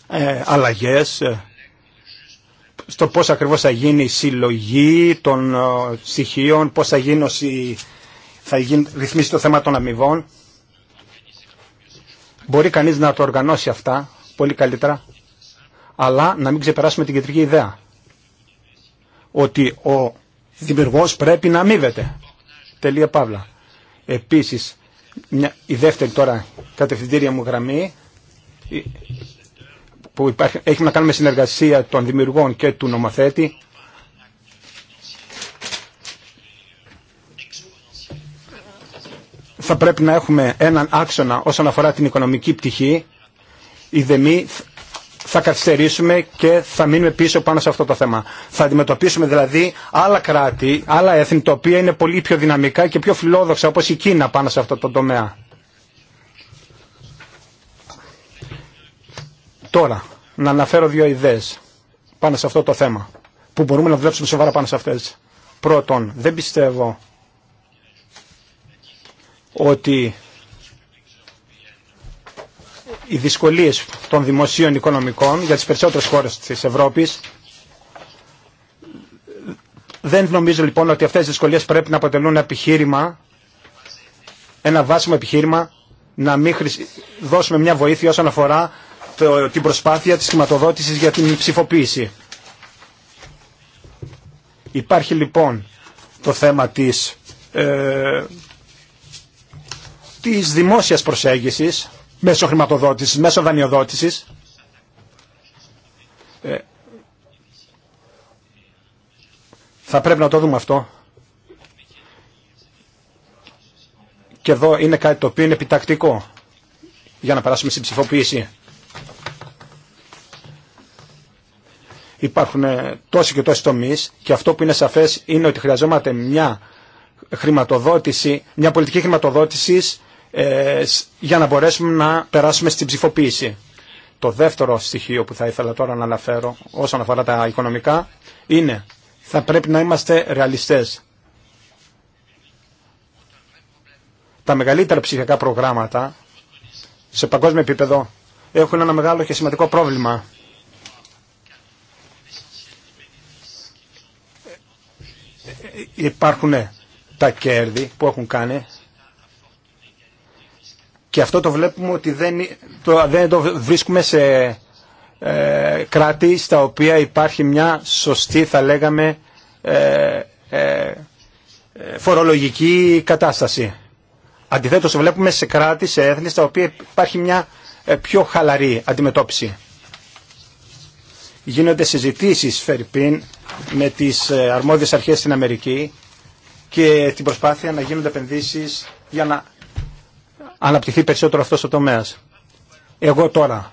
Speaker 1: ε, αλλαγές ε, στο πώς ακριβώς θα γίνει η συλλογή των ε, στοιχείων, πώς θα, γίνει, θα ρυθμίσει το θέμα των αμοιβών. Μπορεί κανείς να το οργανώσει αυτά πολύ καλύτερα, αλλά να μην ξεπεράσουμε την κεντρική ιδέα. Ότι ο δημιουργός πρέπει να αμείβεται. Τελεία Παύλα. Επίσης, μια, η δεύτερη τώρα κατευθυντήρια μου γραμμή που υπάρχει, έχει να κάνει με συνεργασία των δημιουργών και του νομοθέτη θα πρέπει να έχουμε έναν άξονα όσον αφορά την οικονομική πτυχή, η δεμή θα καθυστερήσουμε και θα μείνουμε πίσω πάνω σε αυτό το θέμα. Θα αντιμετωπίσουμε δηλαδή άλλα κράτη, άλλα έθνη, τα οποία είναι πολύ πιο δυναμικά και πιο φιλόδοξα, όπως η Κίνα πάνω σε αυτό το τομέα. Τώρα, να αναφέρω δύο ιδέες πάνω σε αυτό το θέμα, που μπορούμε να δουλέψουμε σοβαρά πάνω σε αυτές. Πρώτον, δεν πιστεύω ότι οι δυσκολίες των δημοσίων οικονομικών για τις περισσότερες χώρες της Ευρώπης δεν νομίζω λοιπόν ότι αυτές οι δυσκολίες πρέπει να αποτελούν επιχείρημα, ένα βάσιμο επιχείρημα, να μην δώσουμε μια βοήθεια όσον αφορά το, την προσπάθεια της χρηματοδότησης για την ψηφοποίηση. Υπάρχει λοιπόν το θέμα της ε, της δημόσιας προσέγγισης μέσω χρηματοδότησης, μέσω δανειοδότησης ε, θα πρέπει να το δούμε αυτό και εδώ είναι κάτι το οποίο είναι επιτακτικό για να περάσουμε στην ψηφοποίηση. Υπάρχουν ε, τόσοι και τόσοι τομείς και αυτό που είναι σαφές είναι ότι χρειαζόμαστε μια χρηματοδότηση, μια πολιτική χρηματοδότησης ε, για να μπορέσουμε να περάσουμε στην ψηφοποίηση. Το δεύτερο στοιχείο που θα ήθελα τώρα να αναφέρω όσον αφορά τα οικονομικά είναι θα πρέπει να είμαστε ρεαλιστές. Τα μεγαλύτερα ψηφιακά προγράμματα σε παγκόσμιο επίπεδο έχουν ένα μεγάλο και σημαντικό πρόβλημα. Ε, ε, υπάρχουν τα κέρδη που έχουν κάνει και αυτό το βλέπουμε ότι δεν το, δεν το βρίσκουμε σε ε, κράτη στα οποία υπάρχει μια σωστή θα λέγαμε ε, ε, φορολογική κατάσταση. Αντιθέτως βλέπουμε σε κράτη, σε έθνη στα οποία υπάρχει μια ε, πιο χαλαρή αντιμετώπιση. Γίνονται συζητήσεις Φερρυπίν με τις ε, αρμόδιες αρχές στην Αμερική και την προσπάθεια να γίνονται επενδύσεις για να αναπτυχθεί περισσότερο αυτός ο τομέας. Εγώ τώρα,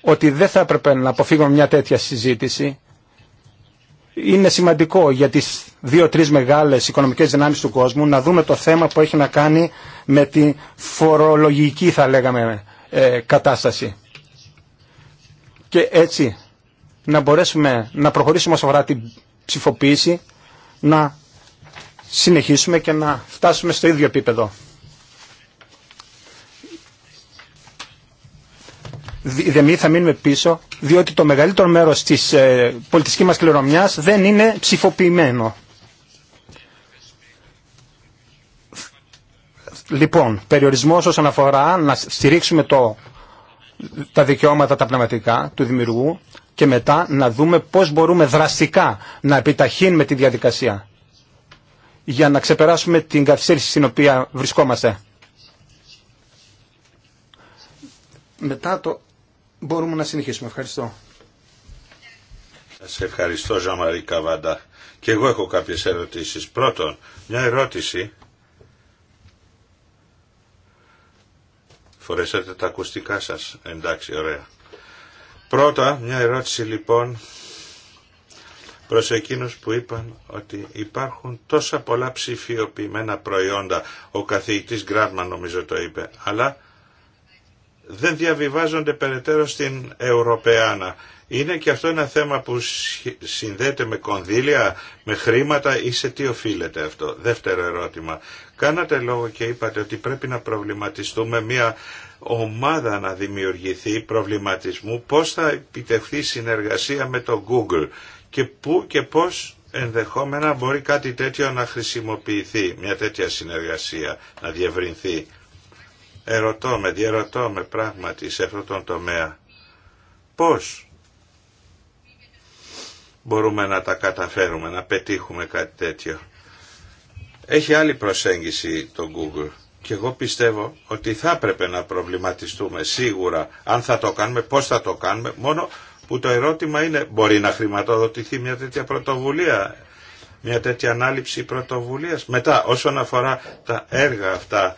Speaker 1: ότι δεν θα έπρεπε να αποφύγουμε μια τέτοια συζήτηση, είναι σημαντικό για τις δύο-τρεις μεγάλες οικονομικές δυνάμεις του κόσμου να δούμε το θέμα που έχει να κάνει με τη φορολογική θα λέγαμε ε, κατάσταση. Και έτσι να μπορέσουμε να προχωρήσουμε αφορά την ψηφοποίηση, να συνεχίσουμε και να φτάσουμε στο ίδιο επίπεδο. δεν θα μείνουμε πίσω, διότι το μεγαλύτερο μέρος της ε, πολιτιστικής μας κληρονομιάς δεν είναι ψηφοποιημένο. Λοιπόν, περιορισμός όσον αφορά να στηρίξουμε το, τα δικαιώματα τα πνευματικά του δημιουργού και μετά να δούμε πώς μπορούμε δραστικά να επιταχύνουμε τη διαδικασία για να ξεπεράσουμε την καθυστέρηση στην οποία βρισκόμαστε. Μετά το μπορούμε να συνεχίσουμε. Ευχαριστώ.
Speaker 2: σε ευχαριστώ Ζαμαρή Καβάντα. Και εγώ έχω κάποιε ερωτήσει. Πρώτον, μια ερώτηση. Φορέσατε τα ακουστικά σα Εντάξει, ωραία. Πρώτα, μια ερώτηση λοιπόν προς εκείνους που είπαν ότι υπάρχουν τόσα πολλά ψηφιοποιημένα προϊόντα. Ο καθηγητής Γκράτμαν νομίζω το είπε. Αλλά δεν διαβιβάζονται περαιτέρω στην Ευρωπαϊκή. Είναι και αυτό ένα θέμα που συνδέεται με κονδύλια, με χρήματα ή σε τι οφείλεται αυτό. Δεύτερο ερώτημα. Κάνατε λόγο και είπατε ότι πρέπει να προβληματιστούμε μια ομάδα να δημιουργηθεί προβληματισμού πώς θα επιτευχθεί η συνεργασία με το Google και πού και πώς ενδεχόμενα μπορεί κάτι τέτοιο να χρησιμοποιηθεί, μια τέτοια συνεργασία να διευρυνθεί ερωτώ με, διαρωτώ με πράγματι σε αυτόν τον τομέα πώς μπορούμε να τα καταφέρουμε, να πετύχουμε κάτι τέτοιο. Έχει άλλη προσέγγιση το Google και εγώ πιστεύω ότι θα έπρεπε να προβληματιστούμε σίγουρα αν θα το κάνουμε, πώς θα το κάνουμε, μόνο που το ερώτημα είναι μπορεί να χρηματοδοτηθεί μια τέτοια πρωτοβουλία, μια τέτοια ανάληψη πρωτοβουλίας. Μετά όσον αφορά τα έργα αυτά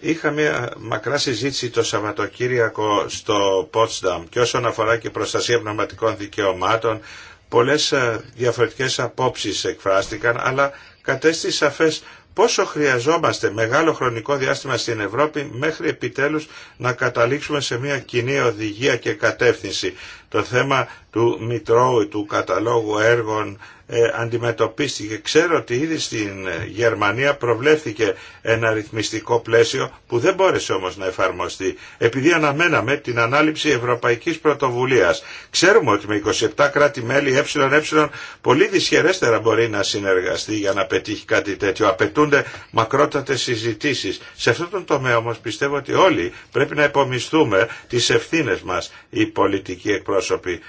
Speaker 2: Είχα μια μακρά συζήτηση το Σαββατοκύριακο στο Πότσταμ και όσον αφορά και προστασία πνευματικών δικαιωμάτων πολλές ε, διαφορετικές απόψεις εκφράστηκαν αλλά κατέστη σαφές πόσο χρειαζόμαστε μεγάλο χρονικό διάστημα στην Ευρώπη μέχρι επιτέλους να καταλήξουμε σε μια κοινή οδηγία και κατεύθυνση. Το θέμα του Μητρώου, του καταλόγου έργων ε, αντιμετωπίστηκε. Ξέρω ότι ήδη στην Γερμανία προβλέφθηκε ένα ρυθμιστικό πλαίσιο που δεν μπόρεσε όμως να εφαρμοστεί επειδή αναμέναμε την ανάληψη ευρωπαϊκής πρωτοβουλίας. Ξέρουμε ότι με 27 κράτη-μέλη ΕΕ πολύ δυσχερέστερα μπορεί να συνεργαστεί για να πετύχει κάτι τέτοιο. Απαιτούνται μακρότατες συζητήσεις. Σε αυτόν τον τομέα όμως πιστεύω ότι όλοι πρέπει να υπομισθούμε τις ευθύνες μας οι πολιτικοί εκπρόσωποι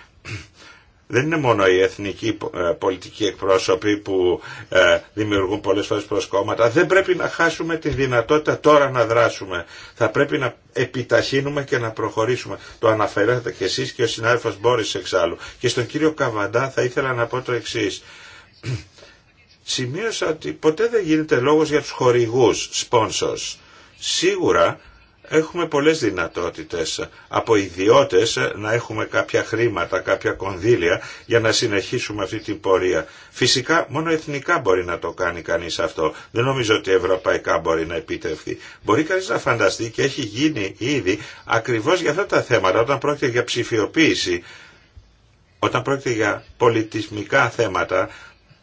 Speaker 2: δεν είναι μόνο οι εθνικοί ε, πολιτικοί εκπρόσωποι που ε, δημιουργούν πολλές φορές προσκόμματα. Δεν πρέπει να χάσουμε τη δυνατότητα τώρα να δράσουμε. Θα πρέπει να επιταχύνουμε και να προχωρήσουμε. Το αναφέρατε και εσείς και ο συνάδελφος Μπόρις εξάλλου. Και στον κύριο Καβαντά θα ήθελα να πω το εξή. Σημείωσα ότι ποτέ δεν γίνεται λόγος για τους χορηγούς, sponsors. Σίγουρα έχουμε πολλές δυνατότητες από ιδιώτες να έχουμε κάποια χρήματα, κάποια κονδύλια για να συνεχίσουμε αυτή την πορεία. Φυσικά μόνο εθνικά μπορεί να το κάνει κανείς αυτό. Δεν νομίζω ότι ευρωπαϊκά μπορεί να επιτευχθεί. Μπορεί κανείς να φανταστεί και έχει γίνει ήδη ακριβώς για αυτά τα θέματα όταν πρόκειται για ψηφιοποίηση, όταν πρόκειται για πολιτισμικά θέματα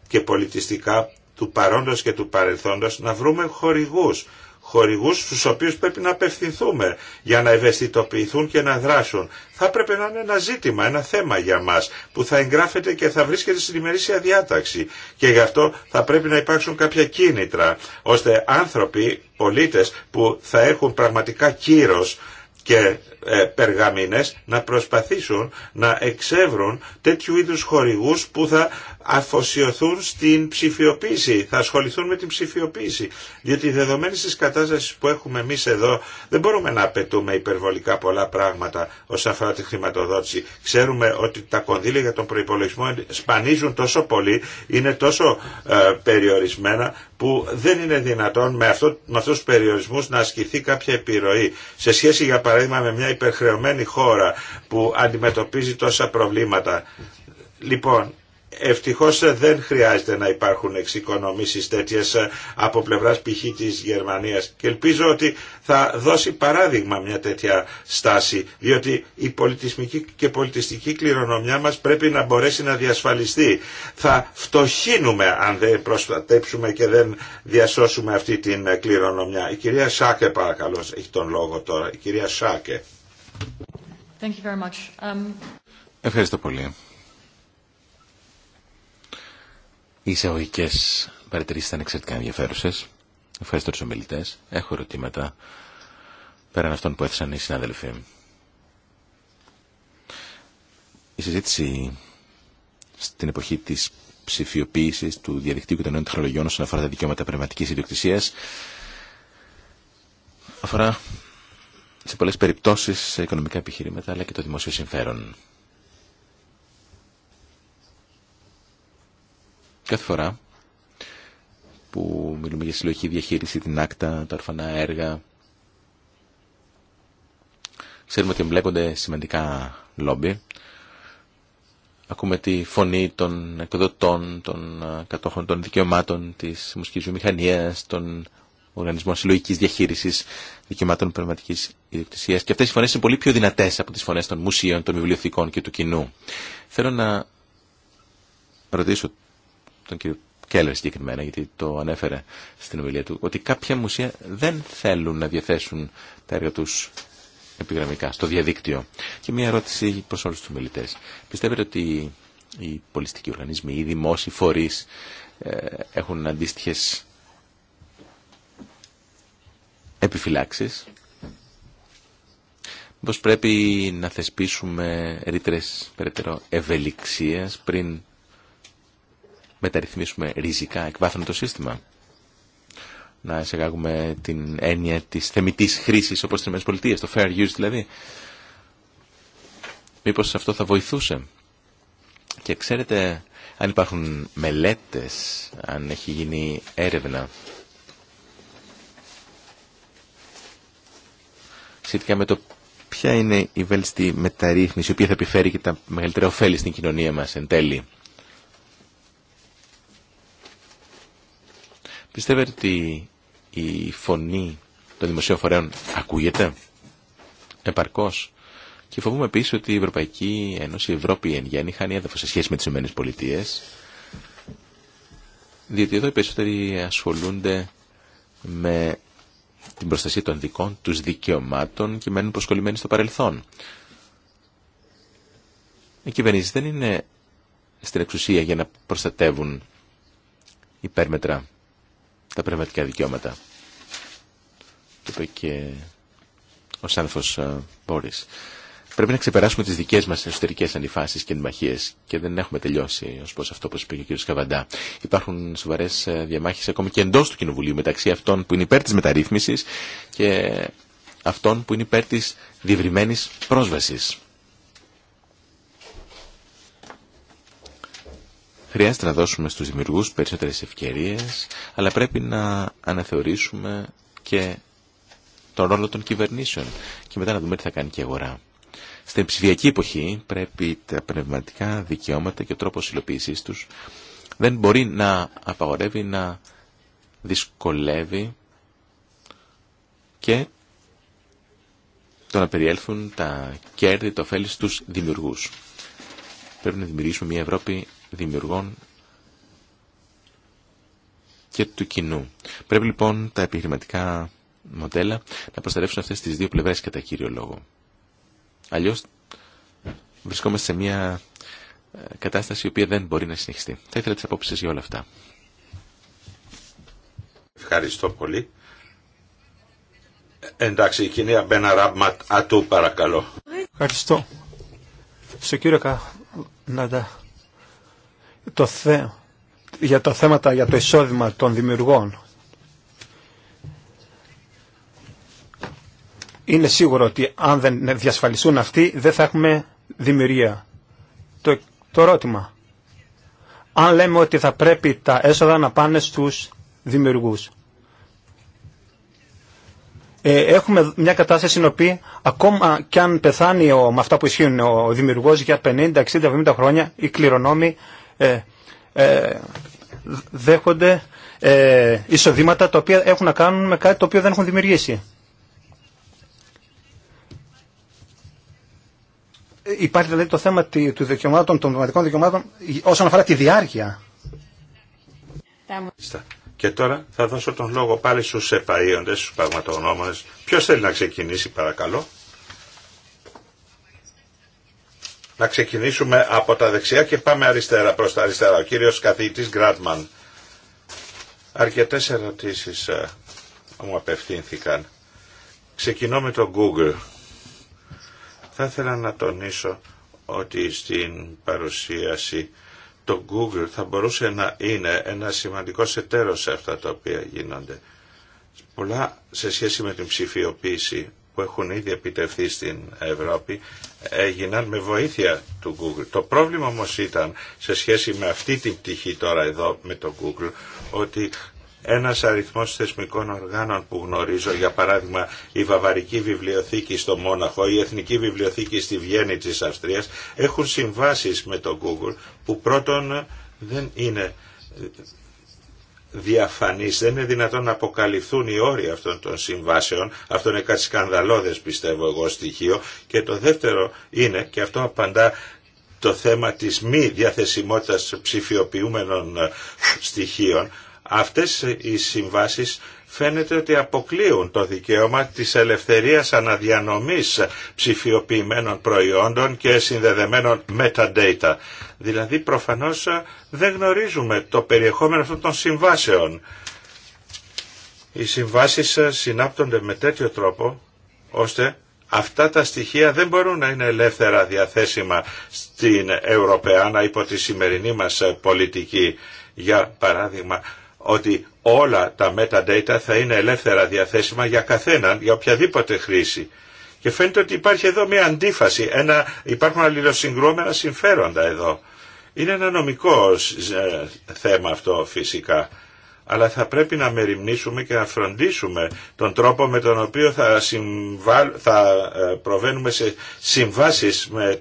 Speaker 2: και πολιτιστικά του παρόντος και του παρελθόντος να βρούμε χορηγούς χορηγούς στους οποίους πρέπει να απευθυνθούμε για να ευαισθητοποιηθούν και να δράσουν. Θα πρέπει να είναι ένα ζήτημα, ένα θέμα για μας που θα εγγράφεται και θα βρίσκεται στην ημερήσια διάταξη και γι' αυτό θα πρέπει να υπάρξουν κάποια κίνητρα ώστε άνθρωποι, πολίτες που θα έχουν πραγματικά κύρος και ε, περγαμίνες να προσπαθήσουν να εξεύρουν τέτοιου είδους χορηγούς που θα αφοσιωθούν στην ψηφιοποίηση, θα ασχοληθούν με την ψηφιοποίηση. Διότι δεδομένη τη κατάσταση που έχουμε εμείς εδώ, δεν μπορούμε να απαιτούμε υπερβολικά πολλά πράγματα όσον αφορά τη χρηματοδότηση. Ξέρουμε ότι τα κονδύλια για τον προπολογισμό σπανίζουν τόσο πολύ, είναι τόσο ε, περιορισμένα, που δεν είναι δυνατόν με, αυτό, με αυτούς τους περιορισμούς να ασκηθεί κάποια επιρροή. Σε σχέση για παράδειγμα με μια υπερχρεωμένη χώρα που αντιμετωπίζει τόσα προβλήματα. Λοιπόν, Ευτυχώς δεν χρειάζεται να υπάρχουν εξοικονομήσεις τέτοιες ε, από πλευράς π.χ. της Γερμανίας και ελπίζω ότι θα δώσει παράδειγμα μια τέτοια στάση διότι η πολιτισμική και πολιτιστική κληρονομιά μας πρέπει να μπορέσει να διασφαλιστεί. Θα φτωχύνουμε αν δεν προστατέψουμε και δεν διασώσουμε αυτή την κληρονομιά. Η κυρία Σάκε παρακαλώ έχει τον λόγο τώρα. Η κυρία Σάκε. Um,
Speaker 3: Ευχαριστώ πολύ. Οι εισαγωγικέ παρατηρήσει ήταν εξαιρετικά ενδιαφέρουσε. Ευχαριστώ του ομιλητέ. Έχω ερωτήματα πέραν αυτών που έθεσαν οι συνάδελφοι. Η συζήτηση στην εποχή τη ψηφιοποίηση του διαδικτύου και των νέων τεχνολογιών όσον αφορά τα δικαιώματα πνευματική ιδιοκτησία αφορά σε πολλές περιπτώσεις σε οικονομικά επιχειρήματα αλλά και το δημοσίο συμφέρον. Κάθε φορά που μιλούμε για συλλογική διαχείριση, την άκτα, τα ορφανά έργα, ξέρουμε ότι εμπλέκονται σημαντικά λόμπι. Ακούμε τη φωνή των εκδοτών, των κατόχων των δικαιωμάτων, της μουσικής βιομηχανίας, των Οργανισμό Συλλογική Διαχείριση Δικαιωμάτων Πνευματική Ιδιοκτησία. Και αυτέ οι φωνέ είναι πολύ πιο δυνατέ από τι φωνέ των μουσείων, των βιβλιοθηκών και του κοινού. Θέλω να ρωτήσω τον κύριο Κέλλερ συγκεκριμένα, γιατί το ανέφερε στην ομιλία του, ότι κάποια μουσεία δεν θέλουν να διαθέσουν τα έργα του επιγραμμικά στο διαδίκτυο. Και μια ερώτηση προ όλου του μιλητέ. Πιστεύετε ότι οι πολιστικοί οργανισμοί, οι δημόσιοι φορεί ε, έχουν αντίστοιχε επιφυλάξεις πως πρέπει να θεσπίσουμε ρήτρες περαιτέρω ευελιξίας πριν μεταρρυθμίσουμε ριζικά εκβάθρον το σύστημα. Να εισαγάγουμε την έννοια της θεμητής χρήσης όπως στις ΗΠΑ, το fair use δηλαδή. Μήπως αυτό θα βοηθούσε. Και ξέρετε αν υπάρχουν μελέτες, αν έχει γίνει έρευνα σχετικά με το ποια είναι η βέλτιστη μεταρρύθμιση η οποία θα επιφέρει και τα μεγαλύτερα ωφέλη στην κοινωνία μας εν τέλει. Πιστεύετε ότι η φωνή των δημοσίων φορέων ακούγεται επαρκώς και φοβούμαι επίση ότι η Ευρωπαϊκή Ένωση, η Ευρώπη εν γέννη χάνει έδαφο σε σχέση με τις ΗΠΑ διότι εδώ οι περισσότεροι ασχολούνται με την προστασία των δικών τους δικαιωμάτων και μένουν προσκολλημένοι στο παρελθόν. Οι κυβερνήσει δεν είναι στην εξουσία για να προστατεύουν υπέρμετρα τα πνευματικά δικαιώματα. Το είπε και ο Σάνφος ε, Μπόρις. Πρέπει να ξεπεράσουμε τις δικές μας εσωτερικές αντιφάσεις και αντιμαχίε. και δεν έχουμε τελειώσει ως πως αυτό που είπε και ο κ. Καβαντά. Υπάρχουν σοβαρές ε, διαμάχες ακόμη και εντός του Κοινοβουλίου μεταξύ αυτών που είναι υπέρ της μεταρρύθμισης και αυτών που είναι υπέρ της διευρυμένης πρόσβασης. Χρειάζεται να δώσουμε στους δημιουργούς περισσότερες ευκαιρίες, αλλά πρέπει να αναθεωρήσουμε και τον ρόλο των κυβερνήσεων και μετά να δούμε τι θα κάνει και η αγορά. Στην ψηφιακή εποχή πρέπει τα πνευματικά δικαιώματα και ο τρόπος υλοποίησής τους δεν μπορεί να απαγορεύει, να δυσκολεύει και το να περιέλθουν τα κέρδη, το ωφέλη στους δημιουργούς. Πρέπει να δημιουργήσουμε μια Ευρώπη δημιουργών και του κοινού. Πρέπει λοιπόν τα επιχειρηματικά μοντέλα να προστατεύσουν αυτές τις δύο πλευρές κατά κύριο λόγο. Αλλιώς βρισκόμαστε σε μια ε, κατάσταση η οποία δεν μπορεί να συνεχιστεί. Θα ήθελα τις απόψεις για όλα αυτά.
Speaker 2: Ευχαριστώ πολύ. Ε, εντάξει, η κυρία Μπέναραμπ Ατού, παρακαλώ.
Speaker 1: Ευχαριστώ. Σε κύριο Καναντά, το θέμα για τα θέματα για το εισόδημα των δημιουργών είναι σίγουρο ότι αν δεν διασφαλιστούν αυτοί δεν θα έχουμε δημιουργία. Το, το ερώτημα. Αν λέμε ότι θα πρέπει τα έσοδα να πάνε στους δημιουργούς. Ε, έχουμε μια κατάσταση στην οποία ακόμα και αν πεθάνει ο, με αυτά που ισχύουν ο δημιουργός για 50, 60, 70 χρόνια οι κληρονόμοι ε, ε, δέχονται ε, εισοδήματα τα οποία έχουν να κάνουν με κάτι το οποίο δεν έχουν δημιουργήσει. Υπάρχει δηλαδή το θέμα του δικαιωμάτων, των πνευματικών δικαιωμάτων όσον αφορά τη διάρκεια.
Speaker 2: Και τώρα θα δώσω τον λόγο πάλι στους επαΐοντες, στους πραγματογνώμονες. Ποιος θέλει να ξεκινήσει παρακαλώ. Να ξεκινήσουμε από τα δεξιά και πάμε αριστερά προς τα αριστερά. Ο κύριος καθηγητής Γκράτμαν. Αρκετές ερωτήσεις ε, μου απευθύνθηκαν. Ξεκινώ με το Google. Θα ήθελα να τονίσω ότι στην παρουσίαση το Google θα μπορούσε να είναι ένα σημαντικό εταίρος σε αυτά τα οποία γίνονται. Πολλά σε σχέση με την ψηφιοποίηση που έχουν ήδη επιτευχθεί στην Ευρώπη έγιναν με βοήθεια του Google. Το πρόβλημα όμως ήταν σε σχέση με αυτή την πτυχή τώρα εδώ με το Google ότι ένας αριθμός θεσμικών οργάνων που γνωρίζω, για παράδειγμα η Βαβαρική Βιβλιοθήκη στο Μόναχο, η Εθνική Βιβλιοθήκη στη Βιέννη της Αυστρίας, έχουν συμβάσεις με το Google που πρώτον δεν είναι διαφανής, δεν είναι δυνατόν να αποκαλυφθούν οι όροι αυτών των συμβάσεων. Αυτό είναι κάτι σκανδαλώδε, πιστεύω εγώ στοιχείο. Και το δεύτερο είναι, και αυτό απαντά το θέμα της μη διαθεσιμότητας ψηφιοποιούμενων στοιχείων, Αυτές οι συμβάσεις φαίνεται ότι αποκλείουν το δικαίωμα της ελευθερίας αναδιανομής ψηφιοποιημένων προϊόντων και συνδεδεμένων metadata. Δηλαδή προφανώς δεν γνωρίζουμε το περιεχόμενο αυτών των συμβάσεων. Οι συμβάσεις συνάπτονται με τέτοιο τρόπο ώστε αυτά τα στοιχεία δεν μπορούν να είναι ελεύθερα διαθέσιμα στην Ευρωπαϊκή υπό τη σημερινή μας πολιτική. Για παράδειγμα, ότι όλα τα metadata θα είναι ελεύθερα διαθέσιμα για καθέναν, για οποιαδήποτε χρήση. Και φαίνεται ότι υπάρχει εδώ μια αντίφαση, ένα, υπάρχουν αλληλοσυγκρόμενα συμφέροντα εδώ. Είναι ένα νομικό ε, θέμα αυτό φυσικά αλλά θα πρέπει να μεριμνήσουμε και να φροντίσουμε τον τρόπο με τον οποίο θα, θα ε, προβαίνουμε σε συμβάσεις με,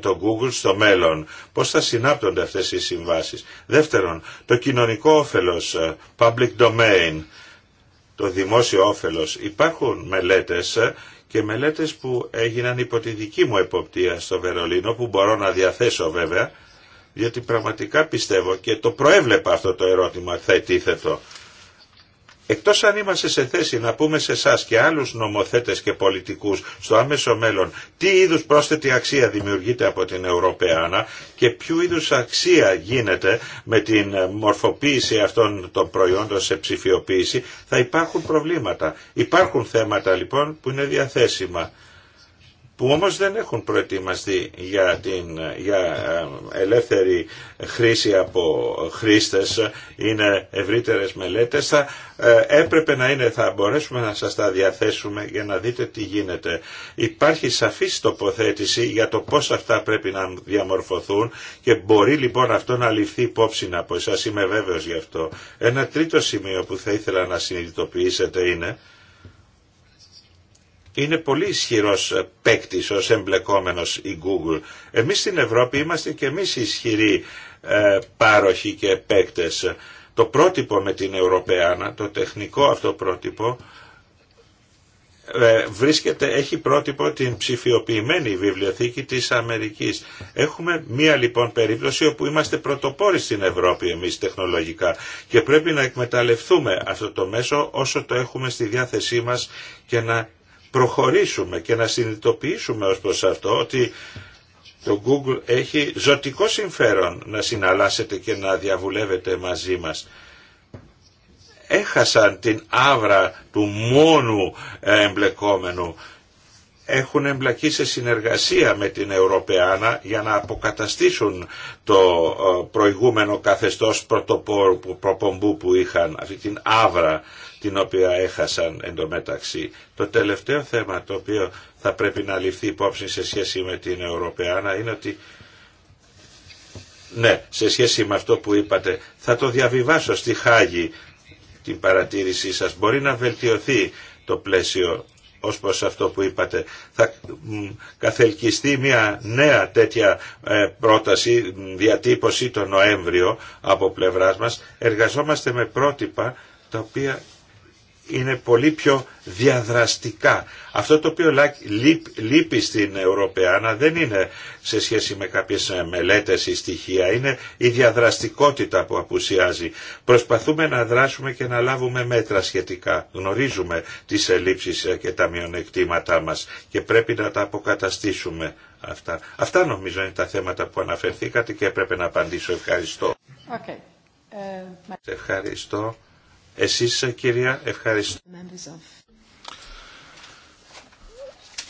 Speaker 2: το Google στο μέλλον. Πώς θα συνάπτονται αυτές οι συμβάσεις. Δεύτερον, το κοινωνικό όφελος, ε, public domain, το δημόσιο όφελος. Υπάρχουν μελέτες ε, και μελέτες που έγιναν υπό τη δική μου εποπτεία στο Βερολίνο, που μπορώ να διαθέσω βέβαια, γιατί πραγματικά πιστεύω και το προέβλεπα αυτό το ερώτημα θα ετίθετο. Εκτός αν είμαστε σε θέση να πούμε σε εσά και άλλους νομοθέτες και πολιτικούς στο άμεσο μέλλον τι είδους πρόσθετη αξία δημιουργείται από την Ευρωπαίανα και ποιου είδους αξία γίνεται με την μορφοποίηση αυτών των προϊόντων σε ψηφιοποίηση, θα υπάρχουν προβλήματα. Υπάρχουν θέματα λοιπόν που είναι διαθέσιμα που όμως δεν έχουν προετοιμαστεί για, την, για ε, ελεύθερη χρήση από χρήστες, είναι ευρύτερες μελέτες, θα ε, έπρεπε να είναι, θα μπορέσουμε να σας τα διαθέσουμε για να δείτε τι γίνεται. Υπάρχει σαφής τοποθέτηση για το πώς αυτά πρέπει να διαμορφωθούν και μπορεί λοιπόν αυτό να ληφθεί υπόψη από εσάς, είμαι βέβαιος γι' αυτό. Ένα τρίτο σημείο που θα ήθελα να συνειδητοποιήσετε είναι είναι πολύ ισχυρό ε, παίκτη ω εμπλεκόμενο η Google. Εμείς στην Ευρώπη είμαστε και εμείς ισχυροί ε, πάροχοι και παίκτε. Το πρότυπο με την Ευρωπαϊκή, το τεχνικό αυτό πρότυπο, ε, βρίσκεται, έχει πρότυπο την ψηφιοποιημένη βιβλιοθήκη της Αμερικής. Έχουμε μία λοιπόν περίπτωση όπου είμαστε πρωτοπόροι στην Ευρώπη εμείς τεχνολογικά και πρέπει να εκμεταλλευτούμε αυτό το μέσο όσο το έχουμε στη διάθεσή μας και να προχωρήσουμε και να συνειδητοποιήσουμε ως προς αυτό ότι το Google έχει ζωτικό συμφέρον να συναλλάσσεται και να διαβουλεύεται μαζί μας. Έχασαν την άβρα του μόνου ε, εμπλεκόμενου έχουν εμπλακεί σε συνεργασία με την Ευρωπαϊάνα για να αποκαταστήσουν το ε, προηγούμενο καθεστώς προπομπού που είχαν, αυτή την άβρα την οποία έχασαν εντωμεταξύ. Το τελευταίο θέμα το οποίο θα πρέπει να ληφθεί υπόψη σε σχέση με την Ευρωπαϊάνα είναι ότι ναι, σε σχέση με αυτό που είπατε, θα το διαβιβάσω στη Χάγη την παρατήρησή σας. Μπορεί να βελτιωθεί το πλαίσιο ως προς αυτό που είπατε. Θα καθελκυστεί μια νέα τέτοια ε, πρόταση, διατύπωση το Νοέμβριο από πλευράς μας. Εργαζόμαστε με πρότυπα τα οποία είναι πολύ πιο διαδραστικά. Αυτό το οποίο λείπει στην Ευρωπαϊκή δεν είναι σε σχέση με κάποιες ε, μελέτες ή στοιχεία, είναι η διαδραστικότητα που απουσιάζει. Προσπαθούμε να δράσουμε και να λάβουμε μέτρα σχετικά. Γνωρίζουμε τις ελλείψεις ε, και τα μειονεκτήματά μας και πρέπει να τα αποκαταστήσουμε αυτά. Αυτά νομίζω είναι τα θέματα που αναφερθήκατε και έπρεπε να απαντήσω. Ευχαριστώ. Okay. Ε, ευχαριστώ. Εσείς κυρία, ευχαριστώ.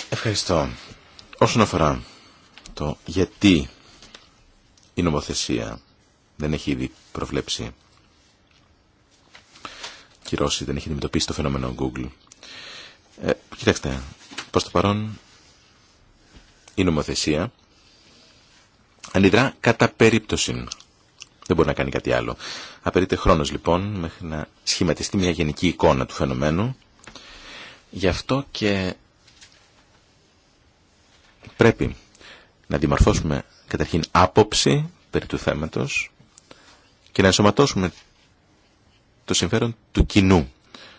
Speaker 3: Ευχαριστώ. Όσον αφορά το γιατί η νομοθεσία δεν έχει ήδη προβλέψει κυρώσει, δεν έχει αντιμετωπίσει το φαινόμενο Google. Ε, κοιτάξτε, προς το παρόν η νομοθεσία αντιδρά κατά περίπτωση δεν μπορεί να κάνει κάτι άλλο. Απαιτείται χρόνος λοιπόν μέχρι να σχηματιστεί μια γενική εικόνα του φαινομένου. Γι' αυτό και πρέπει να δημορφώσουμε καταρχήν άποψη περί του θέματος και να ενσωματώσουμε το συμφέρον του κοινού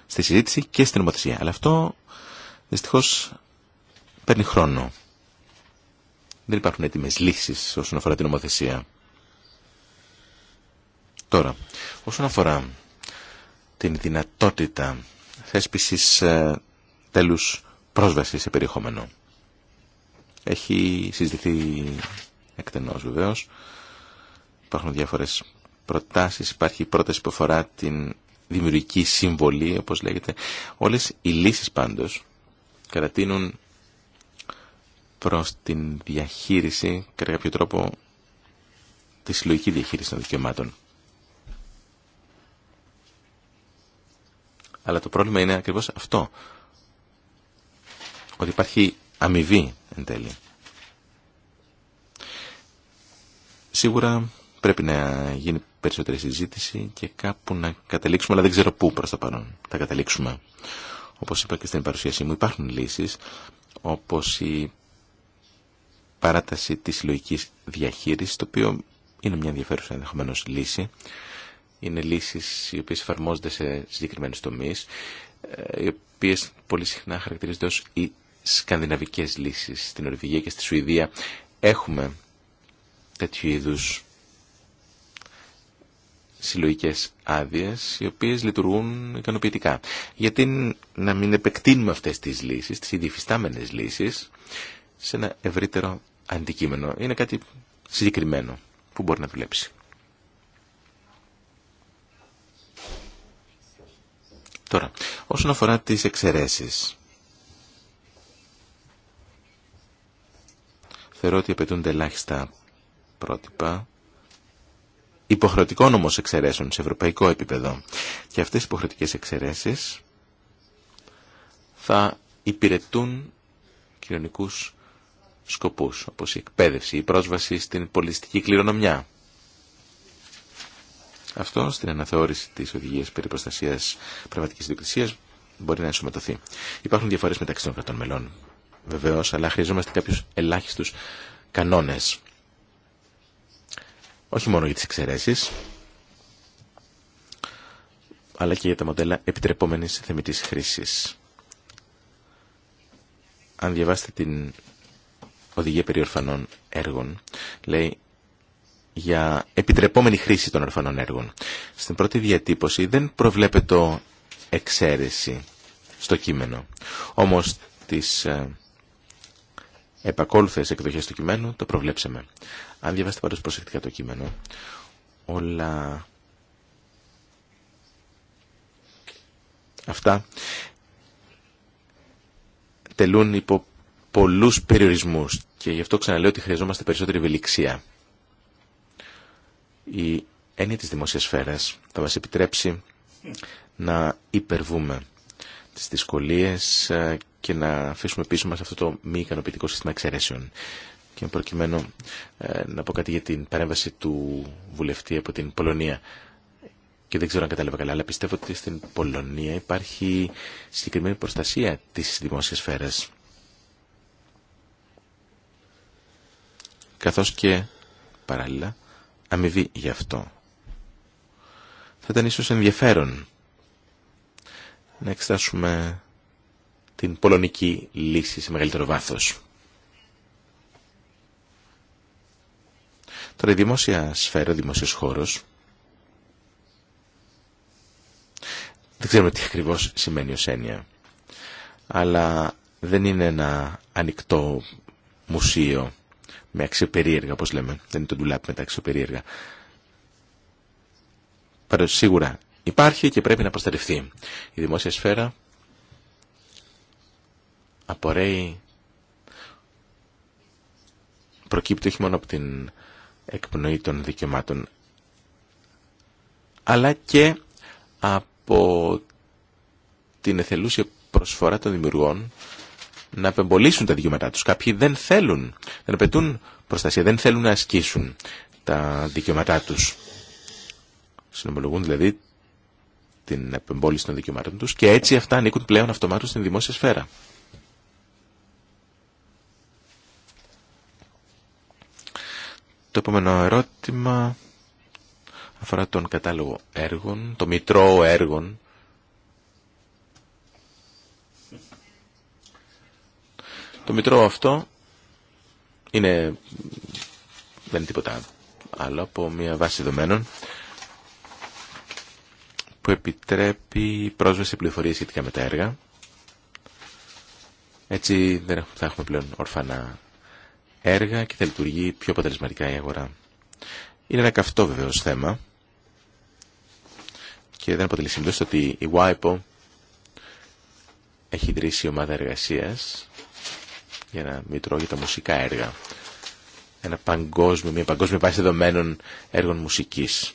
Speaker 3: στη συζήτηση και στην νομοθεσία. Αλλά αυτό δυστυχώς παίρνει χρόνο. Δεν υπάρχουν έτοιμες λύσεις όσον αφορά την νομοθεσία. Τώρα, όσον αφορά την δυνατότητα θέσπισης ε, τέλους πρόσβασης σε περιεχόμενο. Έχει συζητηθεί εκτενώς βεβαίως. Υπάρχουν διάφορες προτάσεις. Υπάρχει πρόταση που αφορά την δημιουργική συμβολή, όπως λέγεται. Όλες οι λύσεις πάντως κατατείνουν προς την διαχείριση, κατά κάποιο τρόπο, τη συλλογική διαχείριση των δικαιωμάτων. Αλλά το πρόβλημα είναι ακριβώς αυτό. Ότι υπάρχει αμοιβή εν τέλει. Σίγουρα πρέπει να γίνει περισσότερη συζήτηση και κάπου να καταλήξουμε, αλλά δεν ξέρω πού προς το παρόν θα καταλήξουμε. Όπως είπα και στην παρουσίασή μου, υπάρχουν λύσεις όπως η παράταση της συλλογική διαχείρισης, το οποίο είναι μια ενδιαφέρουσα ενδεχομένω λύση είναι λύσεις οι οποίες εφαρμόζονται σε συγκεκριμένους τομείς, ε, οι οποίες πολύ συχνά χαρακτηρίζονται ως οι σκανδιναβικές λύσεις. Στην Ορβηγία και στη Σουηδία έχουμε τέτοιου είδους συλλογικές άδειε, οι οποίες λειτουργούν ικανοποιητικά. Γιατί να μην επεκτείνουμε αυτές τις λύσεις, τις ήδη λύσεις, σε ένα ευρύτερο αντικείμενο. Είναι κάτι συγκεκριμένο που μπορεί να δουλέψει. Τώρα, όσον αφορά τις εξαιρέσεις, θεωρώ ότι απαιτούνται ελάχιστα πρότυπα υποχρεωτικών όμως εξαιρέσεων σε ευρωπαϊκό επίπεδο. Και αυτές οι υποχρεωτικές εξαιρέσεις θα υπηρετούν κοινωνικούς σκοπούς, όπως η εκπαίδευση, η πρόσβαση στην πολιτιστική κληρονομιά. Αυτό στην αναθεώρηση τη οδηγία περί προστασία πραγματική διοκτησία μπορεί να ενσωματωθεί. Υπάρχουν διαφορέ μεταξύ των κρατών μελών. Βεβαίω, αλλά χρειαζόμαστε κάποιου ελάχιστου κανόνε. Όχι μόνο για τι εξαιρέσει, αλλά και για τα μοντέλα επιτρεπόμενη θεμητή χρήση. Αν διαβάσετε την οδηγία περί ορφανών έργων, λέει για επιτρεπόμενη χρήση των ορφανών έργων. Στην πρώτη διατύπωση δεν προβλέπεται εξαίρεση στο κείμενο. Όμως τις ε, επακόλουθες εκδοχές του κειμένου το προβλέψαμε. Αν διαβάσετε πάντως προσεκτικά το κείμενο, όλα αυτά τελούν υπό πολλούς περιορισμούς και γι' αυτό ξαναλέω ότι χρειαζόμαστε περισσότερη ευελιξία η έννοια της δημόσιας σφαίρας θα μας επιτρέψει να υπερβούμε τις δυσκολίες ε, και να αφήσουμε πίσω μας αυτό το μη ικανοποιητικό σύστημα εξαιρέσεων. Και προκειμένου ε, να πω κάτι για την παρέμβαση του βουλευτή από την Πολωνία. Και δεν ξέρω αν κατάλαβα καλά, αλλά πιστεύω ότι στην Πολωνία υπάρχει συγκεκριμένη προστασία της δημόσιας σφαίρας. Καθώς και παράλληλα αμοιβή γι' αυτό. Θα ήταν ίσως ενδιαφέρον να εξετάσουμε την πολωνική λύση σε μεγαλύτερο βάθος. Τώρα η δημόσια σφαίρα, ο δημόσιος χώρος, δεν ξέρουμε τι ακριβώς σημαίνει ως έννοια, αλλά δεν είναι ένα ανοιχτό μουσείο με αξιοπερίεργα όπως λέμε. Δεν είναι το ντουλάπι με τα αξιοπερίεργα. Πάντως σίγουρα υπάρχει και πρέπει να προστατευτεί. Η δημόσια σφαίρα απορρέει, προκύπτει όχι μόνο από την εκπνοή των δικαιωμάτων, αλλά και από την εθελούσια προσφορά των δημιουργών να απεμπολίσουν τα δικαιώματά τους. Κάποιοι δεν θέλουν, δεν απαιτούν προστασία, δεν θέλουν να ασκήσουν τα δικαιώματά τους. Συνομολογούν δηλαδή την απεμπόληση των δικαιωμάτων τους και έτσι αυτά ανήκουν πλέον αυτομάτως στην δημόσια σφαίρα. Το επόμενο ερώτημα αφορά τον κατάλογο έργων, το μητρό έργων Το μητρό αυτό είναι, δεν είναι τίποτα άλλο από μια βάση δεδομένων που επιτρέπει πρόσβαση πληροφορίε σχετικά με τα έργα. Έτσι δεν θα έχουμε πλέον ορφανά έργα και θα λειτουργεί πιο αποτελεσματικά η αγορά. Είναι ένα καυτό βεβαίως θέμα και δεν αποτελεί σύμπτωση ότι η WIPO έχει ιδρύσει ομάδα εργασίας για να μην για τα μουσικά έργα. Ένα παγκόσμιο, μια παγκόσμια βάση δεδομένων έργων μουσικής.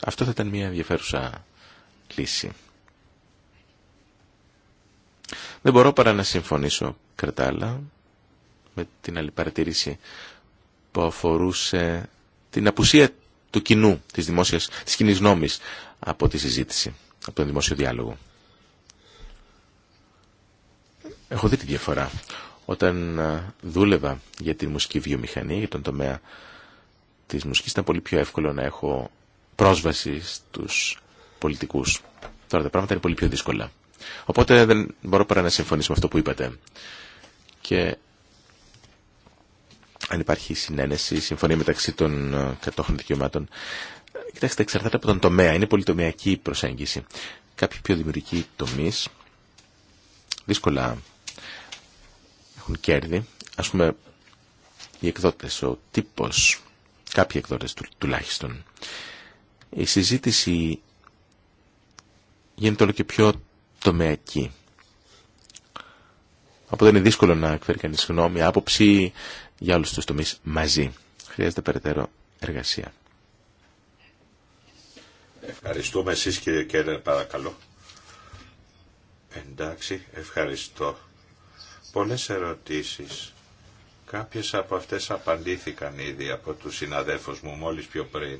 Speaker 3: Αυτό θα ήταν μια ενδιαφέρουσα λύση. Δεν μπορώ παρά να συμφωνήσω, Κρετάλα, με την άλλη παρατήρηση που αφορούσε την απουσία του κοινού, της, δημόσιας, της κοινής νόμης από τη συζήτηση, από τον δημόσιο διάλογο. Έχω δει τη διαφορά. Όταν ε, δούλευα για τη μουσική βιομηχανία, για τον τομέα της μουσικής, ήταν πολύ πιο εύκολο να έχω πρόσβαση στους πολιτικούς. Τώρα τα πράγματα είναι πολύ πιο δύσκολα. Οπότε δεν μπορώ παρά να συμφωνήσω με αυτό που είπατε. Και αν υπάρχει συνένεση, συμφωνία μεταξύ των ε, κατόχων δικαιωμάτων, ε, κοιτάξτε, εξαρτάται από τον τομέα. Είναι πολυτομιακή η προσέγγιση. Κάποιοι πιο δημιουργικοί τομεί δύσκολα έχουν κέρδη. Ας πούμε, οι εκδότες, ο τύπος, κάποιοι εκδότες του, τουλάχιστον. Η συζήτηση γίνεται όλο και πιο τομεακή. Οπότε είναι δύσκολο να εκφέρει κανείς γνώμη, άποψη για όλους τους τομείς μαζί. Χρειάζεται περαιτέρω εργασία.
Speaker 2: Ευχαριστούμε εσείς κύριε Κέλλερ παρακαλώ. Εντάξει, ευχαριστώ πολλές ερωτήσεις. Κάποιες από αυτές απαντήθηκαν ήδη από τους συναδέλφους μου μόλις πιο πριν.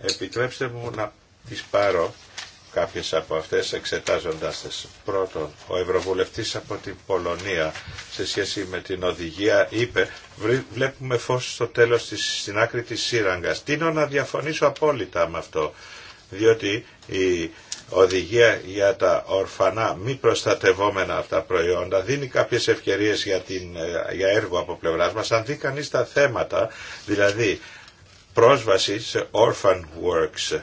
Speaker 2: Επιτρέψτε μου να τις πάρω κάποιες από αυτές εξετάζοντας τις. Πρώτον, ο Ευρωβουλευτής από την Πολωνία σε σχέση με την οδηγία είπε «Βλέπουμε φως στο τέλος της, στην άκρη της σύραγγας». Τίνω να διαφωνήσω απόλυτα με αυτό, διότι η οδηγία για τα ορφανά μη προστατευόμενα αυτά προϊόντα δίνει κάποιες ευκαιρίες για, την, ε, για έργο από πλευράς μας. Αν δει κανείς τα θέματα, δηλαδή πρόσβαση σε orphan works,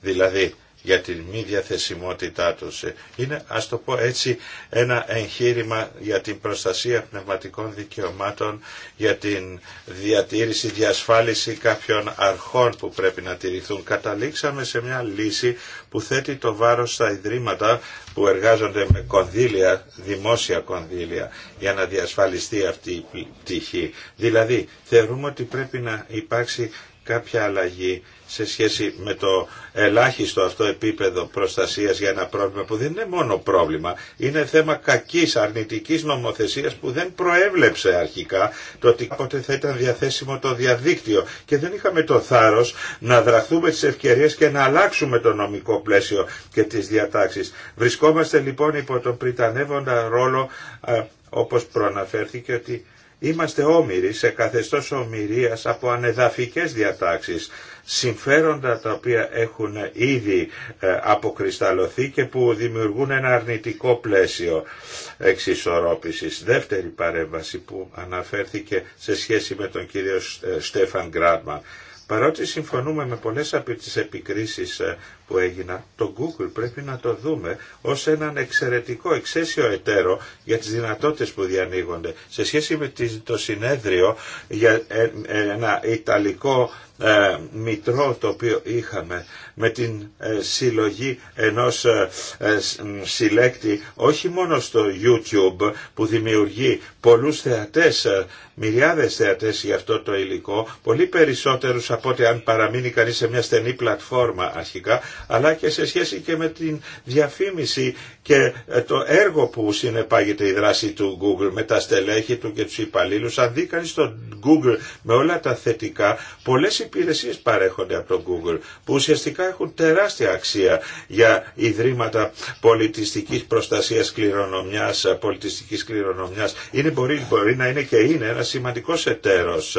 Speaker 2: δηλαδή για την μη διαθεσιμότητά τους. Ε, είναι, ας το πω έτσι, ένα εγχείρημα για την προστασία πνευματικών δικαιωμάτων, για την διατήρηση, διασφάλιση κάποιων αρχών που πρέπει να τηρηθούν. Καταλήξαμε σε μια λύση που θέτει το βάρος στα ιδρύματα που εργάζονται με κονδύλια, δημόσια κονδύλια, για να διασφαλιστεί αυτή η πτυχή. Δηλαδή, θεωρούμε ότι πρέπει να υπάρξει κάποια αλλαγή σε σχέση με το ελάχιστο αυτό επίπεδο προστασίας για ένα πρόβλημα που δεν είναι μόνο πρόβλημα, είναι θέμα κακής αρνητικής νομοθεσίας που δεν προέβλεψε αρχικά το ότι κάποτε θα ήταν διαθέσιμο το διαδίκτυο και δεν είχαμε το θάρρος να δραχθούμε τις ευκαιρίες και να αλλάξουμε το νομικό πλαίσιο και τις διατάξεις. Βρισκόμαστε λοιπόν υπό τον πριτανεύοντα ρόλο ε, όπως προαναφέρθηκε ότι Είμαστε όμοιροι σε καθεστώς ομοιρίας από ανεδαφικές διατάξεις, συμφέροντα τα οποία έχουν ήδη ε, αποκρισταλωθεί και που δημιουργούν ένα αρνητικό πλαίσιο εξισορρόπησης. Δεύτερη παρέμβαση που αναφέρθηκε σε σχέση με τον κύριο ε, Στέφαν Γκράτμαν. Παρότι συμφωνούμε με πολλές από τις επικρίσεις ε, που έγιναν, το Google πρέπει να το δούμε ως έναν εξαιρετικό εξαίσιο εταίρο για τις δυνατότητες που διανοίγονται. Σε σχέση με το συνέδριο για ε, ε, ένα Ιταλικό ε, μητρό το οποίο είχαμε με την ε, συλλογή ενός ε, συλλέκτη όχι μόνο στο YouTube που δημιουργεί πολλούς θεατές, μιλιάδες θεατές για αυτό το υλικό, πολύ περισσότερους από ό,τι αν παραμείνει κανείς σε μια στενή πλατφόρμα αρχικά, αλλά και σε σχέση και με την διαφήμιση και ε, το έργο που συνεπάγεται η δράση του Google με τα στελέχη του και τους υπαλλήλους. Αν δει κανείς το Google με όλα τα θετικά, πολλές υπηρεσίες παρέχονται από το Google που ουσιαστικά έχουν τεράστια αξία για ιδρύματα πολιτιστικής προστασίας κληρονομιάς, πολιτιστικής κληρονομιάς. Είναι, μπορεί, μπορεί να είναι και είναι ένα σημαντικός εταίρος.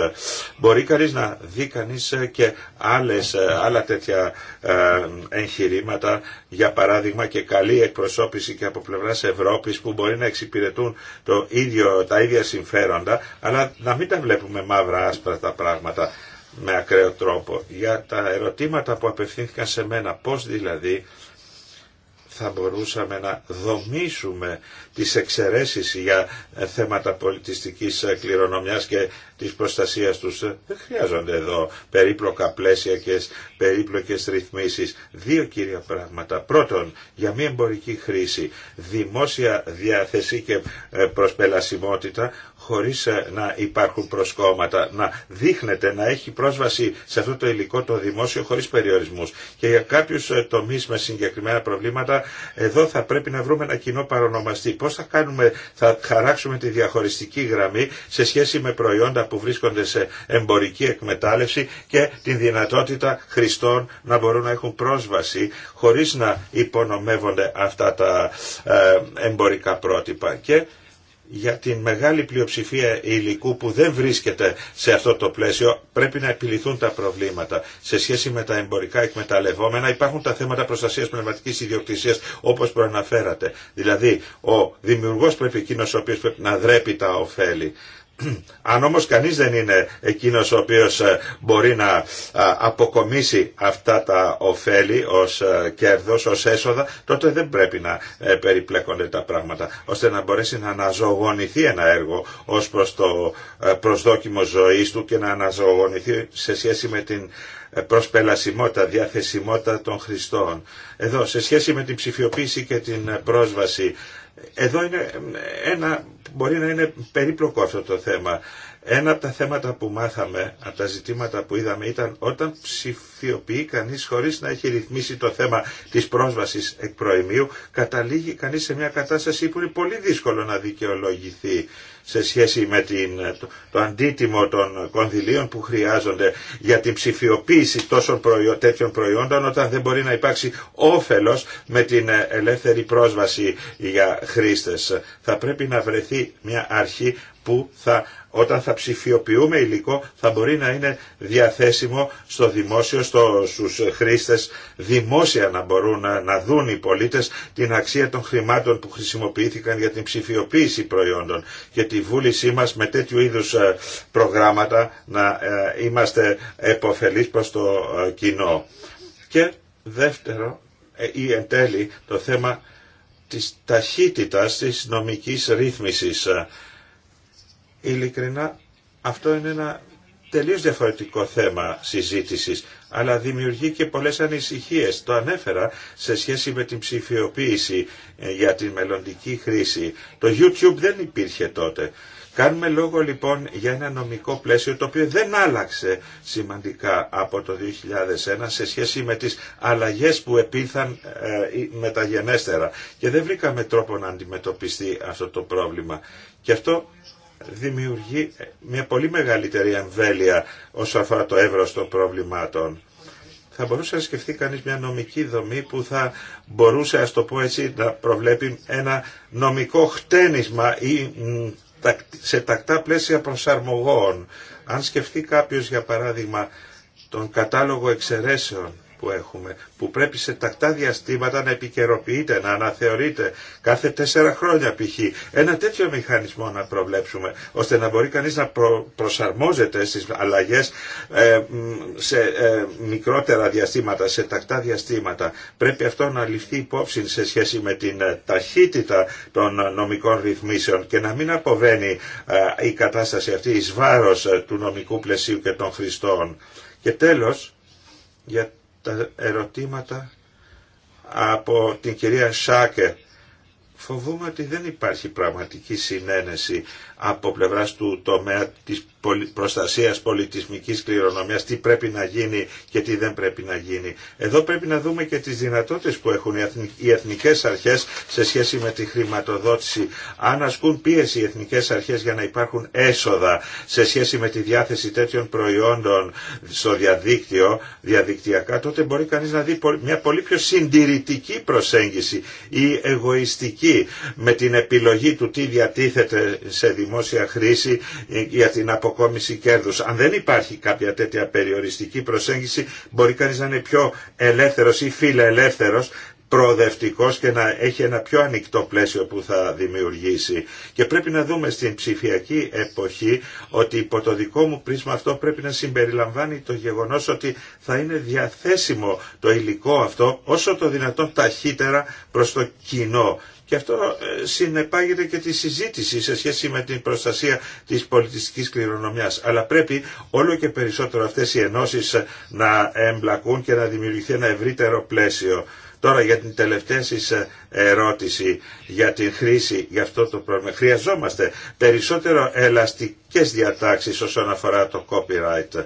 Speaker 2: Μπορεί κανείς να δει κανείς ε, και άλλες, ε, άλλα τέτοια εγχειρήματα, για παράδειγμα και καλή εκπροσώπηση και από πλευρά Ευρώπη που μπορεί να εξυπηρετούν το ίδιο, τα ίδια συμφέροντα, αλλά να μην τα βλέπουμε μαύρα άσπρα τα πράγματα με ακραίο τρόπο. Για τα ερωτήματα που απευθύνθηκαν σε μένα, πώς δηλαδή θα μπορούσαμε να δομήσουμε τις εξαιρέσεις για θέματα πολιτιστικής κληρονομιάς και της προστασίας τους. Δεν χρειάζονται εδώ περίπλοκα πλαίσια και περίπλοκες ρυθμίσεις. Δύο κύρια πράγματα. Πρώτον, για μια εμπορική χρήση, δημόσια διάθεση και ε, προσπελασιμότητα, χωρίς ε, να υπάρχουν προσκόμματα, να δείχνεται να έχει πρόσβαση σε αυτό το υλικό το δημόσιο χωρίς περιορισμούς. Και για κάποιους ε, τομείς με συγκεκριμένα προβλήματα, εδώ θα πρέπει να βρούμε ένα κοινό παρονομαστή. Πώς θα κάνουμε, θα χαράξουμε τη διαχωριστική γραμμή σε σχέση με προϊόντα που βρίσκονται σε εμπορική εκμετάλλευση και την δυνατότητα χρηστών να μπορούν να έχουν πρόσβαση χωρίς να υπονομεύονται αυτά τα ε, εμπορικά πρότυπα για την μεγάλη πλειοψηφία υλικού που δεν βρίσκεται σε αυτό το πλαίσιο πρέπει να επιληθούν τα προβλήματα. Σε σχέση με τα εμπορικά εκμεταλλευόμενα υπάρχουν τα θέματα προστασίας πνευματικής ιδιοκτησίας όπως προαναφέρατε. Δηλαδή ο δημιουργός πρέπει εκείνος ο οποίος πρέπει να δρέπει τα ωφέλη Αν όμως κανείς δεν είναι εκείνος ο οποίος ε, μπορεί να ε, αποκομίσει αυτά τα ωφέλη ως ε, κέρδος, ως έσοδα, τότε δεν πρέπει να περιπλέκονται τα πράγματα, ώστε να μπορέσει να αναζωογονηθεί ένα έργο ως προς το προσδόκιμο ζωής του και να αναζωογονηθεί σε σχέση με την προσπελασιμότητα, διαθεσιμότητα των χρηστών. Εδώ, σε σχέση με την ψηφιοποίηση και την πρόσβαση, εδώ είναι ένα, μπορεί να είναι περίπλοκο αυτό το θέμα ένα από τα θέματα που μάθαμε, από τα ζητήματα που είδαμε ήταν όταν ψηφιοποιεί κανείς χωρίς να έχει ρυθμίσει το θέμα της πρόσβασης εκ προημίου, καταλήγει κανείς σε μια κατάσταση που είναι πολύ δύσκολο να δικαιολογηθεί σε σχέση με την, το, αντίτιμο των κονδυλίων που χρειάζονται για την ψηφιοποίηση τόσων προϊό, τέτοιων προϊόντων όταν δεν μπορεί να υπάρξει όφελος με την ελεύθερη πρόσβαση για χρήστες. Θα πρέπει να βρεθεί μια αρχή που θα όταν θα ψηφιοποιούμε υλικό θα μπορεί να είναι διαθέσιμο στο δημόσιο, στους χρήστες δημόσια να μπορούν να, να δουν οι πολίτες την αξία των χρημάτων που χρησιμοποιήθηκαν για την ψηφιοποίηση προϊόντων και τη βούλησή μας με τέτοιου είδους ε, προγράμματα να ε, είμαστε επωφελείς προς το ε, κοινό. Και δεύτερο ή εν τέλει το θέμα της ταχύτητας της νομικής ρύθμισης ειλικρινά αυτό είναι ένα τελείως διαφορετικό θέμα συζήτησης, αλλά δημιουργεί και πολλές ανησυχίες. Το ανέφερα σε σχέση με την ψηφιοποίηση ε, για την μελλοντική χρήση. Το YouTube δεν υπήρχε τότε. Κάνουμε λόγο λοιπόν για ένα νομικό πλαίσιο το οποίο δεν άλλαξε σημαντικά από το 2001 σε σχέση με τις αλλαγές που επήλθαν ε, ε, μεταγενέστερα και δεν βρήκαμε τρόπο να αντιμετωπιστεί αυτό το πρόβλημα. Και αυτό δημιουργεί μια πολύ μεγαλύτερη εμβέλεια όσον αφορά το εύρος των προβλημάτων. Θα μπορούσε να σκεφτεί κανείς μια νομική δομή που θα μπορούσε, ας το πω έτσι, να προβλέπει ένα νομικό χτένισμα ή σε τακτά πλαίσια προσαρμογών. Αν σκεφτεί κάποιος, για παράδειγμα, τον κατάλογο εξαιρέσεων που έχουμε, που πρέπει σε τακτά διαστήματα να επικαιροποιείται, να αναθεωρείται κάθε τέσσερα χρόνια π.χ. Ένα τέτοιο μηχανισμό να προβλέψουμε, ώστε να μπορεί κανείς να προσαρμόζεται στις αλλαγές ε, σε ε, μικρότερα διαστήματα, σε τακτά διαστήματα. Πρέπει αυτό να ληφθεί υπόψη σε σχέση με την ε, ταχύτητα των νομικών ρυθμίσεων και να μην αποβαίνει η κατάσταση αυτή εις βάρος του νομικού πλαισίου και των χρηστών. Και τέλος, για τα ερωτήματα από την κυρία Σάκε. Φοβούμαι ότι δεν υπάρχει πραγματική συνένεση από πλευράς του τομέα της προστασίας πολιτισμικής κληρονομιάς, τι πρέπει να γίνει και τι δεν πρέπει να γίνει. Εδώ πρέπει να δούμε και τις δυνατότητες που έχουν οι εθνικές αρχές σε σχέση με τη χρηματοδότηση. Αν ασκούν πίεση οι εθνικές αρχές για να υπάρχουν έσοδα σε σχέση με τη διάθεση τέτοιων προϊόντων στο διαδίκτυο, διαδικτυακά, τότε μπορεί κανείς να δει μια πολύ πιο συντηρητική προσέγγιση ή εγωιστική με την επιλογή του τι διατίθεται σε δημοσιογραφία δημόσια χρήση ε, για την αποκόμιση κέρδους. Αν δεν υπάρχει κάποια τέτοια περιοριστική προσέγγιση μπορεί κανείς να είναι πιο ελεύθερος ή φιλελεύθερος προοδευτικός και να έχει ένα πιο ανοιχτό πλαίσιο που θα δημιουργήσει. Και πρέπει να δούμε στην ψηφιακή εποχή ότι υπό το δικό μου πρίσμα αυτό πρέπει να συμπεριλαμβάνει το γεγονός ότι θα είναι διαθέσιμο το υλικό αυτό όσο το δυνατόν ταχύτερα προς το κοινό και αυτό ε, συνεπάγεται και τη συζήτηση σε σχέση με την προστασία της πολιτιστικής κληρονομιάς. Αλλά πρέπει όλο και περισσότερο αυτές οι ενώσεις ε, να εμπλακούν και να δημιουργηθεί ένα ευρύτερο πλαίσιο. Τώρα για την τελευταία ε, ερώτηση για την χρήση για αυτό το πρόβλημα. Χρειαζόμαστε περισσότερο ελαστικές διατάξεις όσον αφορά το copyright.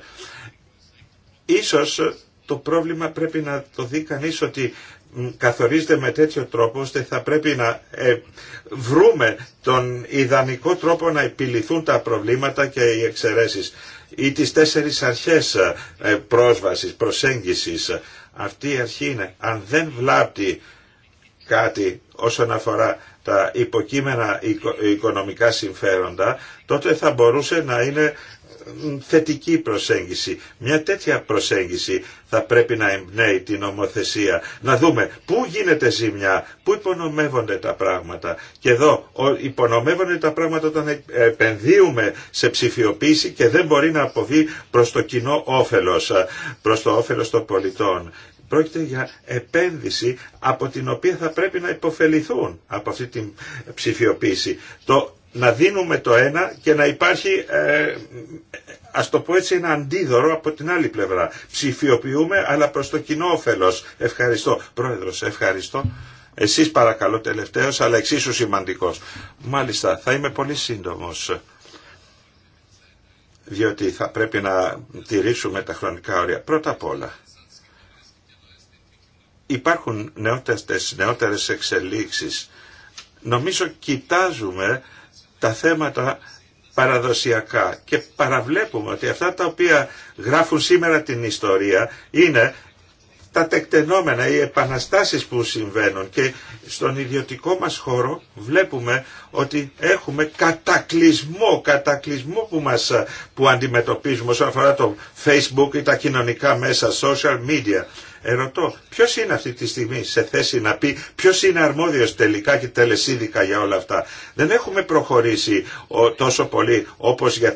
Speaker 2: Ίσως το πρόβλημα πρέπει να το δει κανείς ότι καθορίζεται με τέτοιο τρόπο ώστε θα πρέπει να ε, βρούμε τον ιδανικό τρόπο να επιληθούν τα προβλήματα και οι εξαιρέσεις ή τις τέσσερις αρχές ε, πρόσβασης, προσέγγισης. Αυτή η αρχή είναι αν δεν βλάπτει κάτι όσον αφορά τα υποκείμενα οικονομικά συμφέροντα, τότε θα μπορούσε να είναι θετική προσέγγιση. Μια τέτοια προσέγγιση θα πρέπει να εμπνέει την νομοθεσία. Να δούμε πού γίνεται ζημιά, πού υπονομεύονται τα πράγματα. Και εδώ υπονομεύονται τα πράγματα όταν ε, επενδύουμε σε ψηφιοποίηση και δεν μπορεί να αποβεί προς το κοινό όφελος, ε, προς το όφελος των πολιτών. Πρόκειται για επένδυση από την οποία θα πρέπει να υποφεληθούν από αυτή την ψηφιοποίηση. Το να δίνουμε το ένα και να υπάρχει, ε, ας το πω έτσι, ένα αντίδωρο από την άλλη πλευρά. Ψηφιοποιούμε, αλλά προς το κοινό όφελος. Ευχαριστώ. Πρόεδρος, ευχαριστώ. Εσείς παρακαλώ τελευταίος, αλλά εξίσου σημαντικός. Μάλιστα, θα είμαι πολύ σύντομος διότι θα πρέπει να τηρήσουμε τα χρονικά όρια. Πρώτα απ' όλα, υπάρχουν νεότερες, νεότερες εξελίξεις. Νομίζω κοιτάζουμε τα θέματα παραδοσιακά και παραβλέπουμε ότι αυτά τα οποία γράφουν σήμερα την ιστορία είναι τα τεκτενόμενα, οι επαναστάσεις που συμβαίνουν και στον ιδιωτικό μας χώρο βλέπουμε ότι έχουμε κατακλυσμό, κατακλυσμό που, μας, που αντιμετωπίζουμε όσον αφορά το facebook ή τα κοινωνικά μέσα, social media. Ερωτώ, ποιος είναι αυτή τη στιγμή σε θέση να πει ποιος είναι αρμόδιος τελικά και τελεσίδικα για όλα αυτά. Δεν έχουμε προχωρήσει τόσο πολύ όπως για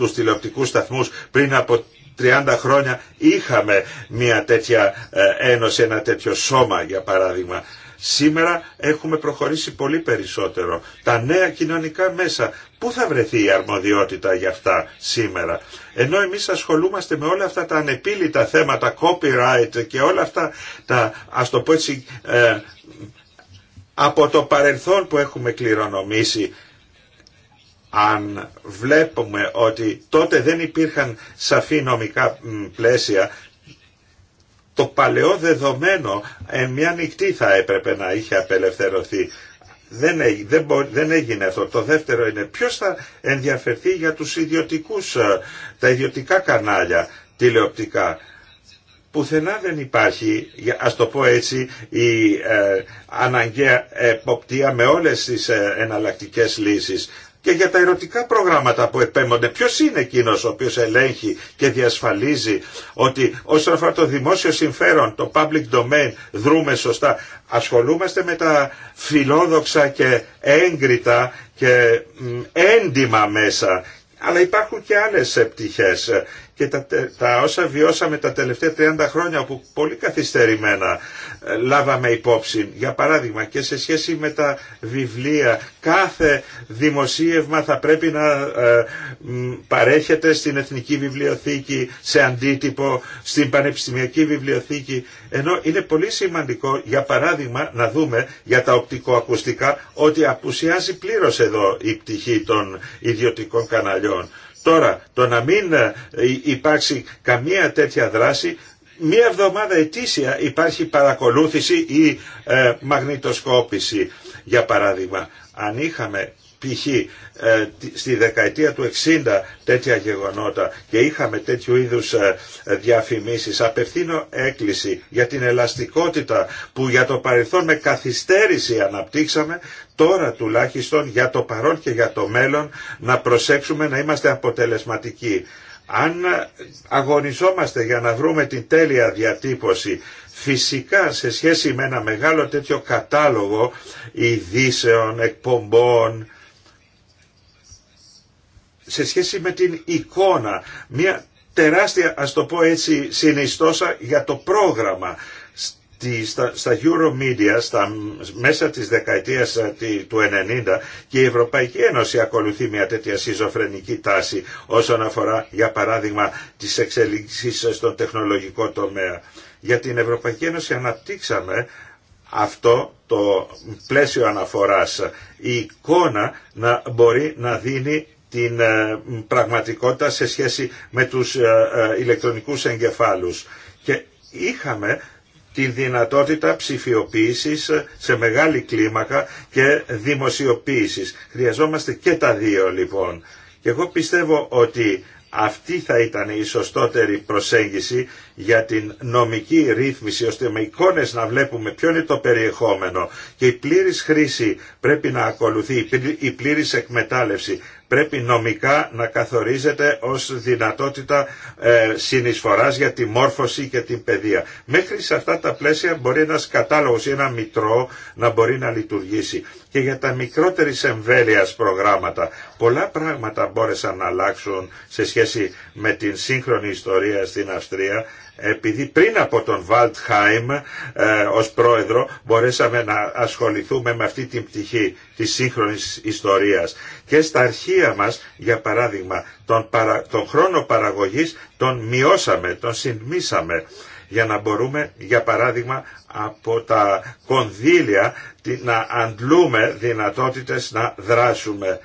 Speaker 2: του τηλεοπτικού σταθμού πριν από 30 χρόνια είχαμε μια τέτοια ε, ένωση, ένα τέτοιο σώμα για παράδειγμα. Σήμερα έχουμε προχωρήσει πολύ περισσότερο. Τα νέα κοινωνικά μέσα. Πού θα βρεθεί η αρμοδιότητα για αυτά σήμερα. Ενώ εμείς ασχολούμαστε με όλα αυτά τα ανεπίλητα θέματα, copyright και όλα αυτά τα, ας το πω έτσι, ε, από το παρελθόν που έχουμε κληρονομήσει αν βλέπουμε ότι τότε δεν υπήρχαν σαφή νομικά πλαίσια το παλαιό δεδομένο ε, μια νυχτή θα έπρεπε να είχε απελευθερωθεί. Δεν, έγινε, δεν, αυτό. Το δεύτερο είναι ποιος θα ενδιαφερθεί για τους ιδιωτικούς, ε, τα ιδιωτικά κανάλια τηλεοπτικά. Πουθενά δεν υπάρχει, ας το πω έτσι, η ε, αναγκαία εποπτεία με όλες τις ε, εναλλακτικές λύσεις και για τα ερωτικά προγράμματα που επέμονται. Ποιο είναι εκείνο ο οποίο ελέγχει και διασφαλίζει ότι όσον αφορά το δημόσιο συμφέρον, το public domain, δρούμε σωστά. Ασχολούμαστε με τα φιλόδοξα και έγκριτα και έντιμα μέσα αλλά υπάρχουν και άλλες επιτυχίες και τα, όσα βιώσαμε τα τελευταία 30 χρόνια όπου πολύ καθυστερημένα ε, λάβαμε υπόψη. Για παράδειγμα και σε σχέση με τα βιβλία κάθε δημοσίευμα θα πρέπει να ε, παρέχεται στην Εθνική Βιβλιοθήκη, σε αντίτυπο, στην Πανεπιστημιακή Βιβλιοθήκη ενώ είναι πολύ σημαντικό για παράδειγμα να δούμε για τα οπτικοακουστικά ότι απουσιάζει πλήρως εδώ η πτυχή των ιδιωτικών καναλιών. Τώρα, το να μην ε, ε, υπάρξει καμία τέτοια δράση μία εβδομάδα ετήσια υπάρχει παρακολούθηση ή ε, μαγνητοσκόπηση. Για παράδειγμα, αν είχαμε π.χ. Ε, στη δεκαετία του 60 τέτοια γεγονότα και είχαμε τέτοιου είδους ε, διαφημίσεις απευθύνω έκκληση για την ελαστικότητα που για το παρελθόν με καθυστέρηση αναπτύξαμε τώρα τουλάχιστον για το παρόν και για το μέλλον να προσέξουμε να είμαστε αποτελεσματικοί. Αν ε, αγωνιζόμαστε για να βρούμε την τέλεια διατύπωση Φυσικά σε σχέση με ένα μεγάλο τέτοιο κατάλογο ειδήσεων, εκπομπών, σε σχέση με την εικόνα, μια τεράστια ας το πω έτσι συνιστόσα για το πρόγραμμα στα, στα Euromedia στα, μέσα της δεκαετίας του 90 και η Ευρωπαϊκή Ένωση ακολουθεί μια τέτοια σιζοφρενική τάση όσον αφορά για παράδειγμα τις εξελίξεις στον τεχνολογικό τομέα. Για την Ευρωπαϊκή Ένωση αναπτύξαμε αυτό το πλαίσιο αναφοράς, η εικόνα να μπορεί να δίνει την ε, πραγματικότητα σε σχέση με τους ε, ε, ηλεκτρονικούς εγκεφάλους. Και είχαμε τη δυνατότητα ψηφιοποίησης σε μεγάλη κλίμακα και δημοσιοποίησης. Χρειαζόμαστε και τα δύο λοιπόν. Και εγώ πιστεύω ότι αυτή θα ήταν η σωστότερη προσέγγιση για την νομική ρύθμιση, ώστε με εικόνες να βλέπουμε ποιο είναι το περιεχόμενο. Και η πλήρης χρήση πρέπει να ακολουθεί, η πλήρης εκμετάλλευση πρέπει νομικά να καθορίζεται ως δυνατότητα ε, συνεισφοράς για τη μόρφωση και την παιδεία. Μέχρι σε αυτά τα πλαίσια μπορεί ένας κατάλογος ή ένα μητρό να μπορεί να λειτουργήσει. Και για τα μικρότερη εμβέλειας προγράμματα, πολλά πράγματα μπόρεσαν να αλλάξουν σε σχέση με την σύγχρονη ιστορία στην Αυστρία επειδή πριν από τον Βαλτχάιμ ε, ως πρόεδρο μπορέσαμε να ασχοληθούμε με αυτή την πτυχή της σύγχρονης ιστορίας και στα αρχεία μας για παράδειγμα τον, τον χρόνο παραγωγής τον μειώσαμε, τον συντμήσαμε για να μπορούμε για παράδειγμα από τα κονδύλια να αντλούμε δυνατότητες να δράσουμε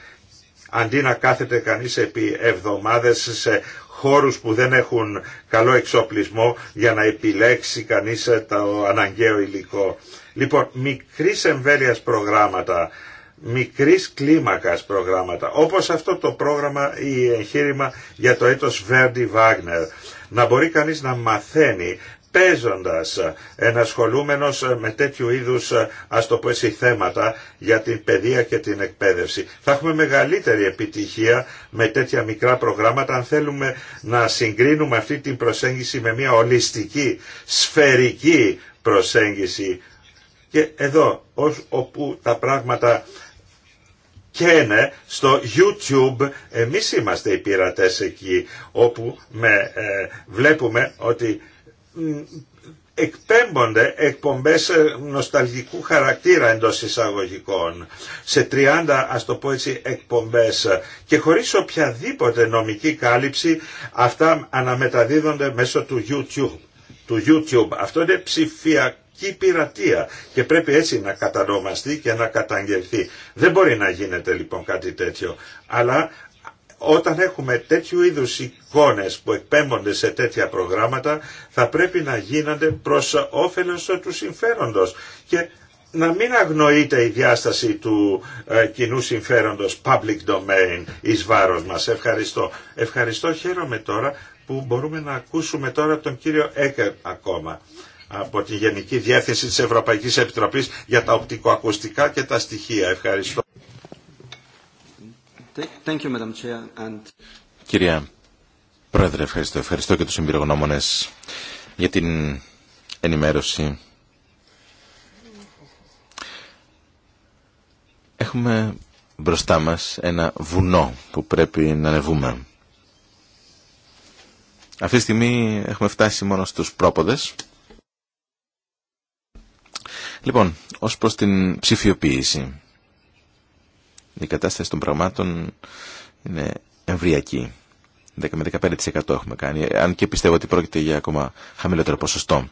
Speaker 2: αντί να κάθεται κανείς επί εβδομάδες σε χώρους που δεν έχουν καλό εξοπλισμό για να επιλέξει κανείς ε, το αναγκαίο υλικό. Λοιπόν, μικρής εμβέλειας προγράμματα, μικρής κλίμακας προγράμματα, όπως αυτό το πρόγραμμα ή εγχείρημα για το έτος Verdi Wagner. Να μπορεί κανείς να μαθαίνει, παίζοντας, ε, ενασχολούμενος ε, με τέτοιου είδους, ε, ας το πω θέματα για την παιδεία και την εκπαίδευση. Θα έχουμε μεγαλύτερη επιτυχία με τέτοια μικρά προγράμματα αν θέλουμε να συγκρίνουμε αυτή την προσέγγιση με μια ολιστική, σφαιρική προσέγγιση. Και εδώ, ως όπου τα πράγματα και στο YouTube εμείς είμαστε οι πειρατές εκεί όπου με, βλέπουμε ότι εκπέμπονται εκπομπές ε, νοσταλγικού χαρακτήρα εντός εισαγωγικών σε 30 ας το πω έτσι εκπομπές και χωρίς οποιαδήποτε νομική κάλυψη αυτά αναμεταδίδονται μέσω του YouTube. Του YouTube. Αυτό είναι ψηφιακή πειρατεία και πρέπει έτσι να κατανομαστεί και να καταγγελθεί. Δεν μπορεί να γίνεται λοιπόν κάτι τέτοιο. Αλλά όταν έχουμε τέτοιου είδους εικόνες που εκπέμπονται σε τέτοια προγράμματα θα πρέπει να γίνονται προς όφελος του συμφέροντος και να μην αγνοείται η διάσταση του ε, κοινού συμφέροντος public domain εις βάρος μας. Ευχαριστώ. Ευχαριστώ, χαίρομαι τώρα που μπορούμε να ακούσουμε τώρα τον κύριο Έκερ ακόμα από τη Γενική Διεύθυνση της Ευρωπαϊκής Επιτροπής για τα οπτικοακουστικά και τα στοιχεία. Ευχαριστώ.
Speaker 3: Κυρία Πρόεδρε, ευχαριστώ. Ευχαριστώ και τους εμπειρογνώμονες για την ενημέρωση. Έχουμε μπροστά μας ένα βουνό που πρέπει να ανεβούμε. Αυτή τη στιγμή έχουμε φτάσει μόνο στους πρόποδες. Λοιπόν, ως προς την ψηφιοποίηση η κατάσταση των πραγμάτων είναι εμβριακή. 10 με 15% έχουμε κάνει, αν και πιστεύω ότι πρόκειται για ακόμα χαμηλότερο ποσοστό.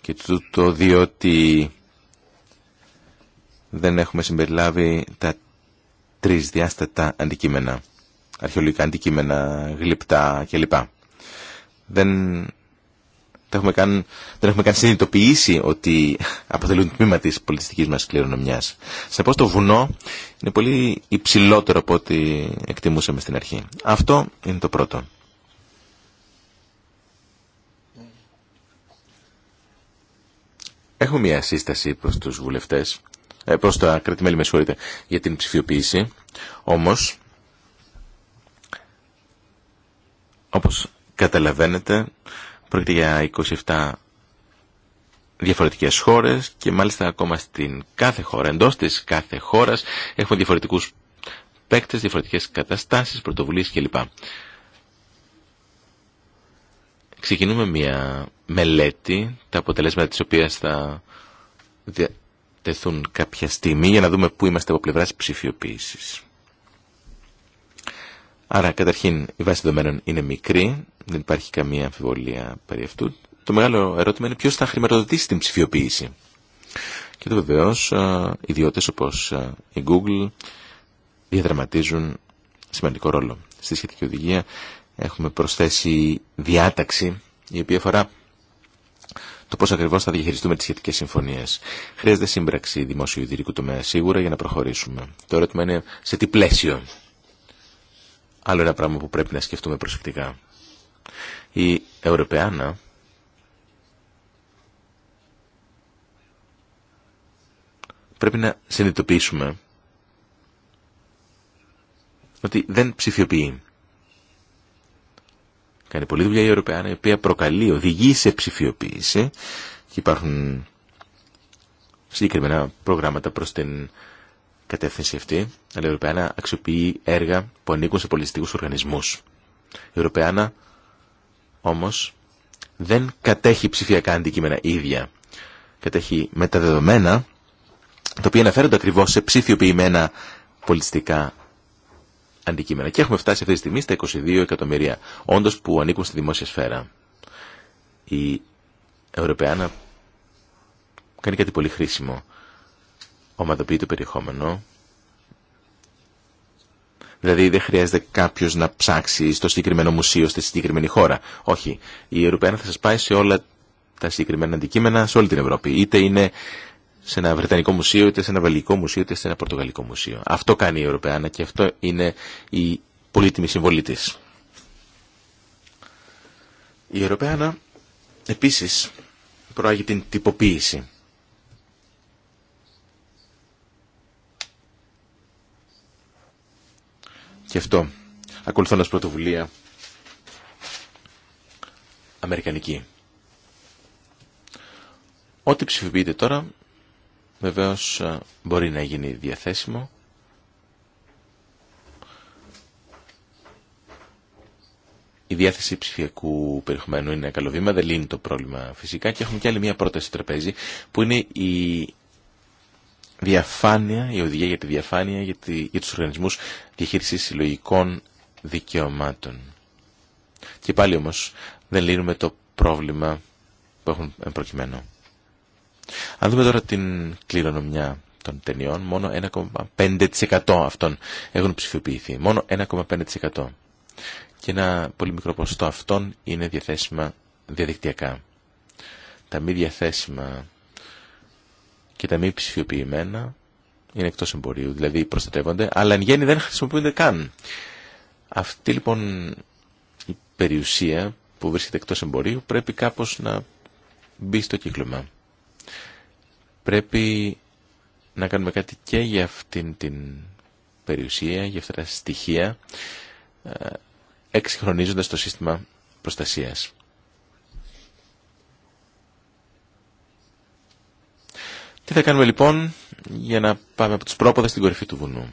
Speaker 3: Και τούτο διότι δεν έχουμε συμπεριλάβει τα διάστατα αντικείμενα, αρχαιολογικά αντικείμενα, γλυπτά κλπ. Δεν έχουμε καν, δεν έχουμε καν συνειδητοποιήσει ότι αποτελούν τμήμα τη πολιτιστική μας κληρονομιά. Σε το βουνό είναι πολύ υψηλότερο από ό,τι εκτιμούσαμε στην αρχή. Αυτό είναι το πρώτο. Έχω μια σύσταση προς τους βουλευτές, ε, προς τα κρατημέλη με συγχωρείτε, για την ψηφιοποίηση. Όμως, όπως καταλαβαίνετε, Πρόκειται για 27 διαφορετικές χώρες και μάλιστα ακόμα στην κάθε χώρα, εντός της κάθε χώρας έχουμε διαφορετικούς παίκτες, διαφορετικές καταστάσεις, πρωτοβουλίες κλπ. Ξεκινούμε μια μελέτη, τα αποτελέσματα της οποίας θα τεθούν κάποια στιγμή για να δούμε πού είμαστε από πλευράς ψηφιοποίησης. Άρα, καταρχήν, η βάση δεδομένων είναι μικρή, δεν υπάρχει καμία αμφιβολία περί αυτού. Το μεγάλο ερώτημα είναι ποιος θα χρηματοδοτήσει την ψηφιοποίηση. Και εδώ βεβαίω ιδιώτες όπως η Google διαδραματίζουν σημαντικό ρόλο. Στη σχετική οδηγία έχουμε προσθέσει διάταξη η οποία αφορά το πώ ακριβώ θα διαχειριστούμε τι σχετικέ συμφωνίε. Χρειάζεται σύμπραξη δημόσιου ιδρύκου τομέα σίγουρα για να προχωρήσουμε. Το ερώτημα είναι σε τι πλαίσιο. Άλλο ένα πράγμα που πρέπει να σκεφτούμε προσεκτικά. Η Ευρωπαϊκή πρέπει να συνειδητοποιήσουμε ότι δεν ψηφιοποιεί. Κάνει πολλή δουλειά η Ευρωπαϊκή η οποία προκαλεί, οδηγεί σε ψηφιοποίηση και υπάρχουν συγκεκριμένα προγράμματα προς την κατεύθυνση αυτή, αλλά η Ευρωπαϊκή αξιοποιεί έργα που ανήκουν σε πολιτιστικούς οργανισμούς. Η όμως δεν κατέχει ψηφιακά αντικείμενα ίδια. Κατέχει μεταδεδομένα, τα οποία αναφέρονται ακριβώς σε ψηφιοποιημένα πολιτιστικά αντικείμενα. Και έχουμε φτάσει αυτή τη στιγμή στα 22 εκατομμύρια, όντως που ανήκουν στη δημόσια σφαίρα. Η Ευρωπαϊκή κάνει κάτι πολύ χρήσιμο. Ομαδοποιεί το περιεχόμενο, Δηλαδή δεν χρειάζεται κάποιο να ψάξει στο συγκεκριμένο μουσείο, στη συγκεκριμένη χώρα. Όχι. Η Ευρωπαίνα θα σα πάει σε όλα τα συγκεκριμένα αντικείμενα σε όλη την Ευρώπη. Είτε είναι σε ένα Βρετανικό μουσείο, είτε σε ένα Βαλγικό μουσείο, είτε σε ένα Πορτογαλικό μουσείο. Αυτό κάνει η Ευρωπαίνα και αυτό είναι η πολύτιμη συμβολή τη. Η Ευρωπαίνα επίση προάγει την τυποποίηση. και αυτό ακολουθώντας πρωτοβουλία αμερικανική. Ό,τι ψηφιποιείται τώρα βεβαίως μπορεί να γίνει διαθέσιμο Η διάθεση ψηφιακού περιεχομένου είναι ένα δεν λύνει το πρόβλημα φυσικά και έχουμε και άλλη μια πρόταση στο τραπέζι που είναι η διαφάνεια, η οδηγία για τη διαφάνεια για, τη, για τους οργανισμούς συλλογικών δικαιωμάτων. Και πάλι όμως δεν λύνουμε το πρόβλημα που έχουν προκειμένου. Αν δούμε τώρα την κληρονομιά των ταινιών, μόνο 1,5% αυτών έχουν ψηφιοποιηθεί. Μόνο 1,5%. Και ένα πολύ μικρό ποσοστό αυτών είναι διαθέσιμα διαδικτυακά. Τα μη διαθέσιμα και τα μη ψηφιοποιημένα είναι εκτός εμπορίου, δηλαδή προστατεύονται, αλλά εν γέννη δεν χρησιμοποιούνται καν. Αυτή λοιπόν η περιουσία που βρίσκεται εκτός εμπορίου πρέπει κάπως να μπει στο κύκλωμα. Πρέπει να κάνουμε κάτι και για αυτήν την περιουσία, για αυτά τα στοιχεία, ε, εξυγχρονίζοντας το σύστημα προστασίας. Τι θα κάνουμε λοιπόν για να πάμε από τους πρόποδες στην κορυφή του βουνού.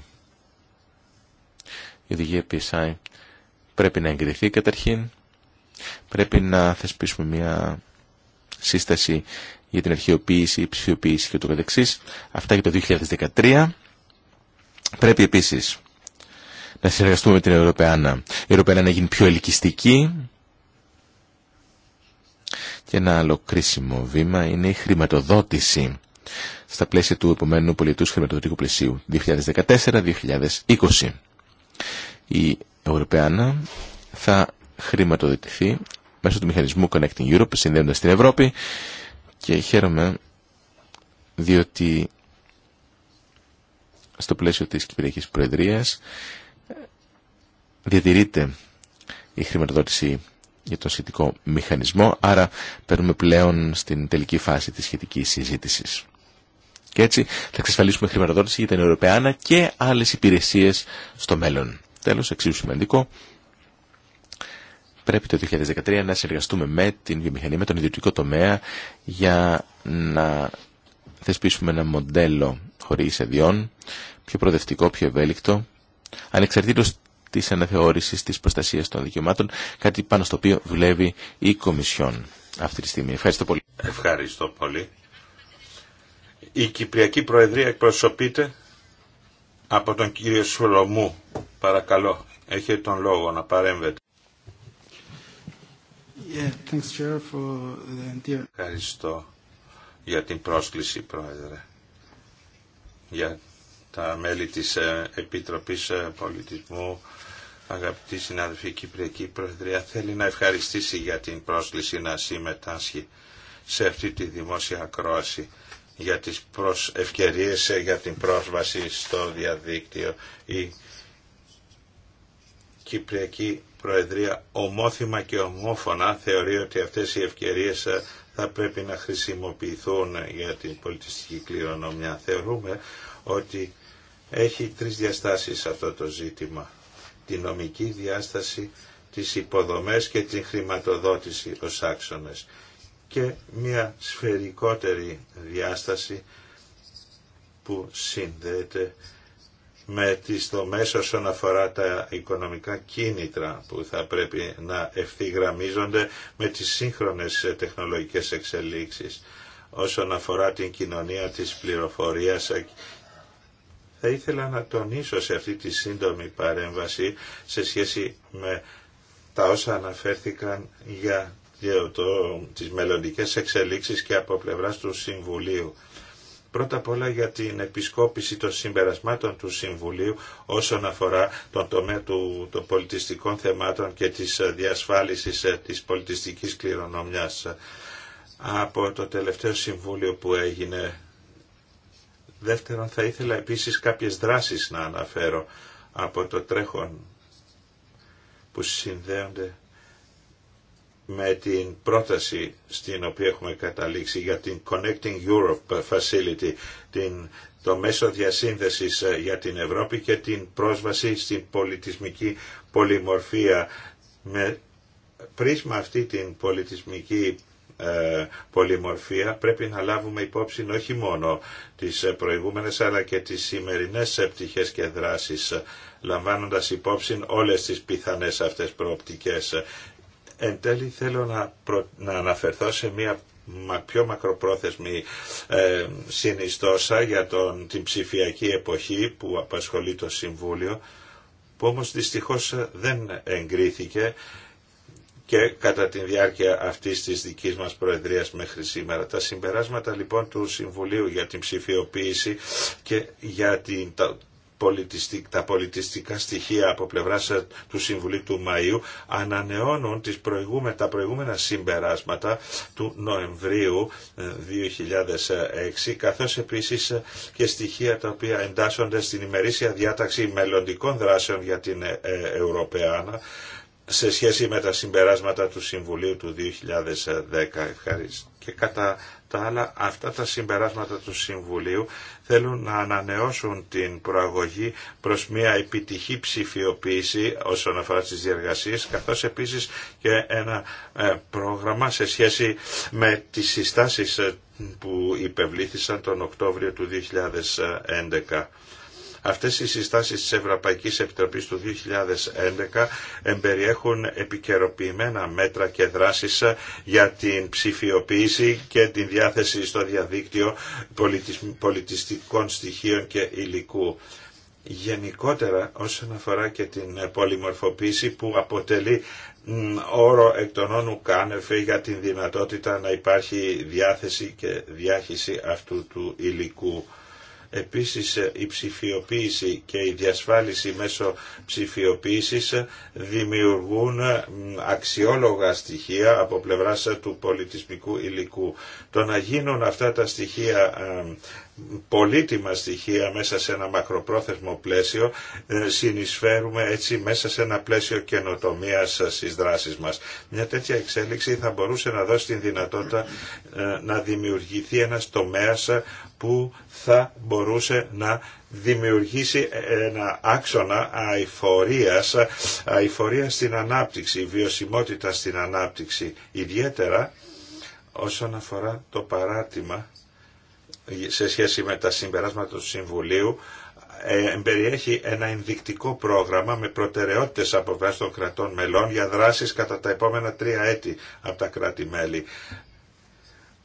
Speaker 3: Η οδηγία PSI πρέπει να εγκριθεί καταρχήν. Πρέπει να θεσπίσουμε μια σύσταση για την αρχαιοποίηση, ψηφιοποίηση και το καθεξής. Αυτά για το 2013. Πρέπει επίσης να συνεργαστούμε με την Ευρωπαϊκή. Η Ευρωπαϊκή να γίνει πιο ελκυστική. Και ένα άλλο κρίσιμο βήμα είναι η χρηματοδότηση στα πλαίσια του επομένου πολιτού χρηματοδοτικού πλαισίου 2014-2020. Η Ευρωπαϊκή θα χρηματοδοτηθεί μέσω του μηχανισμού Connecting Europe, συνδέοντας την Ευρώπη και χαίρομαι διότι στο πλαίσιο της Κυπριακής Προεδρίας διατηρείται η χρηματοδότηση για τον σχετικό μηχανισμό, άρα παίρνουμε πλέον στην τελική φάση της σχετικής συζήτησης. Και έτσι θα εξασφαλίσουμε χρηματοδότηση για την Ευρωπαϊκή και άλλες υπηρεσίες στο μέλλον. Τέλος, εξίσου σημαντικό, πρέπει το 2013 να συνεργαστούμε με την βιομηχανία, με τον ιδιωτικό τομέα για να θεσπίσουμε ένα μοντέλο χωρίς αδειών, πιο προοδευτικό, πιο ευέλικτο, ανεξαρτήτως της αναθεώρησης της προστασίας των δικαιωμάτων, κάτι πάνω στο οποίο δουλεύει η Κομισιόν αυτή τη στιγμή. Ευχαριστώ πολύ.
Speaker 2: Ευχαριστώ πολύ. Η Κυπριακή Προεδρία εκπροσωπείται από τον κύριο Σολομού. Παρακαλώ, έχετε τον λόγο να παρέμβετε.
Speaker 3: thanks,
Speaker 2: Ευχαριστώ για την πρόσκληση, Πρόεδρε, για τα μέλη της ε, Επιτροπής ε, Πολιτισμού, αγαπητοί συνάδελφοι, Κυπριακή Προεδρία θέλει να ευχαριστήσει για την πρόσκληση να συμμετάσχει σε αυτή τη δημόσια ακρόαση για τις προς ευκαιρίες ε, για την πρόσβαση στο διαδίκτυο. Η Κυπριακή Προεδρία ομόθυμα και ομόφωνα θεωρεί ότι αυτές οι ευκαιρίες ε, θα πρέπει να χρησιμοποιηθούν για την πολιτιστική κληρονομιά. Θεωρούμε ότι έχει τρεις διαστάσεις αυτό το ζήτημα. Τη νομική διάσταση, τις υποδομές και την χρηματοδότηση ως άξονες και μια σφαιρικότερη διάσταση που συνδέεται με τις δομές όσον αφορά τα οικονομικά κίνητρα που θα πρέπει να ευθυγραμμίζονται με τις σύγχρονες τεχνολογικές εξελίξεις όσον αφορά την κοινωνία της πληροφορίας θα ήθελα να τονίσω σε αυτή τη σύντομη παρέμβαση σε σχέση με τα όσα αναφέρθηκαν για το, τις μελλοντικές εξελίξεις και από πλευράς του Συμβουλίου. Πρώτα απ' όλα για την επισκόπηση των συμπερασμάτων του Συμβουλίου όσον αφορά τον τομέα του, των πολιτιστικών θεμάτων και της διασφάλισης ε, της πολιτιστικής κληρονομιάς. Από το τελευταίο Συμβούλιο που έγινε Δεύτερον, θα ήθελα επίσης κάποιες δράσεις να αναφέρω από το τρέχον που συνδέονται με την πρόταση στην οποία έχουμε καταλήξει για την Connecting Europe Facility, την, το μέσο διασύνδεσης ε, για την Ευρώπη και την πρόσβαση στην πολιτισμική πολυμορφία. Με πρίσμα αυτή την πολιτισμική ε, πολυμορφία πρέπει να λάβουμε υπόψη όχι μόνο τις ε, προηγούμενες αλλά και τις σημερινές έπτυχες και δράσεις λαμβάνοντας υπόψη όλες τις πιθανές αυτές προοπτικές. Εν τέλει θέλω να, να αναφερθώ σε μια πιο μακροπρόθεσμη ε, συνιστόσα για τον, την ψηφιακή εποχή που απασχολεί το Συμβούλιο που όμως δυστυχώς ε, δεν εγκρίθηκε και κατά τη διάρκεια αυτής της δικής μας Προεδρίας μέχρι σήμερα. Τα συμπεράσματα λοιπόν του Συμβουλίου για την ψηφιοποίηση και για την, τα πολιτιστικά στοιχεία από πλευρά ε, του Συμβουλίου του Μαΐου ανανεώνουν τις τα προηγούμενα συμπεράσματα του Νοεμβρίου 2006 ε, καθώς επίσης ε, και στοιχεία τα οποία εντάσσονται στην ημερήσια διάταξη μελλοντικών δράσεων για την Ευρωπαϊκή σε σχέση με τα συμπεράσματα του Συμβουλίου του 2010 ευχαριστώ. και κατά άλλα, αυτά τα συμπεράσματα του Συμβουλίου θέλουν να ανανεώσουν την προαγωγή προς μια επιτυχή ψηφιοποίηση όσον αφορά τις διεργασίες, καθώς επίσης και ένα ε, πρόγραμμα σε σχέση με τις συστάσεις ε, που υπευλήθησαν τον Οκτώβριο του 2011. Αυτές οι συστάσεις της Ευρωπαϊκής Επιτροπής του 2011 εμπεριέχουν επικαιροποιημένα μέτρα και δράσεις για την ψηφιοποίηση και την διάθεση στο διαδίκτυο πολιτιστικών στοιχείων και υλικού γενικότερα όσον αφορά και την πολυμορφοποίηση που αποτελεί όρο εκ των όνου κάνεφε για την δυνατότητα να υπάρχει διάθεση και διάχυση αυτού του υλικού. Επίσης ε, η ψηφιοποίηση και η διασφάλιση μέσω ψηφιοποίησης δημιουργούν ε, αξιόλογα στοιχεία από πλευράς ε, του πολιτισμικού υλικού. Το να γίνουν αυτά τα στοιχεία πολύτιμα στοιχεία μέσα σε ένα μακροπρόθεσμο πλαίσιο συνεισφέρουμε έτσι μέσα σε ένα πλαίσιο καινοτομία στις δράσεις μας. Μια τέτοια εξέλιξη θα μπορούσε να δώσει την δυνατότητα να δημιουργηθεί ένας τομέας που θα μπορούσε να δημιουργήσει ένα άξονα αηφορίας, αηφορία στην ανάπτυξη, βιωσιμότητα στην ανάπτυξη, ιδιαίτερα όσον αφορά το παράτημα σε σχέση με τα συμπεράσματα του Συμβουλίου, ε, περιέχει ένα ενδεικτικό πρόγραμμα με προτεραιότητες από των κρατών μελών για δράσεις κατά τα επόμενα τρία έτη από τα κράτη-μέλη.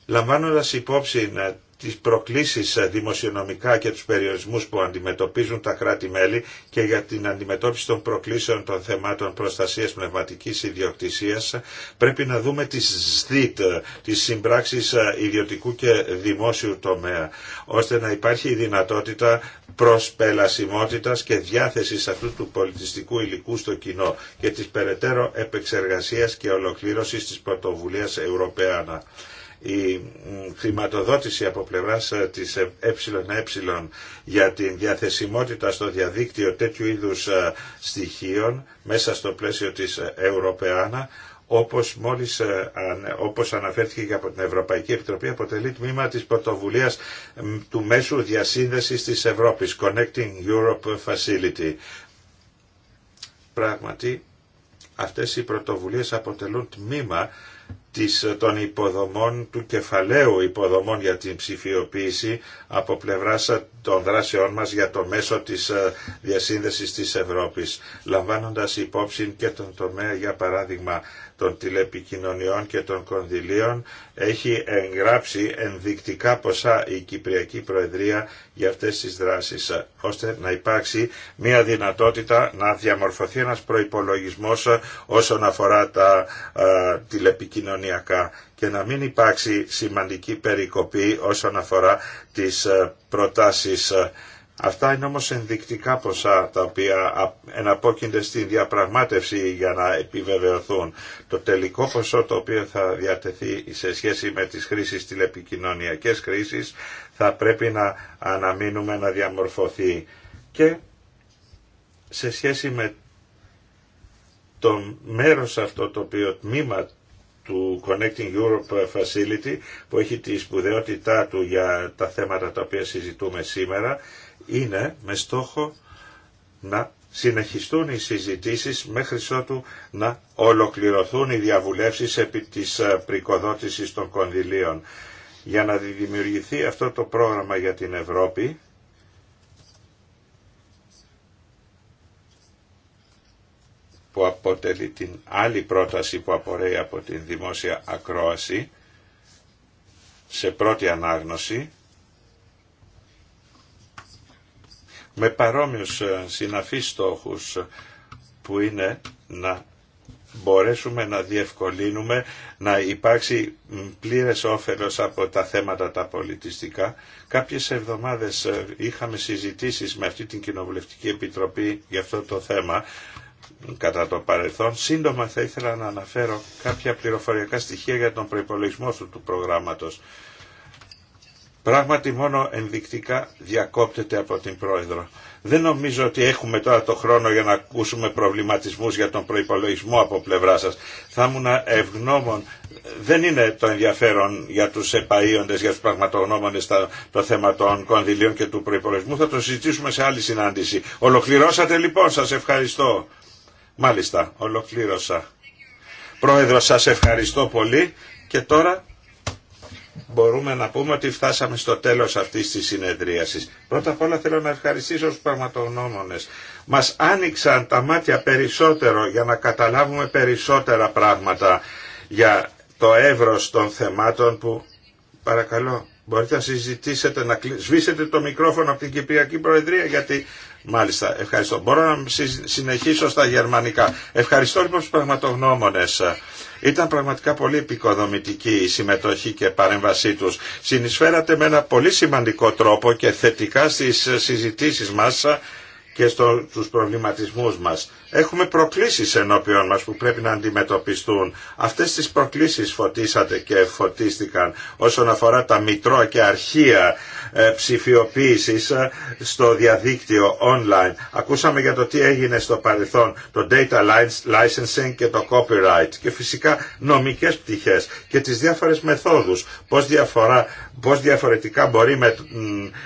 Speaker 2: Λαμβάνοντας υπόψη ε, τις προκλήσεις ε, δημοσιονομικά και τους περιορισμούς που αντιμετωπίζουν τα κράτη-μέλη και για την αντιμετώπιση των προκλήσεων των θεμάτων προστασίας πνευματικής ιδιοκτησίας πρέπει να δούμε τις ΣΔΙΤ, τις συμπράξεις ε, ιδιωτικού και δημόσιου τομέα, ώστε να υπάρχει η δυνατότητα προσπελασιμότητας και διάθεσης αυτού του πολιτιστικού υλικού στο κοινό και της περαιτέρω επεξεργασίας και ολοκλήρωσης της πρωτοβουλίας Ευρωπαίανα η χρηματοδότηση από πλευράς ε, της ε, ΕΕ για την διαθεσιμότητα στο διαδίκτυο τέτοιου είδους ε, στοιχείων μέσα στο πλαίσιο της Ευρωπαϊκής όπως, μόλις, όπως αναφέρθηκε και από την Ευρωπαϊκή Επιτροπή, αποτελεί τμήμα της πρωτοβουλίας του μέσου διασύνδεσης της Ευρώπης, Connecting Europe Facility. Πράγματι, αυτές οι πρωτοβουλίες αποτελούν τμήμα ε, των υποδομών του κεφαλαίου υποδομών για την ψηφιοποίηση από πλευρά ε, των δράσεών μας για το μέσο της ε, διασύνδεσης της Ευρώπης λαμβάνοντας υπόψη και τον τομέα για παράδειγμα των τηλεπικοινωνιών και των κονδυλίων έχει εγγράψει ενδεικτικά ποσά η Κυπριακή Προεδρία για αυτές τις δράσεις, ώστε να υπάρξει μια δυνατότητα να διαμορφωθεί ένας προϋπολογισμός όσον αφορά τα α, ε, τηλεπικοινωνιακά και να μην υπάρξει σημαντική περικοπή όσον αφορά τις ε, προτάσεις ε, Αυτά είναι όμως ενδεικτικά ποσά τα οποία εναπόκεινται στην διαπραγμάτευση για να επιβεβαιωθούν. Το τελικό ποσό το οποίο θα διατεθεί σε σχέση με τις χρήσεις τηλεπικοινωνιακές χρήσεις θα πρέπει να αναμείνουμε να διαμορφωθεί. Και σε σχέση με το μέρος αυτό το οποίο τμήμα του Connecting Europe Facility που έχει τη σπουδαιότητά του για τα θέματα τα οποία συζητούμε σήμερα είναι με στόχο να συνεχιστούν οι συζητήσεις μέχρι ότου να ολοκληρωθούν οι διαβουλεύσεις επί της ε, πρικοδότησης των κονδυλίων. Για να δημιουργηθεί αυτό το πρόγραμμα για την Ευρώπη, που αποτελεί την άλλη πρόταση που απορρέει από την δημόσια ακρόαση, σε πρώτη ανάγνωση, με παρόμοιους ε, συναφείς στόχους που είναι να μπορέσουμε να διευκολύνουμε να υπάρξει πλήρες όφελος από τα θέματα τα πολιτιστικά. Κάποιες εβδομάδες ε, είχαμε συζητήσεις με αυτή την Κοινοβουλευτική Επιτροπή για αυτό το θέμα κατά το παρελθόν. Σύντομα θα ήθελα να αναφέρω κάποια πληροφοριακά στοιχεία για τον προϋπολογισμό του προγράμματος. Πράγματι μόνο ενδεικτικά διακόπτεται από την Πρόεδρο. Δεν νομίζω ότι έχουμε τώρα το χρόνο για να ακούσουμε προβληματισμούς για τον προϋπολογισμό από πλευρά σας. Θα ήμουν ευγνώμων. Δεν είναι το ενδιαφέρον για τους επαΐοντες, για τους πραγματογνώμονες το θέμα των κονδυλίων και του προϋπολογισμού. Θα το συζητήσουμε σε άλλη συνάντηση. Ολοκληρώσατε λοιπόν. Σας ευχαριστώ. Μάλιστα, ολοκλήρωσα. Πρόεδρο, σας ευχαριστώ πολύ και τώρα μπορούμε να πούμε ότι φτάσαμε στο τέλος αυτής της συνεδρίασης. Πρώτα απ' όλα θέλω να ευχαριστήσω τους πραγματογνώμονες. Μας άνοιξαν τα μάτια περισσότερο για να καταλάβουμε περισσότερα πράγματα για το εύρος των θεμάτων που... Παρακαλώ, μπορείτε να συζητήσετε, να σβήσετε το μικρόφωνο από την Κυπριακή Προεδρία γιατί Μάλιστα, ευχαριστώ. Μπορώ να συνεχίσω στα γερμανικά. Ευχαριστώ λοιπόν στους πραγματογνώμονες. Ήταν πραγματικά πολύ επικοδομητική η συμμετοχή και παρέμβασή τους. Συνεισφέρατε με ένα πολύ σημαντικό τρόπο και θετικά στις συζητήσεις μας και στο, στους προβληματισμούς μας. Έχουμε προκλήσεις ενώπιον μας που πρέπει να αντιμετωπιστούν. Αυτές τις προκλήσεις φωτίσατε και φωτίστηκαν όσον αφορά τα μητρώα και αρχεία ε, ψηφιοποίησης ε, στο διαδίκτυο online. Ακούσαμε για το τι έγινε στο παρελθόν, το data licensing και το copyright και φυσικά νομικές πτυχές και τις διάφορες μεθόδους. Πώς, διαφορά, πώς διαφορετικά μπορεί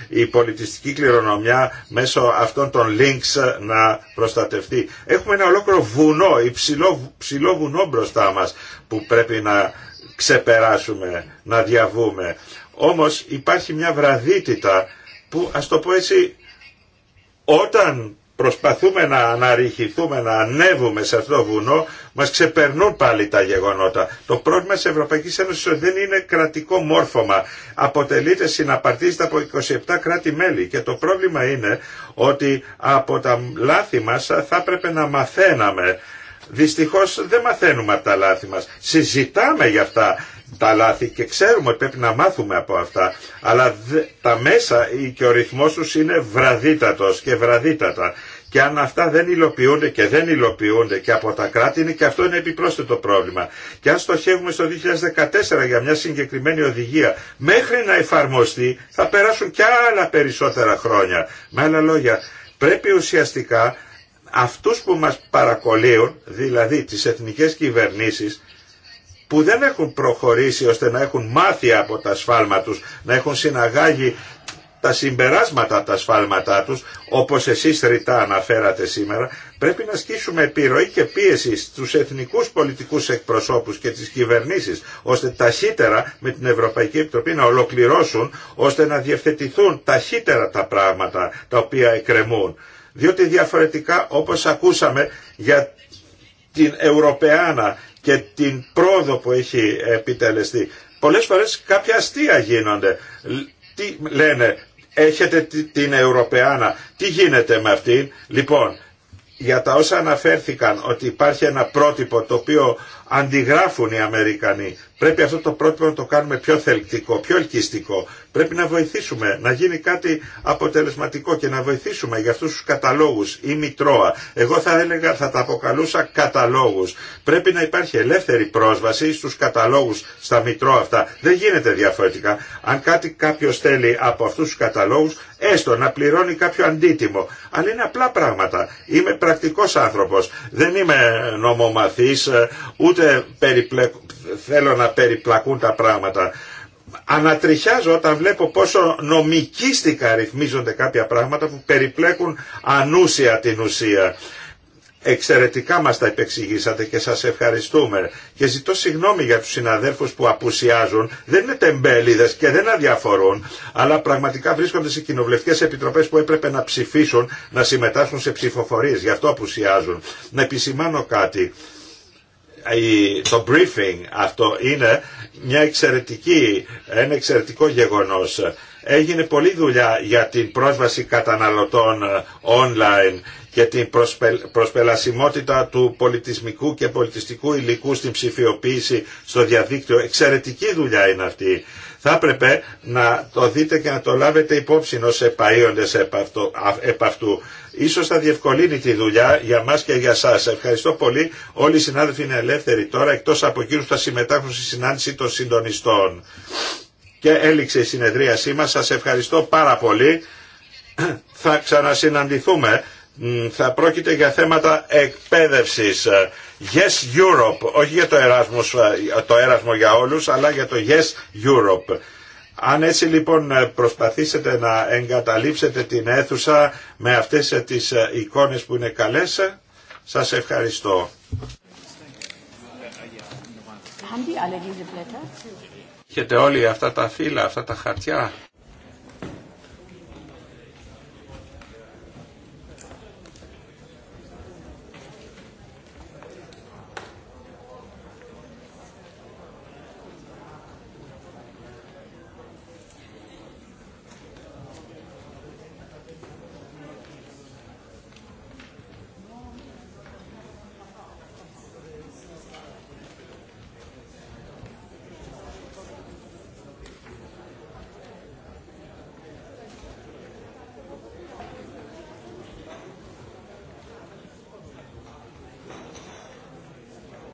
Speaker 2: η πολιτιστική κληρονομιά μέσω αυτών των links ε, να προστατευτεί. Έχουμε ένα ολόκληρο βουνό, υψηλό, ψηλό βουνό μπροστά μας που πρέπει να ξεπεράσουμε, να διαβούμε. Όμως υπάρχει μια βραδύτητα που ας το πω έτσι όταν προσπαθούμε να αναρριχηθούμε, να ανέβουμε σε αυτό το βουνό, μας ξεπερνούν πάλι τα γεγονότα. Το πρόβλημα της Ευρωπαϊκής Ένωσης δεν είναι κρατικό μόρφωμα. Αποτελείται, συναπαρτίζεται από 27 κράτη-μέλη και το πρόβλημα είναι ότι από τα λάθη μας θα έπρεπε να μαθαίναμε. Δυστυχώς δεν μαθαίνουμε από τα λάθη μας. Συζητάμε για αυτά τα λάθη και ξέρουμε ότι πρέπει να μάθουμε από αυτά, αλλά τα μέσα και ο ρυθμός τους είναι βραδύτατος και βραδύτατα. Και αν αυτά δεν υλοποιούνται και δεν υλοποιούνται και από τα κράτη είναι και αυτό είναι επιπρόσθετο πρόβλημα. Και αν στοχεύουμε στο 2014 για μια συγκεκριμένη οδηγία, μέχρι να εφαρμοστεί θα περάσουν και άλλα περισσότερα χρόνια. Με άλλα λόγια, πρέπει ουσιαστικά αυτούς που μας παρακολύουν, δηλαδή τις εθνικές κυβερνήσεις, που δεν έχουν προχωρήσει ώστε να έχουν μάθει από τα σφάλμα τους, να έχουν συναγάγει τα συμπεράσματα τα σφάλματά τους, όπως εσείς ρητά αναφέρατε σήμερα, πρέπει να ασκήσουμε επιρροή και πίεση στους εθνικούς πολιτικούς εκπροσώπους και τις κυβερνήσεις, ώστε ταχύτερα με την Ευρωπαϊκή Επιτροπή να ολοκληρώσουν, ώστε να διευθετηθούν ταχύτερα τα πράγματα τα οποία εκκρεμούν. Διότι διαφορετικά, όπως ακούσαμε, για την Ευρωπαϊκή και την πρόοδο που έχει επιτελεστεί. Πολλές φορές κάποια αστεία γίνονται. Τι λένε, έχετε την Ευρωπαϊάνα, τι γίνεται με αυτήν. Λοιπόν, για τα όσα αναφέρθηκαν ότι υπάρχει ένα πρότυπο το οποίο αντιγράφουν οι Αμερικανοί. Πρέπει αυτό το πρότυπο να το κάνουμε πιο θελκτικό, πιο ελκυστικό. Πρέπει να βοηθήσουμε, να γίνει κάτι αποτελεσματικό και να βοηθήσουμε για αυτούς τους καταλόγους ή μητρώα. Εγώ θα έλεγα, θα τα αποκαλούσα καταλόγους. Πρέπει να υπάρχει ελεύθερη πρόσβαση στους καταλόγους, στα μητρώα αυτά. Δεν γίνεται διαφορετικά. Αν κάτι κάποιο θέλει από αυτούς τους καταλόγους, έστω να πληρώνει κάποιο αντίτιμο. Αλλά είναι απλά πράγματα. Είμαι πρακτικός άνθρωπος. Δεν είμαι νομομαθής, ε, ούτε θέλω να περιπλακούν τα πράγματα. Ανατριχιάζω όταν βλέπω πόσο νομικίστικα ρυθμίζονται κάποια πράγματα που περιπλέκουν ανούσια την ουσία. Εξαιρετικά μας τα υπεξηγήσατε και σας ευχαριστούμε. Και ζητώ συγγνώμη για τους συναδέλφους που απουσιάζουν, δεν είναι τεμπέληδες και δεν αδιαφορούν, αλλά πραγματικά βρίσκονται σε κοινοβουλευτικές επιτροπές που έπρεπε να ψηφίσουν, να συμμετάσχουν σε ψηφοφορίες, γι' αυτό απουσιάζουν. Να επισημάνω κάτι το briefing αυτό είναι μια εξαιρετική, ένα εξαιρετικό γεγονός. Έγινε πολλή δουλειά για την πρόσβαση καταναλωτών ε, online και την προσπελασιμότητα του πολιτισμικού και πολιτιστικού υλικού στην ψηφιοποίηση στο διαδίκτυο. Εξαιρετική δουλειά είναι αυτή θα έπρεπε να το δείτε και να το λάβετε υπόψη ως επαΐοντες επ' αυτού. Ίσως θα διευκολύνει τη δουλειά για μας και για σας. Ευχαριστώ πολύ. Όλοι οι συνάδελφοι είναι ελεύθεροι τώρα, εκτός από εκείνους που θα συμμετάχουν στη συνάντηση των συντονιστών. Και έληξε η συνεδρίασή μας. Σας ευχαριστώ πάρα πολύ. Θα ξανασυναντηθούμε. Θα πρόκειται για θέματα εκπαίδευσης. Yes Europe, όχι για το, Erasmus, ε, το έρασμο για όλους, αλλά για το Yes Europe. Αν έτσι λοιπόν ε, προσπαθήσετε να εγκαταλείψετε την αίθουσα με αυτές ε, τις εικόνες που είναι καλές, σας ευχαριστώ. Έχετε όλοι αυτά τα φύλλα, αυτά τα χαρτιά.